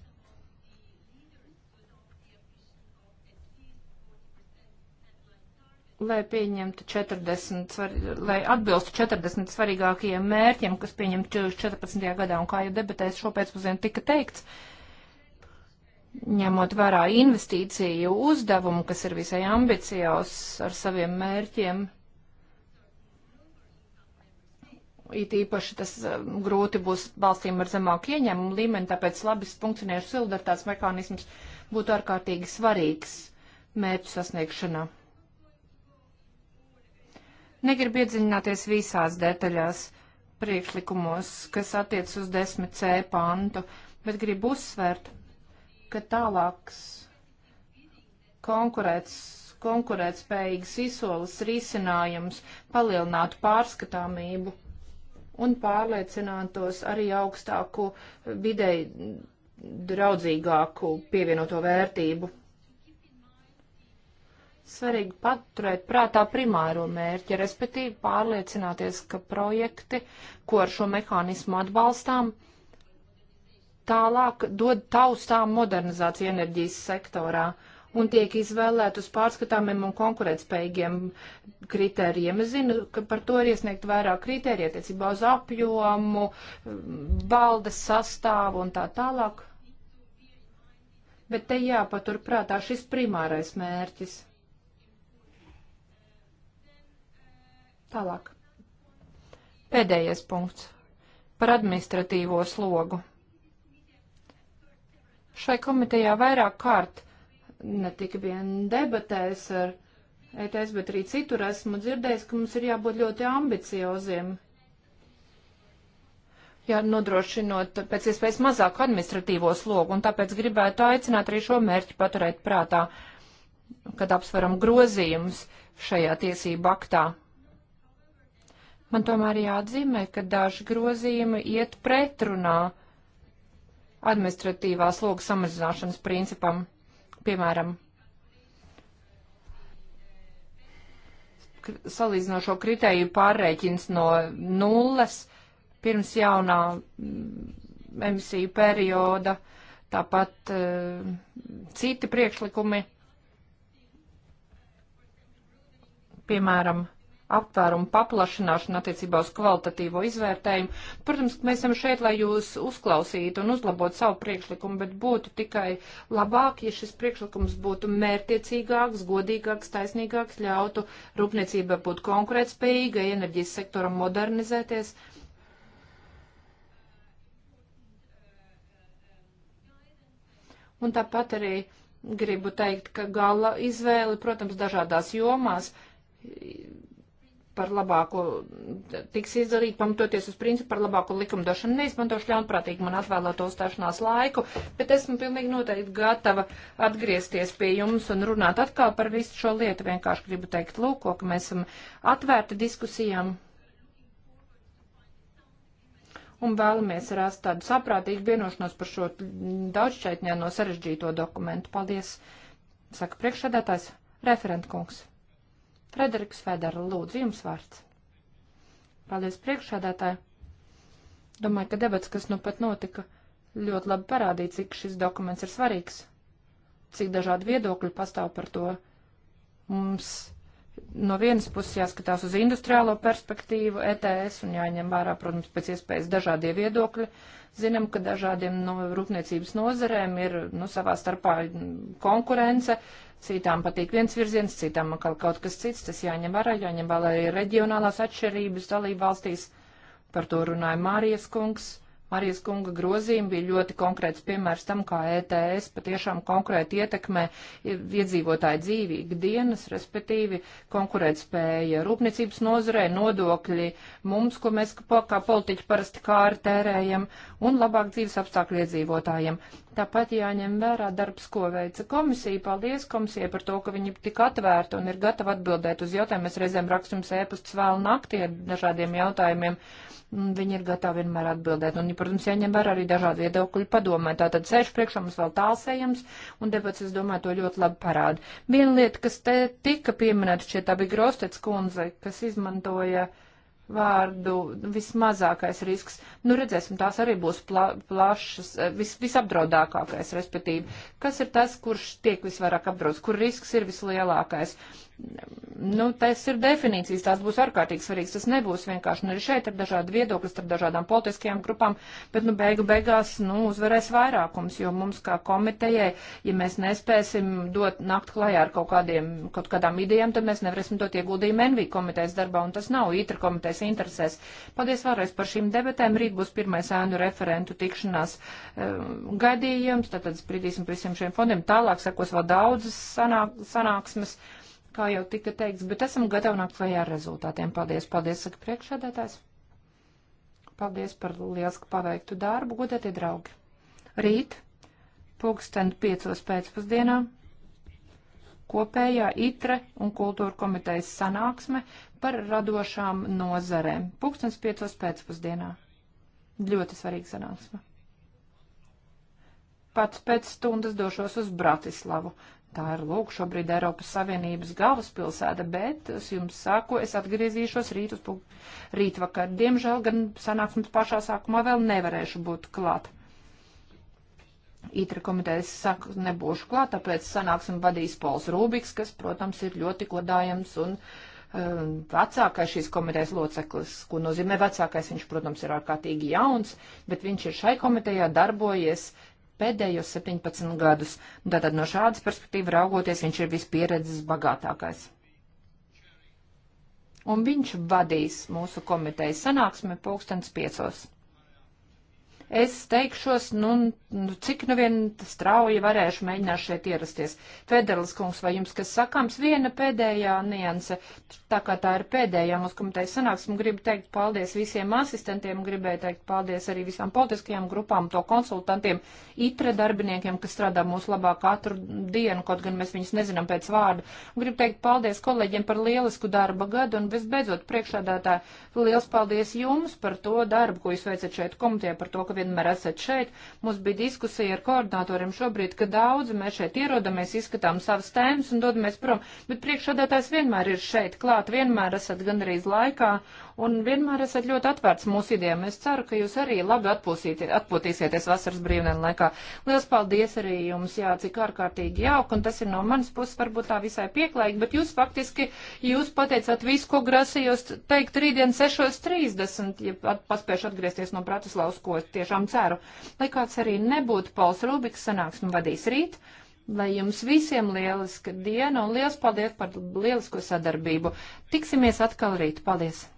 lai pieņemtu 40, svar, lai atbilstu 40 svarīgākajiem mērķiem, kas pieņemti 2014. gadā, un kā jau debatēs šopēcpusdien tika teikts, ņemot vērā investīciju uzdevumu, kas ir visai ambicios ar saviem mērķiem, it īpaši tas eh, grūti būs valstīm ar zemāku ieņēmumu līmeni, tāpēc labas funkcionēšu solidaritātes mekanisms būtu ārkārtīgi svarīgs mērķu sasniegšanā. Negribu iedziļināties visās detaļās priekšlikumos, kas attiec uz 10c pantu, bet gribu uzsvērt, ka tālāks konkurēts konkurētspējīgas izsoles risinājums palielinātu pārskatāmību un pārliecinātos arī augstāku videi draudzīgāku pievienoto vērtību. Svarīgi paturēt prātā primāro mērķi, respektīvi pārliecināties, ka projekti, ko ar šo mehānismu atbalstām, tālāk dod taustām modernizāciju enerģijas sektorā un tiek izvēlēt uz pārskatāmiem un konkurētspējīgiem kritērijiem. Es zinu, ka par to ir iesniegt vairāk kritērija attiecībā uz apjomu, baldes sastāvu un tā tālāk. Bet te jāpaturprātā šis primārais mērķis. Tālāk. Pēdējais punkts par administratīvo slogu. Šai komitejā vairāk kārt ne tik vien debatēs ar ETS, bet arī citur esmu dzirdējis, ka mums ir jābūt ļoti ambicioziem jā, nodrošinot pēc iespējas mazāku administratīvo slogu, un tāpēc gribētu aicināt arī šo mērķi paturēt prātā, kad apsveram grozījumus šajā tiesību aktā. Man tomēr jāatzīmē, ka daži grozījumi iet pretrunā administratīvās logas samazināšanas principam, piemēram, salīdzinošo kritēju pārreikins no nulles pirms jaunā mm, emisiju perioda, tāpat uh, citi priekšlikumi, piemēram, aptvērumu paplašināšanu attiecībā uz kvalitatīvo izvērtējumu. Protams, mēs esam šeit, lai jūs uzklausītu un uzlabotu savu priekšlikumu, bet būtu tikai labāk, ja šis priekšlikums būtu mērtiecīgāks, godīgāks, taisnīgāks, ļautu rūpniecībai būt konkurētspējīgai, enerģijas sektoram modernizēties. Un tāpat arī gribu teikt, ka gala izvēle, protams, dažādās jomās par labāku, tiks izdarīt pamatoties uz principu par labāku likumdošanu. Neizmantošu ļaunprātīgi man atvēlēto uzstāšanās laiku, bet esmu pilnīgi noteikti gatava atgriezties pie jums un runāt atkal par visu šo lietu. Vienkārši gribu teikt, lūko, ka mēs esam atvērti diskusijām un vēlamies rast tādu saprātīgu vienošanos par šo daudzšķaitņēno sarežģīto dokumentu. Paldies, saka priekšsēdētājs, referentkungs. Frederiks Federa, lūdzu, jums vārds. Paldies priekšādātāji. Domāju, ka debats, kas nu pat notika, ļoti labi parādīja, cik šis dokuments ir svarīgs, cik dažādi viedokļi pastāv par to. Mums no vienas puses jāskatās uz industriālo perspektīvu ETS un jāņem vērā, protams, pēc iespējas dažādie viedokļi. Zinām, ka dažādiem no rūpniecības nozarēm ir nu, savā starpā konkurence, citām patīk viens virziens, citām atkal kaut kas cits, tas jāņem vērā, jāņem vērā arī reģionālās atšķirības dalību valstīs. Par to runāja Mārijas kungs. Marijas kunga grozījumi bija ļoti konkrēts piemērs tam, kā ETS patiešām konkrēti ietekmē iedzīvotāju dzīvi ikdienas, respektīvi konkurētspēja rūpniecības nozarē, nodokļi mums, ko mēs kā politiķi parasti kā ar tērējam, un labāk dzīves apstākļu iedzīvotājiem. Tāpat jāņem vērā darbs, ko veica komisija. Paldies komisijai par to, ka viņi tik atvērti un ir gatavi atbildēt uz jautājumiem. Mēs reizēm rakstums ēpastus vēl naktī ar dažādiem jautājumiem. Viņi ir gatavi vienmēr atbildēt. Un, protams, jāņem vērā arī dažādi viedokļi padomē. Tātad sēž priekšā mums vēl tālsējams, un debats, es domāju, to ļoti labi parāda. Viena lieta, kas te tika pieminēta, šķiet, tā bija Grostets kundze, kas izmantoja. Uh, vārdu vismazākais risks. Nu, redzēsim, tās arī būs pla plašas, eh, vis visapdraudākākais, respektīvi. Kas ir tas, kurš tiek visvairāk apdrauds, kur risks ir vislielākais? nu, tas ir definīcijas, tās būs ārkārtīgi svarīgas. Tas nebūs vienkārši, nu, arī šeit ir dažādi viedokļi starp dažādām politiskajām grupām, bet, nu, beigu beigās, nu, uzvarēs vairākums, jo mums kā komitejai, ja mēs nespēsim dot nakt klajā ar kaut kādiem, kaut kādām idejām, tad mēs nevarēsim dot ieguldījumu NV komitejas darbā, un tas nav ITRA komitejas interesēs. Paldies vēlreiz par šīm debatēm. Rīt būs pirmais ēnu referentu tikšanās um, gadījums, tad, tad spridīsim par visiem šiem fondiem. Tālāk sekos vēl daudzas sanāk, sanāksmes kā jau tika teikts, bet esam gatavi nākt klajā ar rezultātiem. Paldies, paldies, saka priekšsēdētājs. Paldies par lielu paveiktu darbu, godētie draugi. Rīt, pulksten piecos pēcpusdienā, kopējā ITRE un kultūra komitejas sanāksme par radošām nozarēm. Pulkstens piecos pēcpusdienā. Ļoti svarīga sanāksme. Pats pēc stundas došos uz Bratislavu. Tā ir lūk šobrīd Eiropas Savienības galvaspilsēta, bet es jums saku, es atgriezīšos rīt uz rītvakar. Diemžēl gan sanāksmes pašā sākumā vēl nevarēšu būt klāt. Itra komitejas saka, nebūšu klāt, tāpēc sanāksim vadīs Pols Rūbiks, kas, protams, ir ļoti godājams un um, vecākais šīs komitejas loceklis, ko nozīmē vecākais, viņš, protams, ir ārkārtīgi jauns, bet viņš ir šai komitejā darbojies uh, pēdējos 17 gadus. Tātad no šādas perspektīvas raugoties, viņš ir vispieredzes bagātākais. Un viņš vadīs mūsu komitejas sanāksmi pulkstens piecos es teikšos, nu, nu cik nu vien strauji varēšu mēģināt šeit ierasties. Federlis kungs, vai jums kas sakāms viena pēdējā nianse, tā kā tā ir pēdējā mums komitejas sanāksme, gribu teikt paldies visiem asistentiem, gribēju teikt paldies arī visām politiskajām grupām, to konsultantiem, itre darbiniekiem, kas strādā mūsu labā katru dienu, kaut gan mēs viņus nezinām pēc vārda. Gribu teikt paldies kolēģiem par lielisku darba gadu un visbeidzot priekšādātāji, liels paldies jums par to darbu, ko jūs veicat šeit komitē, par to, ka vienmēr esat šeit. Mums bija diskusija ar koordinatoriem šobrīd, ka daudzi mēs šeit ierodamies, izskatām savas tēmas un dodamies prom, bet priekšādātājs vienmēr ir šeit klāt, vienmēr esat gandrīz laikā un vienmēr esat ļoti atvērts mūsu idejām. Es ceru, ka jūs arī labi atpūtīsieties vasaras brīvdienu laikā. Lielas paldies arī jums, jā, cik ārkārtīgi jauk, un tas ir no manas puses varbūt tā visai pieklājīgi, bet jūs faktiski, jūs pateicāt visu, ko grasījos teikt rītdien 6.30, ja at, paspēšu atgriezties no Bratislavas, ko es tiešām ceru. Lai kāds arī nebūtu, Pauls Rubiks sanāksmi vadīs rīt. Lai jums visiem lieliska diena un liels paldies par lielisko sadarbību. Tiksimies atkal rīt. Paldies!